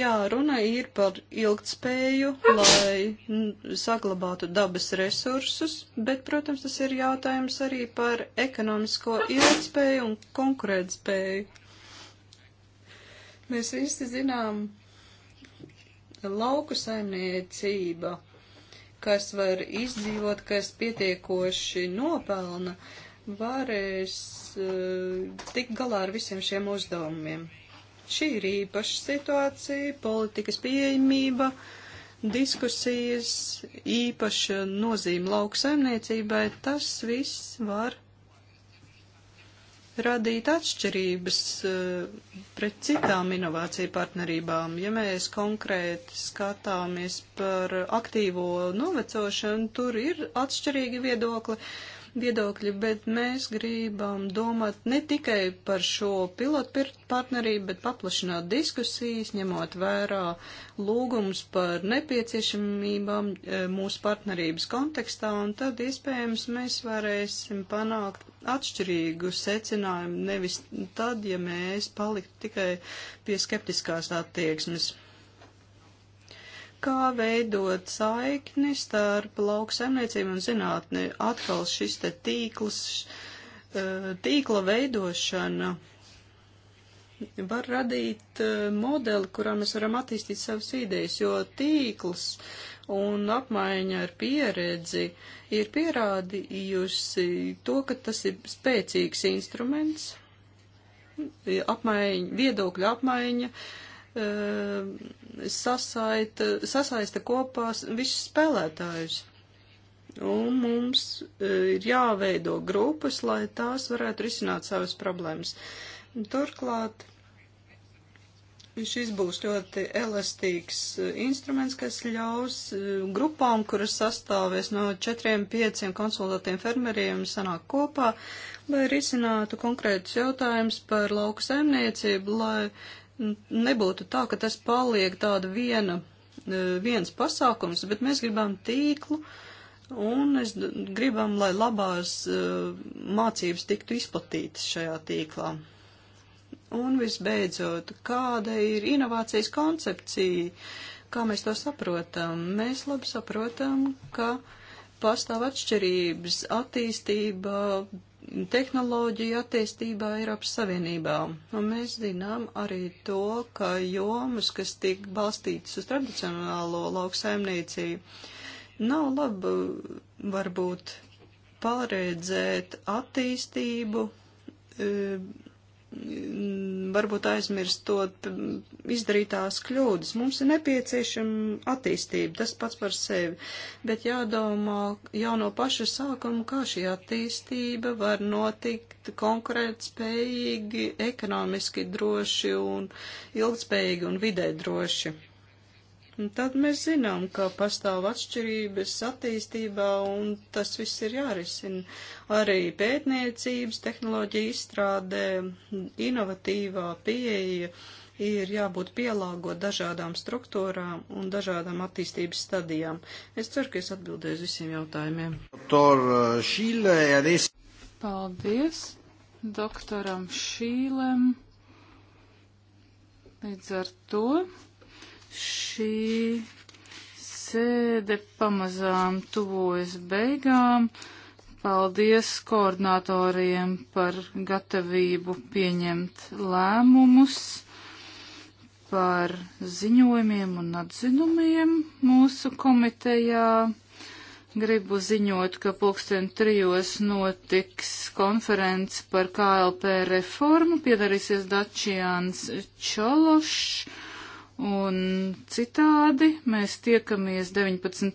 Jā, runa ir par ilgtspēju, lai saglabātu dabas resursus, bet, protams, tas ir jautājums arī par ekonomisko ilgtspēju un konkurētspēju. Mēs visi zinām, Lauku saimniecība, kas var izdzīvot, kas pietiekoši nopelna, varēs uh, tikt galā ar visiem šiem uzdevumiem. Šī ir īpaša situācija, politikas pieejamība, diskusijas, īpaša nozīme lauksaimniecībai, tas viss var radīt atšķirības eh, pret citām inovāciju partnerībām. Ja mēs konkrēti skatāmies par aktīvo novecošanu, tur ir atšķirīgi viedokli. Uh, viedokļi, bet mēs gribam domāt ne tikai par šo pilotu partnerību, bet paplašināt diskusijas, ņemot vērā lūgums par nepieciešamībām e, mūsu partnerības kontekstā, un tad iespējams mēs varēsim panākt atšķirīgu secinājumu, nevis tad, ja mēs paliktu tikai pie skeptiskās attieksmes kā veidot saikni starp lauksaimniecību un zinātni. Atkal šis te tīkls, eh, tīkla veidošana var radīt eh, modeli, kurā mēs varam attīstīt savas idejas, jo tīkls un apmaiņa ar pieredzi ir pierādījusi to, ka tas ir spēcīgs instruments, apmaiņa, viedokļa apmaiņa, uh, Uh, sasaita, sasaista kopā visus spēlētājus. Un mums uh, ir jāveido grupas, lai tās varētu risināt savas problēmas. Turklāt šis būs ļoti elastīgs uh, instruments, kas ļaus grupām, kuras sastāvēs no četriem, pieciem konsultantiem fermeriem, sanāk kopā, lai risinātu konkrētus jautājumus par lauku saimniecību, lai nebūtu tā, ka tas paliek tāda viena, e, viens pasākums, bet mēs gribam tīklu un es gribam, lai labās e, mācības tiktu izplatītas šajā tīklā. Un visbeidzot, kāda ir inovācijas koncepcija, kā mēs to saprotam? Mēs labi saprotam, ka pastāv atšķirības attīstība tehnoloģiju attīstībā Eiropas Savienībā. Un mēs zinām arī to, ka jomas, kas tiek balstītas uz tradicionālo lauksaimniecību, nav labi varbūt pārēdzēt attīstību e, Mm, varbūt aizmirst to mm, izdarītās kļūdas. Mums ir nepieciešama attīstība, tas pats par sevi, bet jādomā jau no paša sākuma, kā šī attīstība var notikt konkrēt spējīgi, ekonomiski droši un ilgspējīgi un vidē droši tad mēs zinām, ka pastāv atšķirības attīstībā un tas viss ir jārisina. Arī pētniecības tehnoloģija izstrādē, inovatīvā pieeja ir jābūt pielāgot dažādām struktūrām un dažādām attīstības stadijām. Es ceru, ka es atbildēju visiem jautājumiem. Uh, Paldies doktoram Šīlem. Līdz ar to Šī sēde pamazām tuvojas beigām. Paldies koordinatoriem par gatavību pieņemt lēmumus par ziņojumiem un atzinumiem mūsu komitejā. Gribu ziņot, ka pulksten trijos notiks konference par KLP reformu. Piedalīsies Dačians Čološs Un citādi mēs tiekamies 19.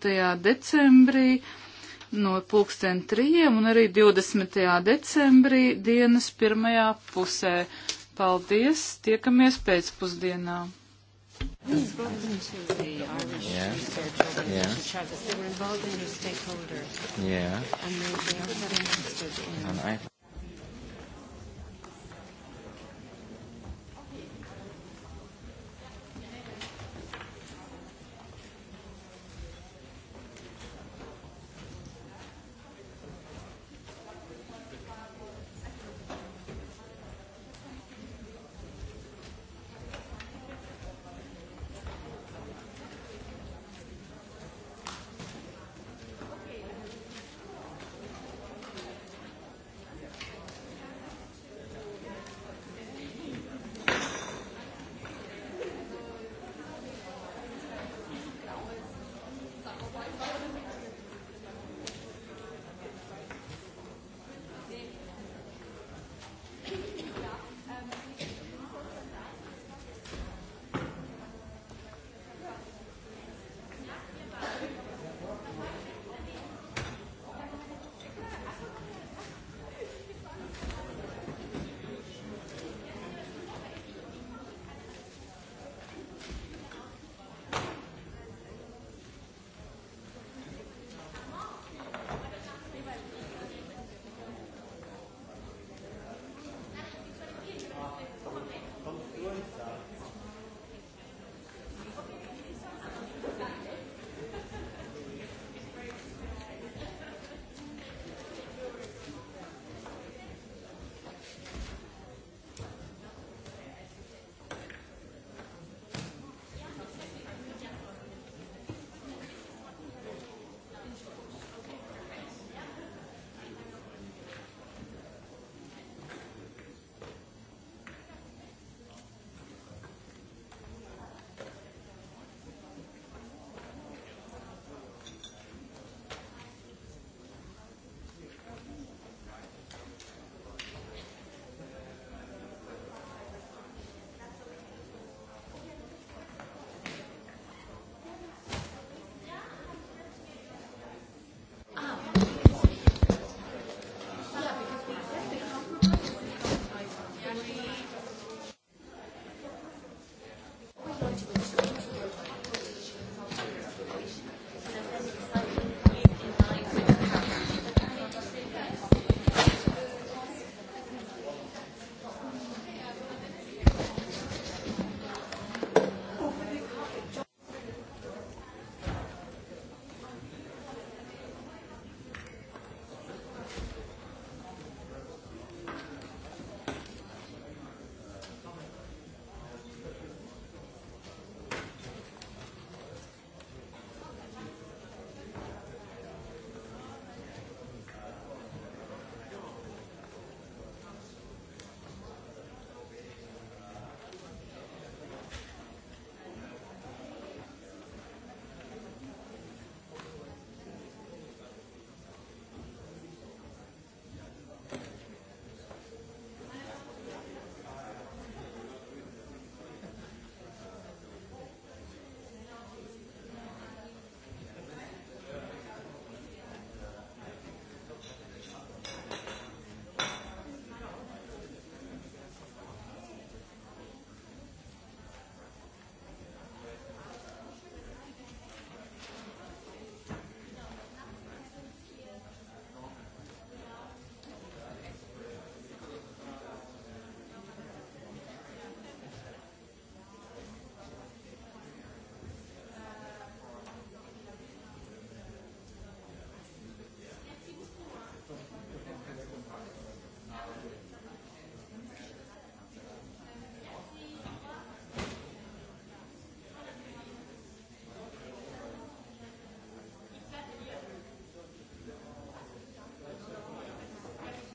decembrī no pulksten trījiem un arī 20. decembrī dienas pirmajā pusē. Paldies, tiekamies pēcpusdienā. That's brought them to the Irish yeah. research organization yeah. They were involved in your stakeholder. Yeah. And they, they are very interested in... And I